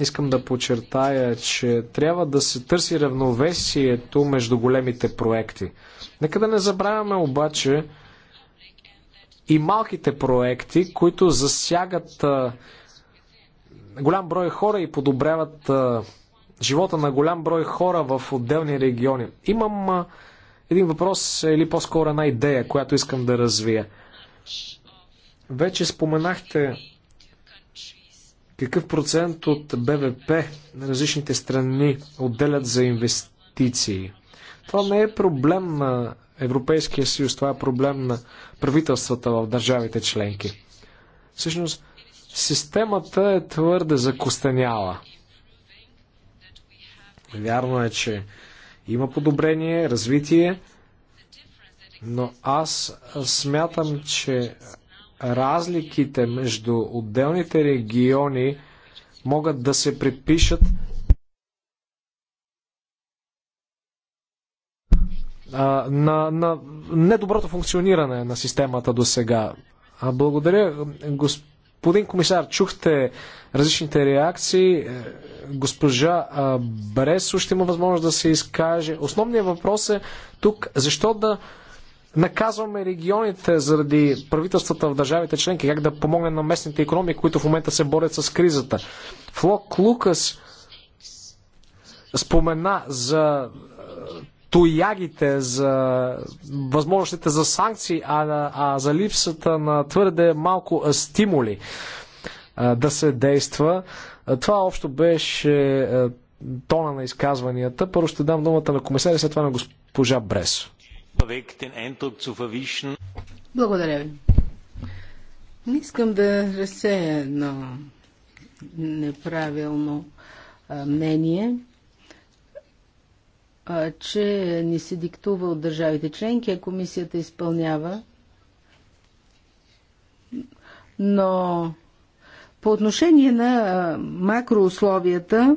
искам да подчертая, че трябва да се търси равновесието между големите проекти. Нека да не забравяме обаче и малките проекти, които засягат голям брой хора и подобряват живота на голям брой хора в отделни региони. Имам един въпрос или по-скоро една идея, която искам да развия. Вече споменахте какъв процент от БВП на различните страни отделят за инвестиции. Това не е проблем на Европейския съюз, това е проблем на правителствата в държавите членки. Всъщност, системата е твърде закостеняла. Вярно е, че има подобрение, развитие, но аз смятам, че разликите между отделните региони могат да се предпишат на, на недоброто функциониране на системата до сега. Благодаря, господин Господин комисар, чухте различните реакции. Е, госпожа Бресо ще има възможност да се изкаже. Основният въпрос е тук защо да наказваме регионите заради правителствата в държавите членки, как да помогне на местните економии, които в момента се борят с кризата. Флок Лукас спомена за тоягите, за възможностите за санкции, а, а за липсата на твърде малко стимули да се действа. Това общо беше тона на изказванията. Първо ще дам думата на комисаря, след това на госпожа Брес. Благодаря ви. Не искам да разсея едно неправилно мнение че ни се диктува от държавите членки, а комисията изпълнява. Но по отношение на макроусловията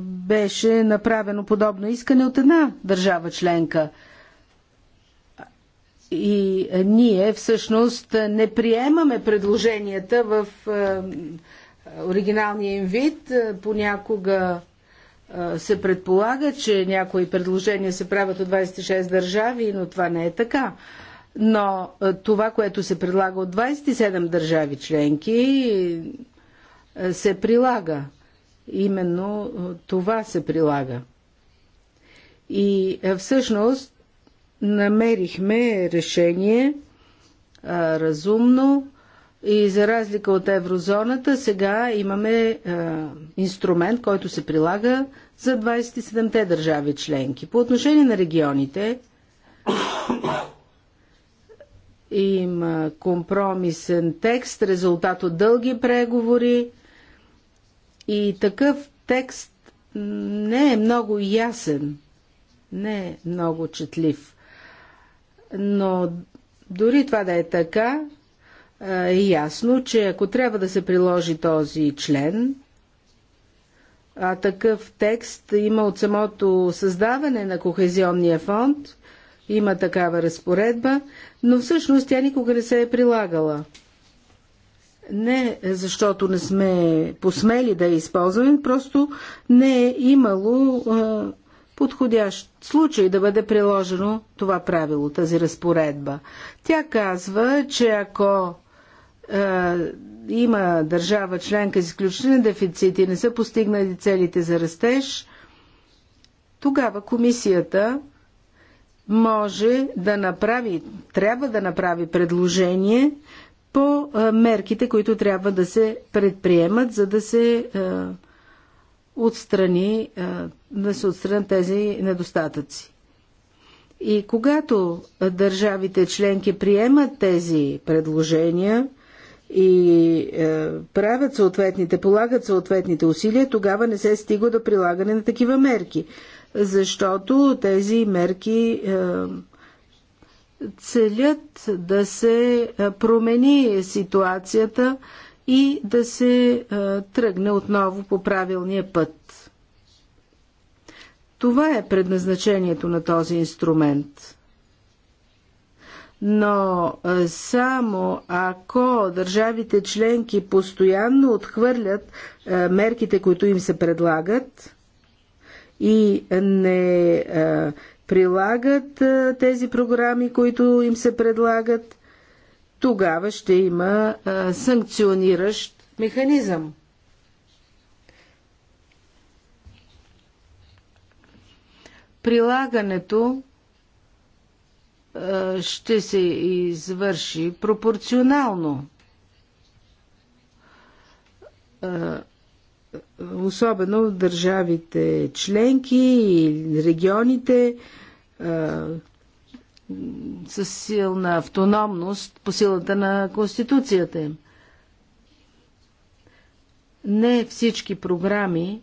беше направено подобно искане от една държава членка. И ние всъщност не приемаме предложенията в оригиналния им вид. Понякога се предполага, че някои предложения се правят от 26 държави, но това не е така. Но това, което се предлага от 27 държави членки, се прилага. Именно това се прилага. И всъщност намерихме решение разумно, и за разлика от еврозоната, сега имаме а, инструмент, който се прилага за 27-те държави членки. По отношение на регионите, има компромисен текст, резултат от дълги преговори и такъв текст не е много ясен, не е много четлив. Но дори това да е така, е ясно, че ако трябва да се приложи този член, а такъв текст има от самото създаване на Кохезионния фонд, има такава разпоредба, но всъщност тя никога не се е прилагала. Не защото не сме посмели да я използваме, просто не е имало подходящ случай да бъде приложено това правило, тази разпоредба. Тя казва, че ако е, има държава членка с изключителни дефицити, не са постигнали целите за растеж, тогава комисията може да направи, трябва да направи предложение по е, мерките, които трябва да се предприемат, за да се е, отстрани, да се отстранят тези недостатъци. И когато държавите членки приемат тези предложения, и е, правят съответните, полагат съответните усилия, тогава не се стига до прилагане на такива мерки. Защото тези мерки е, целят да се е, промени ситуацията и да се е, тръгне отново по правилния път. Това е предназначението на този инструмент но само ако държавите членки постоянно отхвърлят мерките, които им се предлагат и не прилагат тези програми, които им се предлагат, тогава ще има санкциониращ механизъм. Прилагането е, ще се извърши пропорционално. Е, особено в държавите членки и регионите е, с силна автономност по силата на Конституцията им. Не всички програми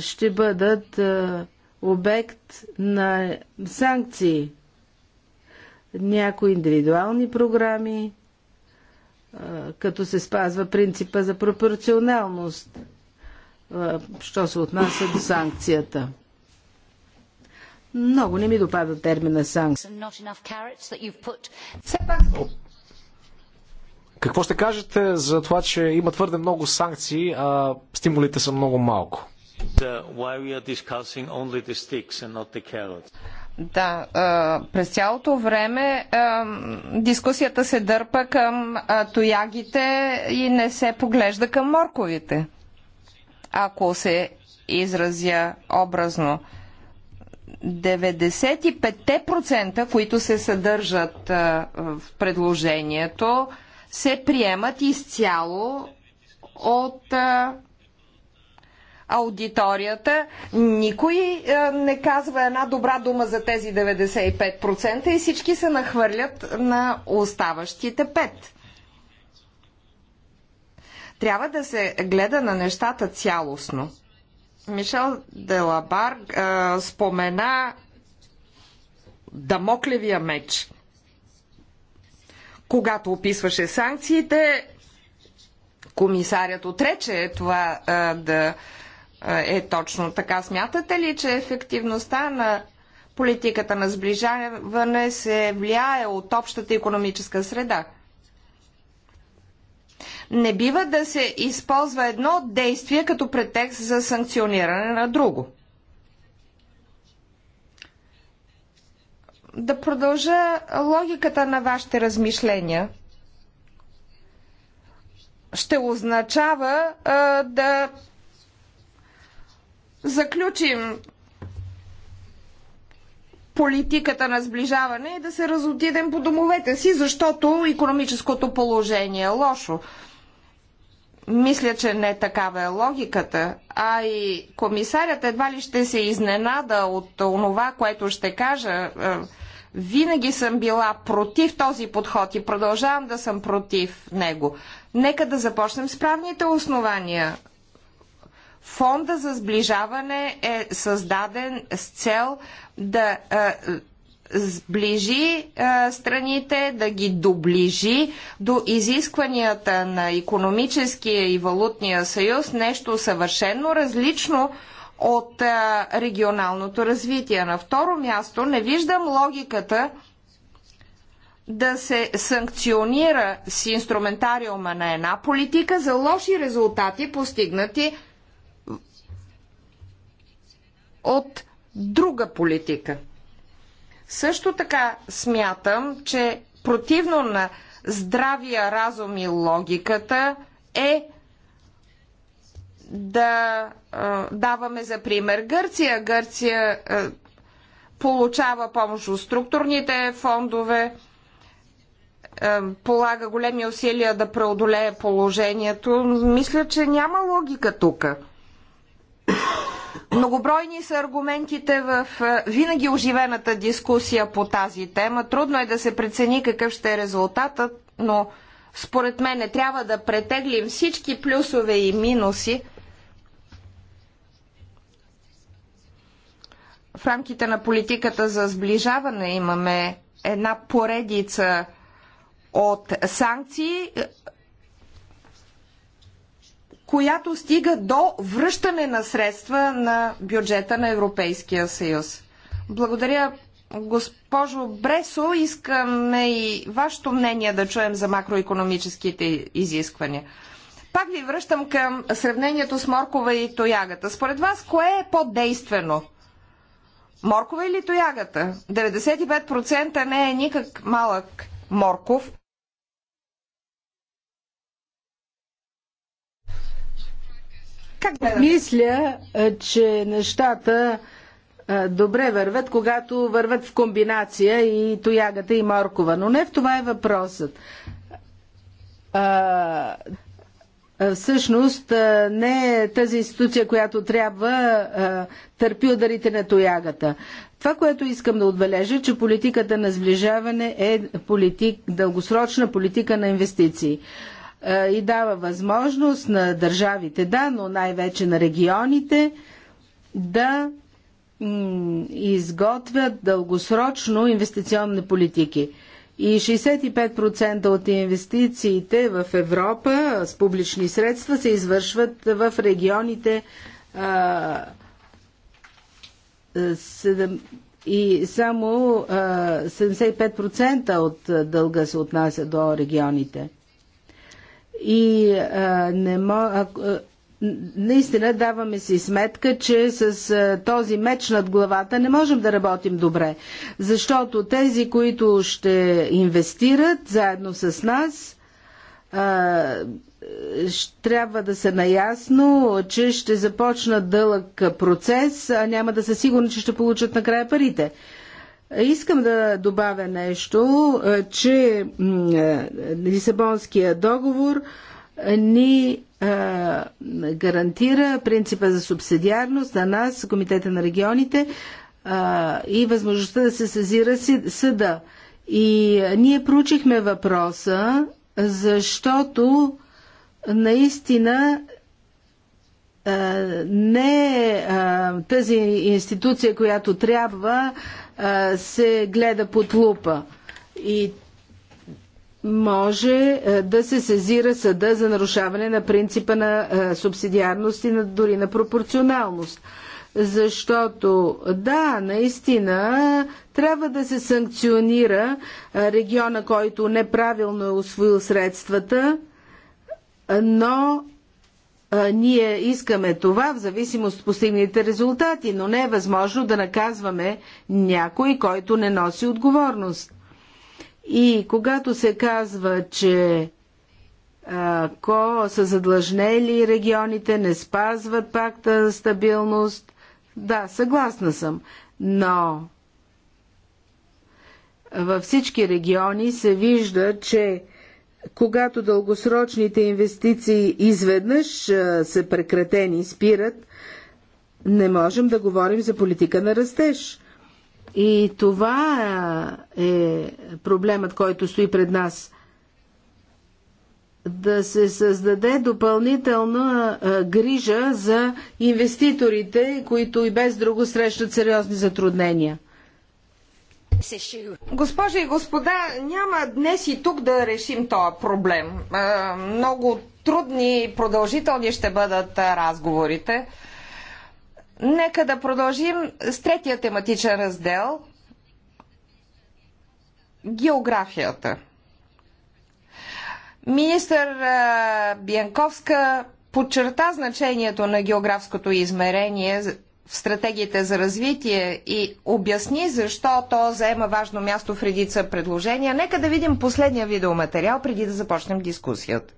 ще бъдат обект на санкции. Някои индивидуални програми, като се спазва принципа за пропорционалност, що се отнася до санкцията. Много не ми допада термина санкция. Какво ще кажете за това, че има твърде много санкции, а стимулите са много малко? Uh, да, през цялото време дискусията се дърпа към тоягите и не се поглежда към морковите. Ако се изразя образно. 95%, които се съдържат в предложението, се приемат изцяло от аудиторията. Никой е, не казва една добра дума за тези 95% и всички се нахвърлят на оставащите 5%. Трябва да се гледа на нещата цялостно. Мишел Делабар е, спомена дамоклевия меч. Когато описваше санкциите, комисарят отрече това е, да е точно така. Смятате ли, че ефективността на политиката на сближаване се влияе от общата економическа среда? Не бива да се използва едно действие като претекст за санкциониране на друго. Да продължа логиката на вашите размишления ще означава а, да заключим политиката на сближаване и да се разотидем по домовете си, защото економическото положение е лошо. Мисля, че не такава е логиката, а и комисарят едва ли ще се изненада от онова, което ще кажа. Е, винаги съм била против този подход и продължавам да съм против него. Нека да започнем с правните основания Фонда за сближаване е създаден с цел да е, сближи е, страните, да ги доближи до изискванията на економическия и валутния съюз, нещо съвършенно различно от е, регионалното развитие. На второ място не виждам логиката да се санкционира с инструментариума на една политика за лоши резултати, постигнати от друга политика. Също така смятам, че противно на здравия разум и логиката е да е, даваме за пример Гърция. Гърция е, получава помощ от структурните фондове, е, полага големи усилия да преодолее положението. Мисля, че няма логика тук. Многобройни са аргументите в е, винаги оживената дискусия по тази тема. Трудно е да се прецени какъв ще е резултатът, но според мен не трябва да претеглим всички плюсове и минуси в рамките на политиката за сближаване имаме една поредица от санкции, която стига до връщане на средства на бюджета на Европейския съюз. Благодаря, госпожо Бресо. Искаме и вашето мнение да чуем за макроекономическите изисквания. Пак ви връщам към сравнението с моркова и тоягата. Според вас, кое е по-действено? Моркова или тоягата? 95% не е никак малък морков. Как... Мисля, че нещата добре върват, когато върват в комбинация и тоягата и моркова. Но не в това е въпросът. А, всъщност не е тази институция, която трябва а, търпи ударите на тоягата. Това, което искам да отбележа, е, че политиката на сближаване е политик, дългосрочна политика на инвестиции. Е, и дава възможност на държавите, да, но най-вече на регионите, да изготвят дългосрочно инвестиционни политики. И 65% от инвестициите в Европа с публични средства се извършват в регионите е, и само 75% от дълга се отнася до регионите. И а, не а, наистина даваме си сметка, че с този меч над главата не можем да работим добре. Защото тези, които ще инвестират заедно с нас, трябва да са наясно, че ще започнат дълъг процес, а няма да са сигурни, че ще получат накрая парите. Искам да добавя нещо, е, че е, Лисабонския договор ни е, гарантира принципа за субсидиарност на нас, Комитета на регионите и възможността да се съзира съда. И ние проучихме въпроса, защото наистина не тази институция, която трябва се гледа под лупа и може да се сезира съда за нарушаване на принципа на субсидиарност и дори на пропорционалност. Защото, да, наистина трябва да се санкционира региона, който неправилно е освоил средствата, но ние искаме това в зависимост от постигните резултати, но не е възможно да наказваме някой, който не носи отговорност. И когато се казва, че ако са задлъжнели регионите, не спазват пакта за стабилност, да, съгласна съм, но във всички региони се вижда, че когато дългосрочните инвестиции изведнъж са прекратени и спират, не можем да говорим за политика на растеж. И това е проблемът, който стои пред нас. Да се създаде допълнителна грижа за инвеститорите, които и без друго срещат сериозни затруднения. Госпожи и господа, няма днес и тук да решим този проблем. Много трудни и продължителни ще бъдат разговорите. Нека да продължим с третия тематичен раздел географията. Министър Бянковска подчерта значението на географското измерение в стратегиите за развитие и обясни защо то заема важно място в редица предложения. Нека да видим последния видеоматериал преди да започнем дискусията.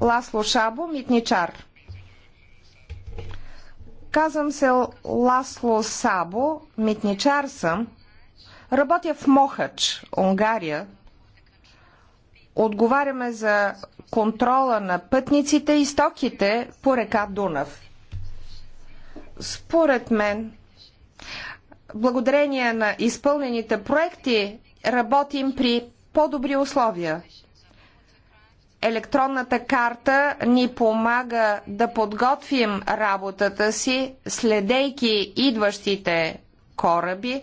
Ласло Шабо, митничар. Казвам се Ласло Сабо, митничар съм. Работя в Мохач, Унгария. Отговаряме за контрола на пътниците и стоките по река Дунав. Според мен, благодарение на изпълнените проекти, работим при по-добри условия електронната карта ни помага да подготвим работата си, следейки идващите кораби.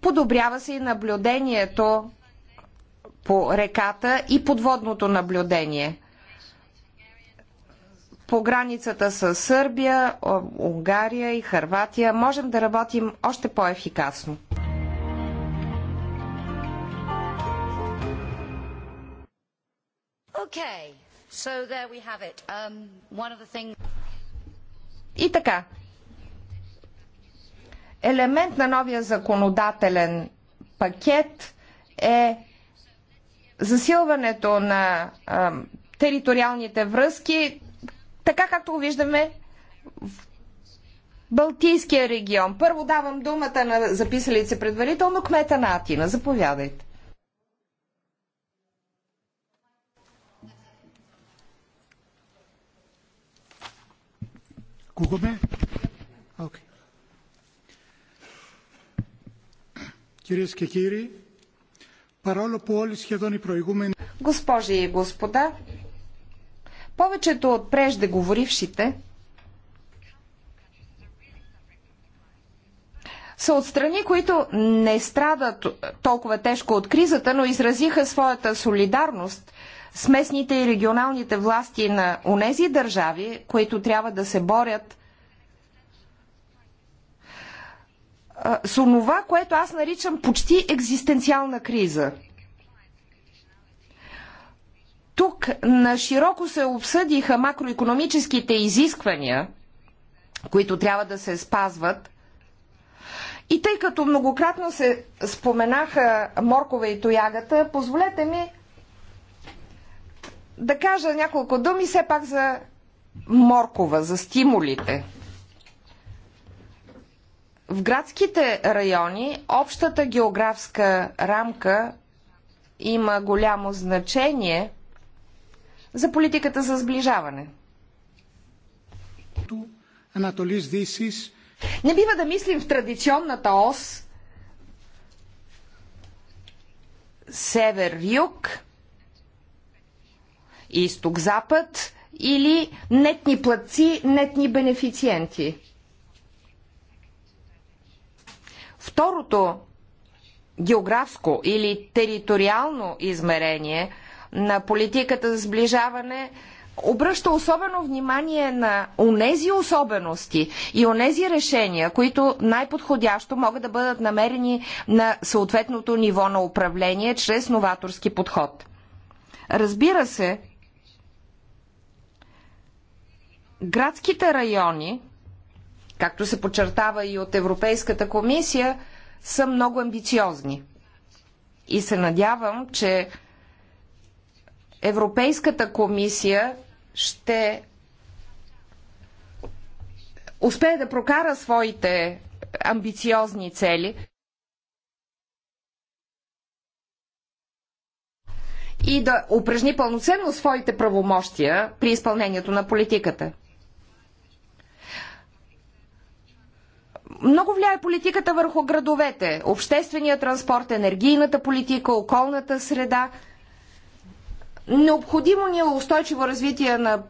Подобрява се и наблюдението по реката и подводното наблюдение. По границата с Сърбия, Унгария и Харватия можем да работим още по-ефикасно. Okay. So there we have it. Um, one of the things... И така. Елемент на новия законодателен пакет е засилването на а, териториалните връзки, така както го виждаме в Балтийския регион. Първо давам думата на се предварително кмета на Атина. Заповядайте. Google Ακούγομαι. Okay. Κυρίες και κύριοι, παρόλο που όλοι σχεδόν οι προηγούμενοι... Госпожи и господа, повечето от преждеговорившите са от страни, които не страдат толкова тежко от кризата, но изразиха своята солидарност с местните и регионалните власти на онези държави, които трябва да се борят с онова, което аз наричам почти екзистенциална криза. Тук на широко се обсъдиха макроекономическите изисквания, които трябва да се спазват. И тъй като многократно се споменаха моркова и тоягата, позволете ми да кажа няколко думи все пак за моркова, за стимулите. В градските райони общата географска рамка има голямо значение за политиката за сближаване. Не бива да мислим в традиционната ос север-юг, изток-запад или нетни платци, нетни бенефициенти. Второто географско или териториално измерение на политиката за сближаване обръща особено внимание на онези особености и онези решения, които най-подходящо могат да бъдат намерени на съответното ниво на управление чрез новаторски подход. Разбира се, градските райони, както се подчертава и от Европейската комисия, са много амбициозни. И се надявам, че Европейската комисия ще успее да прокара своите амбициозни цели. и да упражни пълноценно своите правомощия при изпълнението на политиката. Много влияе политиката върху градовете. Обществения транспорт, енергийната политика, околната среда. Необходимо ни е устойчиво развитие на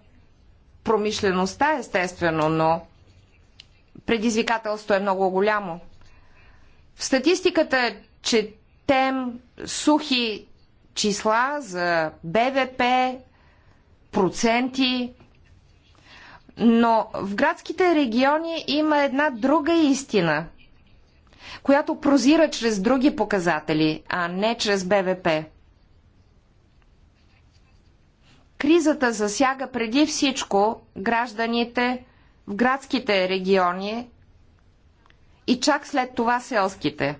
промишлеността, естествено, но предизвикателство е много голямо. В статистиката е, четем сухи числа за БВП, проценти, но в градските региони има една друга истина, която прозира чрез други показатели, а не чрез БВП. Кризата засяга преди всичко гражданите в градските региони и чак след това селските.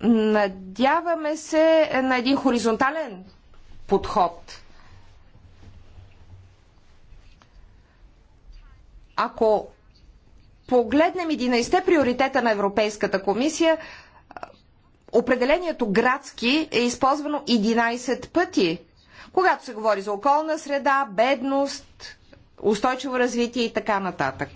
Надяваме се на един хоризонтален подход. Ако погледнем 11-те приоритета на Европейската комисия, определението градски е използвано 11 пъти. Когато се говори за околна среда, бедност, устойчиво развитие и така нататък.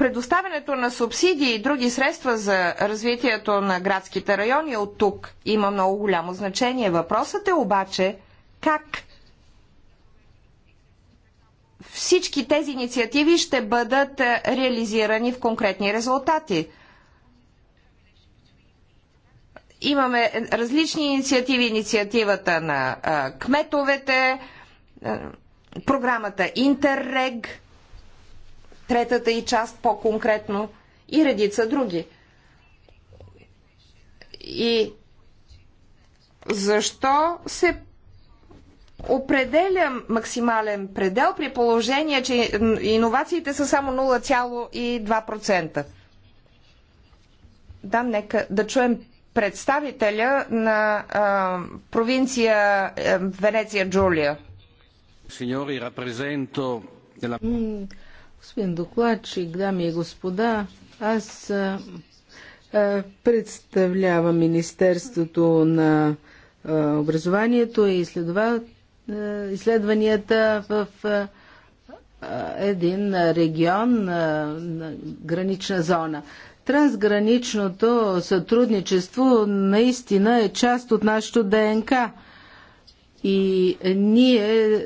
Предоставянето на субсидии и други средства за развитието на градските райони от тук има много голямо значение. Въпросът е обаче как всички тези инициативи ще бъдат е, реализирани в конкретни резултати. Имаме различни инициативи. Инициативата на а, е, кметовете, а, е, програмата Интеррег – третата и част по-конкретно и редица други. И защо се определя максимален предел при положение, че иновациите са само 0,2%? Да, нека да чуем представителя на а, провинция Венеция Джулия. Сеньори, репрезенто... Господин докладчик, дами и господа, аз а, а, представлявам Министерството на а, образованието и изследва, изследванията в един регион, на гранична зона. Трансграничното сътрудничество наистина е част от нашото ДНК. И ние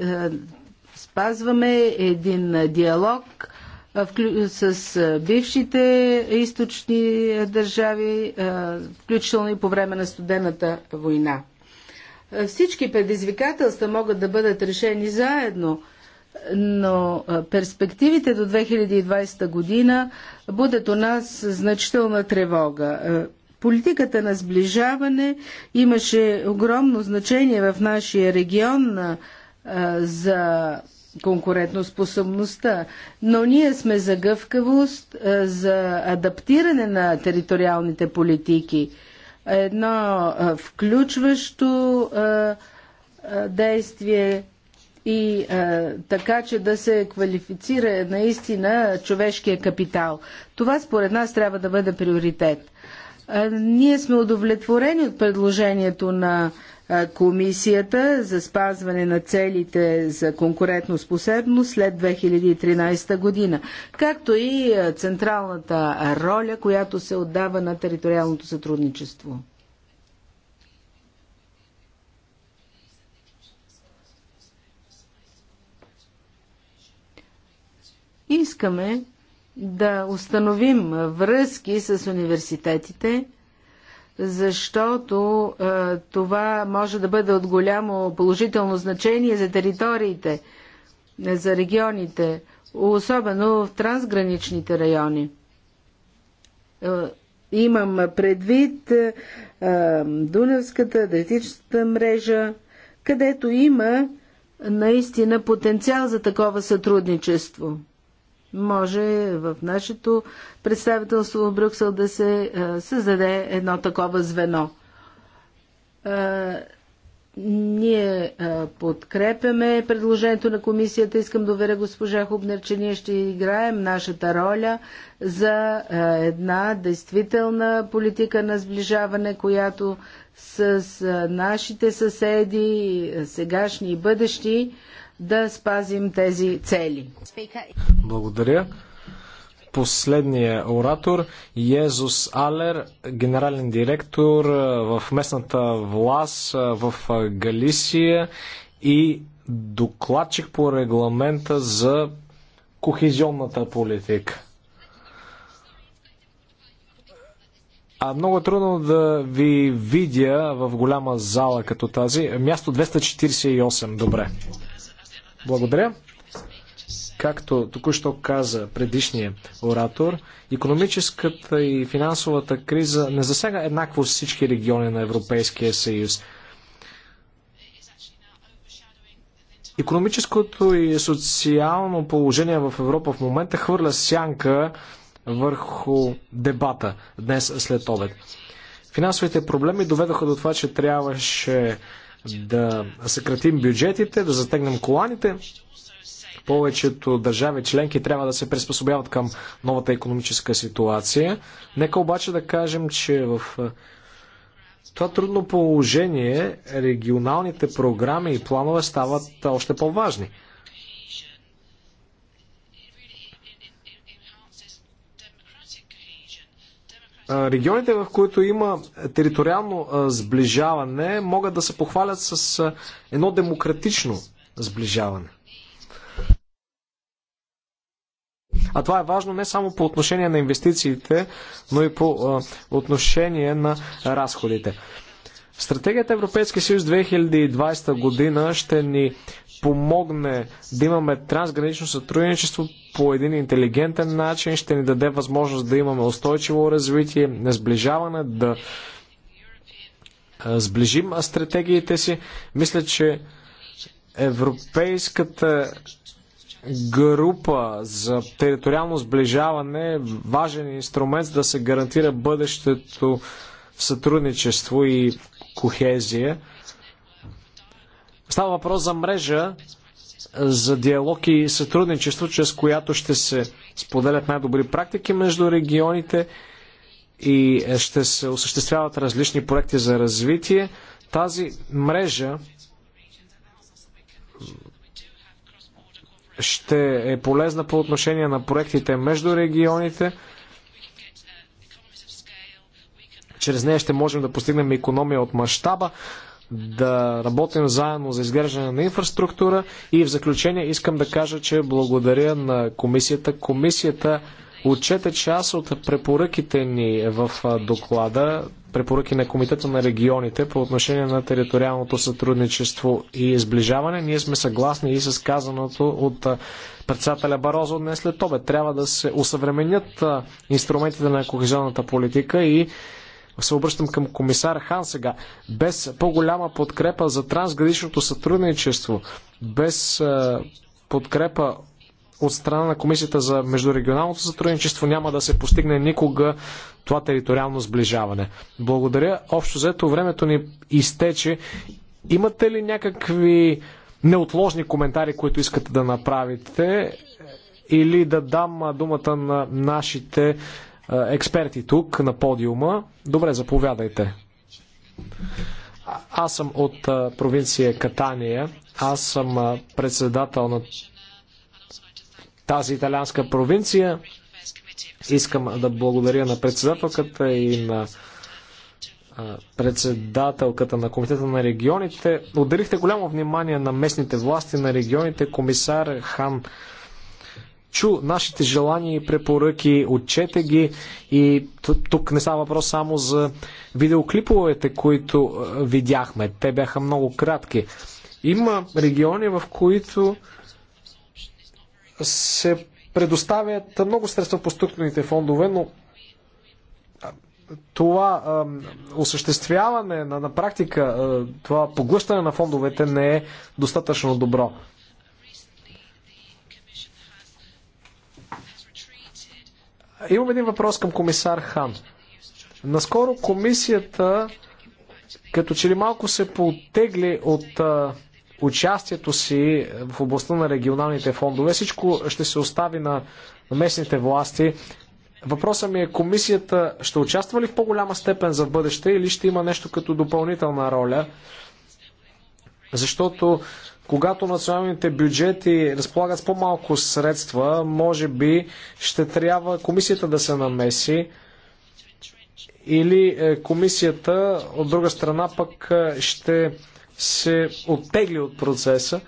спазваме един диалог с бившите източни държави, включително и по време на студената война. Всички предизвикателства могат да бъдат решени заедно, но перспективите до 2020 година будат у нас значителна тревога. Политиката на сближаване имаше огромно значение в нашия регион за конкурентоспособността. Но ние сме за гъвкавост, за адаптиране на териториалните политики. Едно включващо действие и така, че да се квалифицира наистина човешкия капитал. Това според нас трябва да бъде приоритет. Ние сме удовлетворени от предложението на Комисията за спазване на целите за конкурентоспособност след 2013 година, както и централната роля, която се отдава на териториалното сътрудничество. Искаме да установим връзки с университетите – защото а, е, това може да бъде от голямо положително значение за териториите, за регионите, особено в трансграничните райони. А, е, имам предвид а, е, Дунавската, Адриатическата мрежа, където има наистина потенциал за такова сътрудничество може в нашето представителство в Брюксел да се създаде едно такова звено. Ние подкрепяме предложението на комисията. Искам да уверя госпожа Хубнер, че ние ще играем нашата роля за една действителна политика на сближаване, която с нашите съседи, сегашни и бъдещи, да спазим тези цели. Благодаря. Последния оратор Езус Алер, генерален директор в местната власт в Галисия и докладчик по регламента за кохезионната политика. А много е трудно да ви видя в голяма зала като тази. Място 248, добре. Благодаря. Както току-що каза предишния оратор, економическата и финансовата криза не засяга еднакво всички региони на Европейския съюз. Економическото и социално положение в Европа в момента хвърля сянка върху дебата днес след обед. Финансовите проблеми доведоха до това, че трябваше да съкратим бюджетите, да затегнем коланите. Повечето държави членки трябва да се приспособяват към новата економическа ситуация. Нека обаче да кажем, че в това трудно положение регионалните програми и планове стават още по-важни. регионите, в които има териториално сближаване, могат да се похвалят с едно демократично сближаване. А това е важно не само по отношение на инвестициите, но и по отношение на разходите. В стратегията Европейски съюз 2020 година ще ни помогне да имаме трансгранично сътрудничество по един интелигентен начин, ще ни даде възможност да имаме устойчиво развитие, сближаване, да сближим стратегиите си. Мисля, че европейската група за териториално сближаване е важен инструмент за да се гарантира бъдещето сътрудничество и кохезия. Става въпрос за мрежа за диалог и сътрудничество, чрез която ще се споделят най-добри практики между регионите и ще се осъществяват различни проекти за развитие. Тази мрежа ще е полезна по отношение на проектите между регионите. чрез нея ще можем да постигнем економия от мащаба, да работим заедно за изграждане на инфраструктура и в заключение искам да кажа, че благодаря на комисията. Комисията отчете част от препоръките ни в доклада, препоръки на Комитета на регионите по отношение на териториалното сътрудничество и сближаване. Ние сме съгласни и с казаното от председателя Барозо днес след обед. Трябва да се усъвременят инструментите на кохезионната политика и се обръщам към комисар Хан сега, без по-голяма подкрепа за трансграничното сътрудничество, без е, подкрепа от страна на Комисията за междурегионалното сътрудничество няма да се постигне никога това териториално сближаване. Благодаря. Общо взето времето ни изтече. Имате ли някакви неотложни коментари, които искате да направите или да дам думата на нашите е, експерти тук на подиума. Добре, заповядайте. Аз съм от е, провинция Катания. Аз съм е, председател на тази италианска провинция. Искам да благодаря на председателката и на председателката на Комитета на регионите. Отделихте голямо внимание на местните власти на регионите. Комисар Хан чу нашите желания и препоръки, отчете ги и тук не става въпрос само за видеоклиповете, които видяхме. Те бяха много кратки. Има региони, в които се предоставят много средства по структурните фондове, но това а, осъществяване на, на практика, а, това поглъщане на фондовете не е достатъчно добро. Имам един въпрос към комисар Хан. Наскоро комисията като че ли малко се потегли от а, участието си в областта на регионалните фондове. Всичко ще се остави на, на местните власти. Въпросът ми е, комисията ще участва ли в по-голяма степен за бъдеще или ще има нещо като допълнителна роля? Защото когато националните бюджети разполагат с по-малко средства, може би ще трябва комисията да се намеси или е, комисията от друга страна пък е, ще се оттегли от процеса.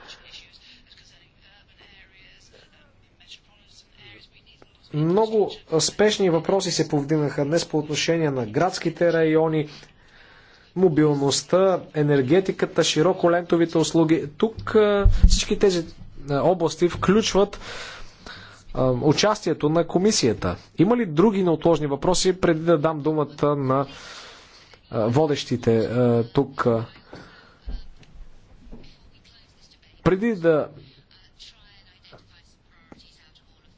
Много спешни въпроси се повдигнаха днес по отношение на градските райони, мобилността, енергетиката, широколентовите услуги. Тук всички тези области включват участието на комисията. Има ли други неотложни въпроси, преди да дам думата на водещите тук? Преди да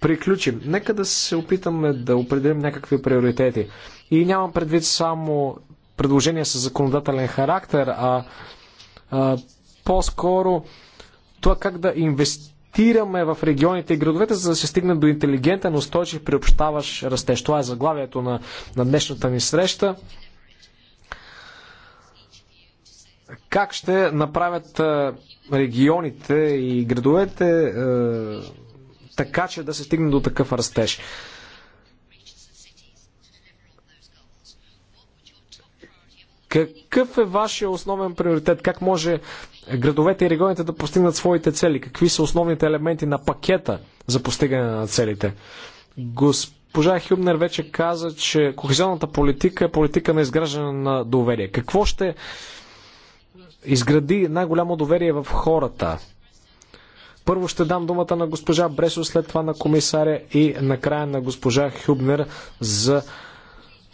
приключим, нека да се опитаме да определим някакви приоритети. И нямам предвид само предложения с законодателен характер, а, а по-скоро това как да инвестираме в регионите и градовете, за да се стигне до интелигентен, устойчив, приобщаващ растеж. Това е заглавието на, на днешната ни среща. Как ще направят регионите и градовете е, така, че да се стигне до такъв растеж? Какъв е вашия основен приоритет? Как може градовете и регионите да постигнат своите цели? Какви са основните елементи на пакета за постигане на целите? Госпожа Хюбнер вече каза, че кохезионната политика е политика на изграждане на доверие. Какво ще изгради най-голямо доверие в хората? Първо ще дам думата на госпожа Бресо, след това на комисаря и накрая на госпожа Хюбнер за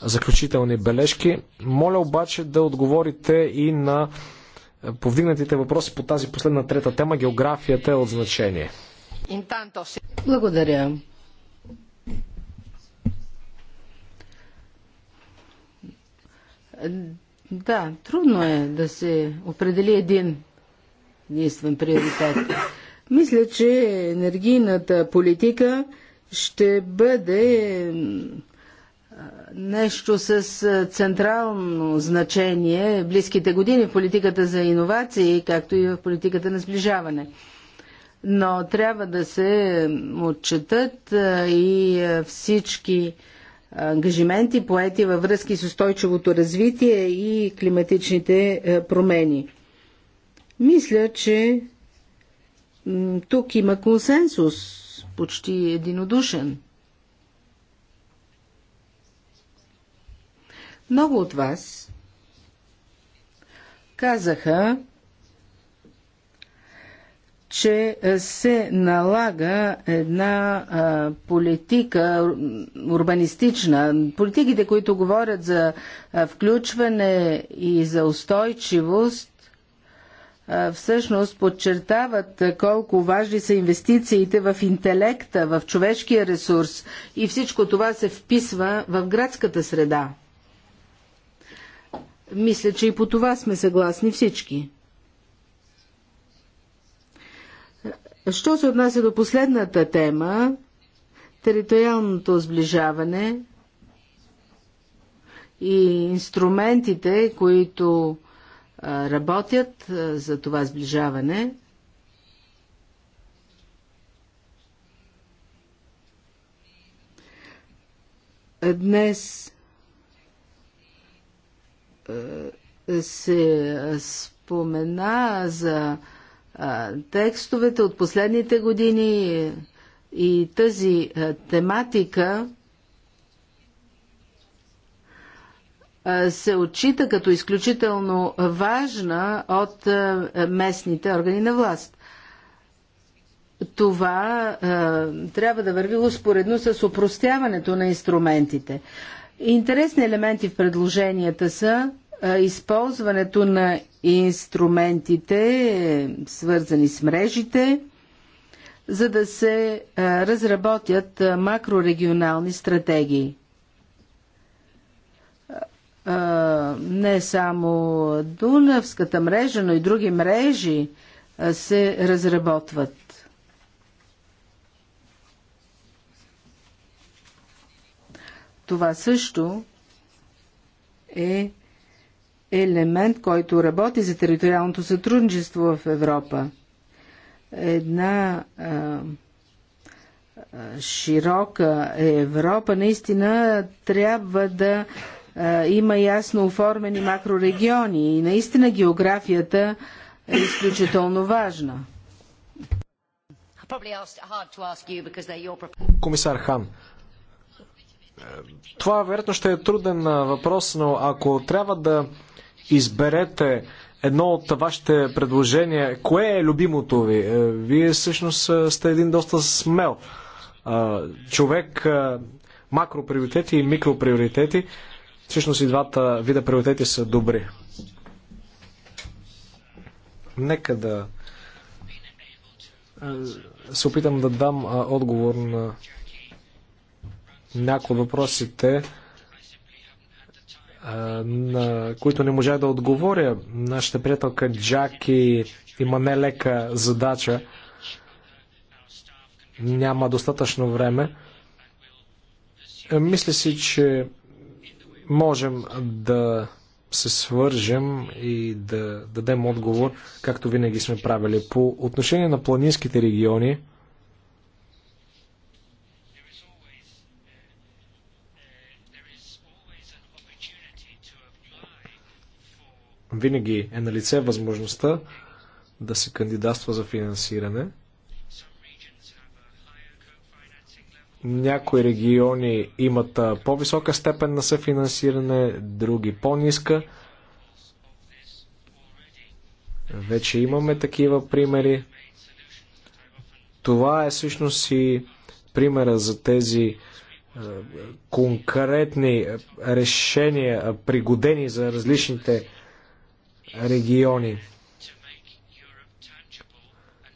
заключителни бележки. Моля обаче да отговорите и на е, повдигнатите въпроси по тази последна трета тема. Географията е от значение. Благодаря. Да, трудно е да се определи един единствен приоритет. Мисля, че енергийната политика ще бъде нещо с е, централно значение е близките години в политиката за иновации, както и в политиката на сближаване. Но трябва да се отчетат е, и всички ангажименти, поети във връзки с устойчивото развитие и климатичните промени. Мисля, че тук има консенсус, почти единодушен – Много от вас казаха, че е, се налага една а, политика урбанистична. Политиките, които говорят за а, включване и за устойчивост, а, всъщност подчертават колко важни са инвестициите в интелекта, в човешкия ресурс и всичко това се вписва в градската среда. Мисля, че и по това сме съгласни всички. Що се отнася до последната тема, териториалното сближаване и инструментите, които работят за това сближаване, днес се спомена за текстовете от последните години и тази тематика се отчита като изключително важна от местните органи на власт. Това трябва да върви успоредно с упростяването на инструментите. Интересни елементи в предложенията са използването на инструментите, свързани с мрежите, за да се разработят макрорегионални стратегии. Не само Дунавската мрежа, но и други мрежи се разработват. Това също е елемент, който работи за териториалното сътрудничество в Европа. Една а, широка Европа наистина трябва да а, има ясно оформени макрорегиони и наистина географията е изключително важна. Комисар Хан, това вероятно ще е труден въпрос, но ако трябва да изберете едно от вашите предложения, кое е любимото ви? Е, вие всъщност сте един доста смел човек, макроприоритети и микроприоритети. Всъщност и двата вида приоритети са добри. Нека да се опитам да дам отговор на някои въпросите, на които не можах да отговоря. Нашата приятелка Джаки има нелека задача. Няма достатъчно време. Е, мисля си, че можем да се свържем и да дадем отговор, както винаги сме правили. По отношение на планинските региони, винаги е на лице възможността да се кандидатства за финансиране. Някои региони имат по-висока степен на съфинансиране, други по-ниска. Вече имаме такива примери. Това е всъщност и примера за тези конкретни решения, пригодени за различните региони.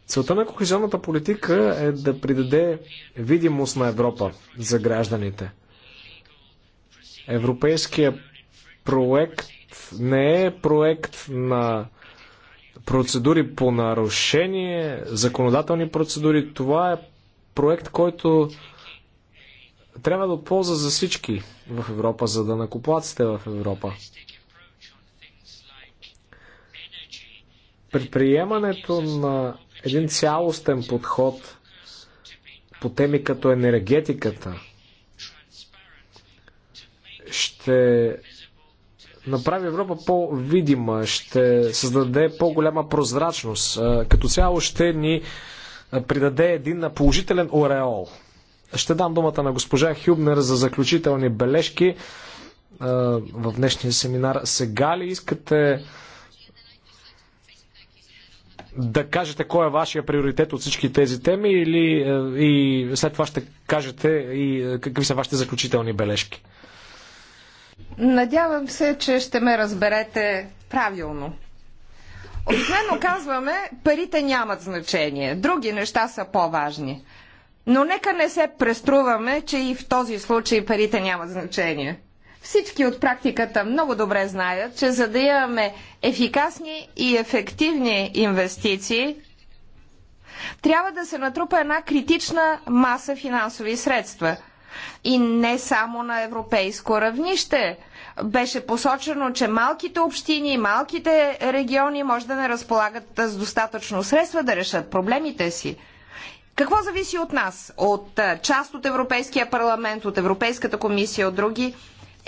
Целта на кохезионната политика е да придаде видимост на Европа за гражданите. Европейския проект не е проект на процедури по нарушение, законодателни процедури. Това е проект, който трябва да полза за всички в Европа, за да накоплаците в Европа. Предприемането на един цялостен подход по теми като енергетиката ще направи Европа по-видима, ще създаде по-голяма прозрачност. Като цяло ще ни придаде един положителен ореол. Ще дам думата на госпожа Хюбнер за заключителни бележки в днешния семинар. Сега ли искате да кажете кой е вашия приоритет от всички тези теми или е, и след това ще кажете и е, какви са вашите заключителни бележки? Надявам се, че ще ме разберете правилно. Обикновено казваме, парите нямат значение, други неща са по-важни. Но нека не се преструваме, че и в този случай парите нямат значение. Всички от практиката много добре знаят, че за да имаме ефикасни и ефективни инвестиции, трябва да се натрупа една критична маса финансови средства. И не само на европейско равнище. Беше посочено, че малките общини, малките региони може да не разполагат с достатъчно средства да решат проблемите си. Какво зависи от нас? От част от Европейския парламент, от Европейската комисия, от други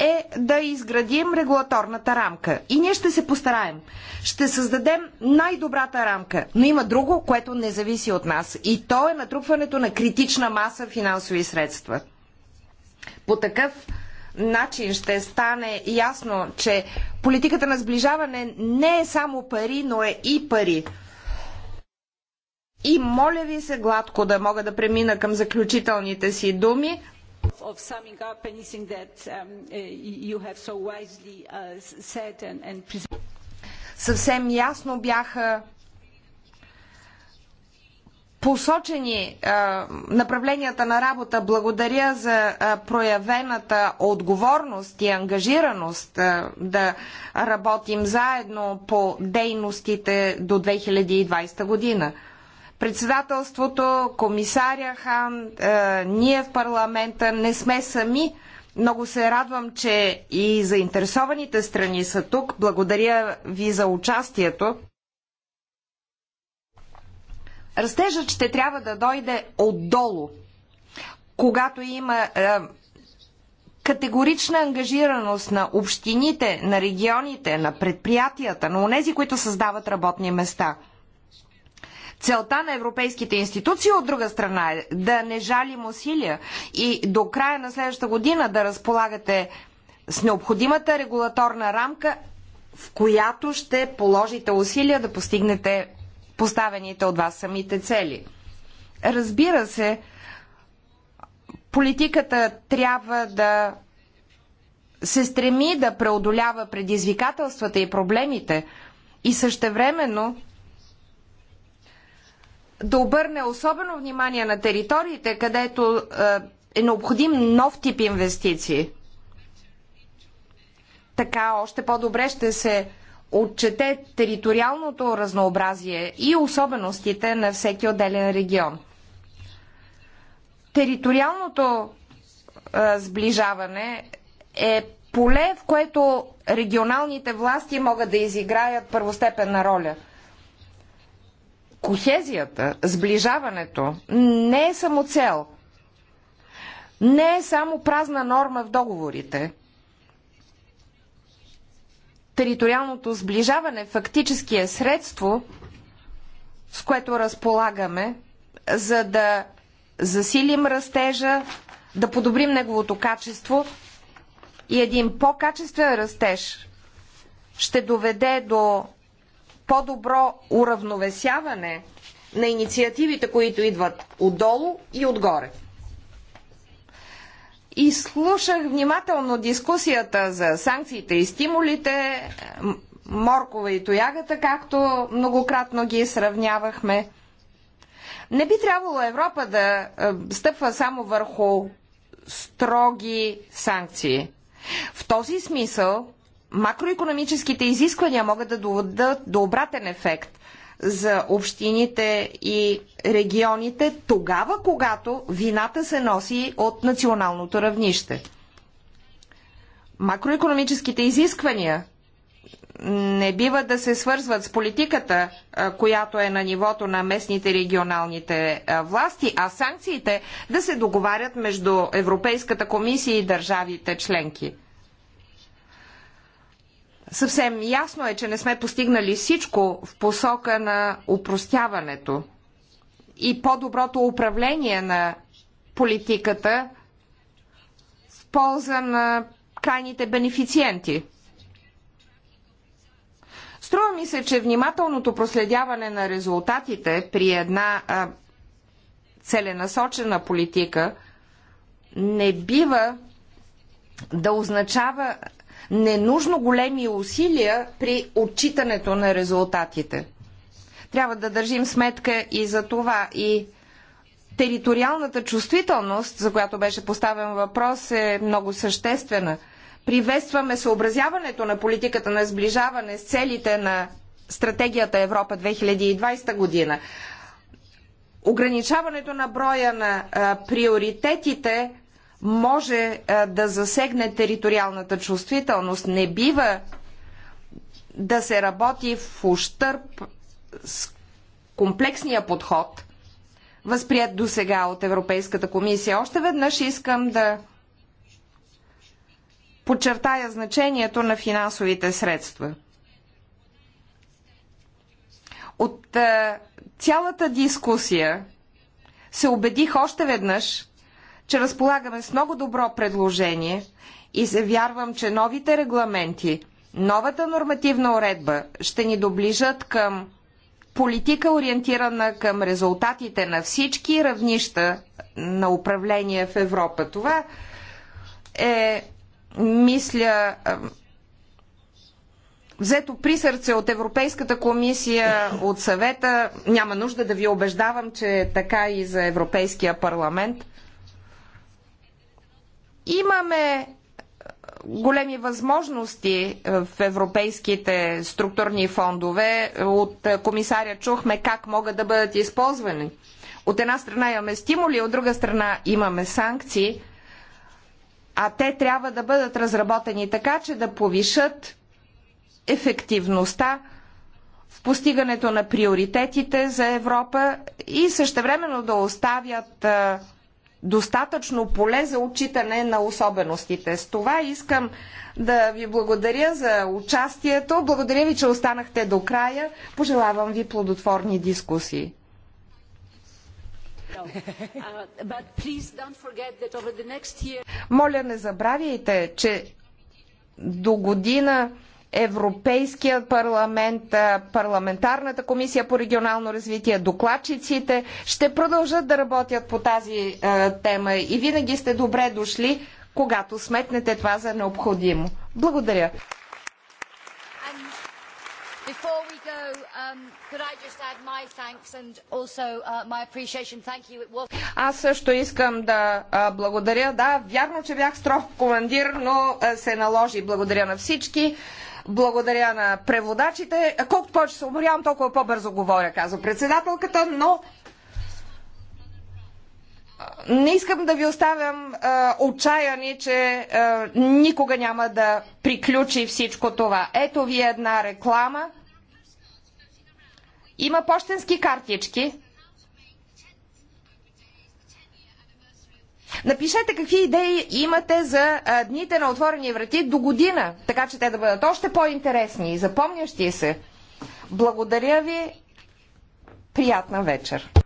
е да изградим регулаторната рамка. И ние ще се постараем. Ще създадем най-добрата рамка. Но има друго, което не зависи от нас. И то е натрупването на критична маса финансови средства. По такъв начин ще стане ясно, че политиката на сближаване не е само пари, но е и пари. И моля ви се гладко да мога да премина към заключителните си думи of summing up anything that um, eh, you have so wisely uh, said and, and presented. Съвсем ясно бяха посочени а, направленията на работа. Благодаря за а, проявената отговорност и ангажираност а, да работим заедно по дейностите до 2020 година председателството, комисаря Хан, е, ние в парламента не сме сами. Много се радвам, че и заинтересованите страни са тук. Благодаря ви за участието. Растежът ще трябва да дойде отдолу, когато има е, категорична ангажираност на общините, на регионите, на предприятията, на онези, които създават работни места – целта на европейските институции, от друга страна е да не жалим усилия и до края на следващата година да разполагате с необходимата регулаторна рамка, в която ще положите усилия да постигнете поставените от вас самите цели. Разбира се, политиката трябва да се стреми да преодолява предизвикателствата и проблемите и същевременно да обърне особено внимание на териториите, където е, е необходим нов тип инвестиции. Така още по-добре ще се отчете териториалното разнообразие и особеностите на всеки отделен регион. Териториалното а, е, сближаване е поле, в което регионалните власти могат да изиграят първостепенна роля – Кохезията, сближаването не е само цел, не е само празна норма в договорите. Териториалното сближаване фактически е средство, с което разполагаме, за да засилим растежа, да подобрим неговото качество и един по-качествен растеж ще доведе до по-добро уравновесяване на инициативите, които идват отдолу и отгоре. И слушах внимателно дискусията за санкциите и стимулите, моркова и тоягата, както многократно ги сравнявахме. Не би трябвало Европа да е, стъпва само върху строги санкции. В този смисъл макроекономическите изисквания могат да доведат до обратен ефект за общините и регионите тогава, когато вината се носи от националното равнище. Макроекономическите изисквания не бива да се свързват с политиката, която е на нивото на местните регионалните власти, а санкциите да се договарят между Европейската комисия и държавите членки. Съвсем ясно е, че не сме постигнали всичко в посока на упростяването и по-доброто управление на политиката в полза на крайните бенефициенти. Струва ми се, че внимателното проследяване на резултатите при една а, целенасочена политика не бива да означава ненужно големи усилия при отчитането на резултатите. Трябва да държим сметка и за това. И териториалната чувствителност, за която беше поставен въпрос, е много съществена. Приветстваме съобразяването на политиката на сближаване с целите на стратегията Европа 2020 година. Ограничаването на броя на а, приоритетите може да засегне териториалната чувствителност. Не бива да се работи в ущърп с комплексния подход, възприят до сега от Европейската комисия. Още веднъж искам да подчертая значението на финансовите средства. От цялата дискусия се убедих още веднъж, че разполагаме с много добро предложение и се вярвам, че новите регламенти, новата нормативна уредба ще ни доближат към политика, ориентирана към резултатите на всички равнища на управление в Европа. Това е, мисля, взето при сърце от Европейската комисия, от съвета. Няма нужда да ви убеждавам, че е така и за Европейския парламент. Имаме е, големи възможности е, в европейските структурни фондове. От е, комисаря чухме как могат да бъдат използвани. От една страна имаме стимули, от друга страна имаме санкции, а те трябва да бъдат разработени така, че да повишат ефективността в постигането на приоритетите за Европа и същевременно да оставят достатъчно поле за отчитане на особеностите. С това искам да ви благодаря за участието. Благодаря ви, че останахте до края. Пожелавам ви плодотворни дискусии. Uh, Моля, не забравяйте, че до година Европейския парламент, парламентарната комисия по регионално развитие, докладчиците ще продължат да работят по тази е, тема и винаги сте добре дошли, когато сметнете това за необходимо. Благодаря. Before we go, um, could I just add my thanks and also uh, my appreciation. Thank you. It was... Аз също искам да а, благодаря. Да, вярно, че бях строг командир, но а, се наложи. Благодаря на всички. Благодаря на преводачите. Колкото повече се уморявам, толкова по-бързо говоря, казва председателката, но не искам да ви оставям а, отчаяни, че а, никога няма да приключи всичко това. Ето ви една реклама. Има почтенски картички. Напишете какви идеи имате за а, дните на отворени врати до година, така че те да бъдат още по-интересни и запомнящи се. Благодаря ви. Приятна вечер.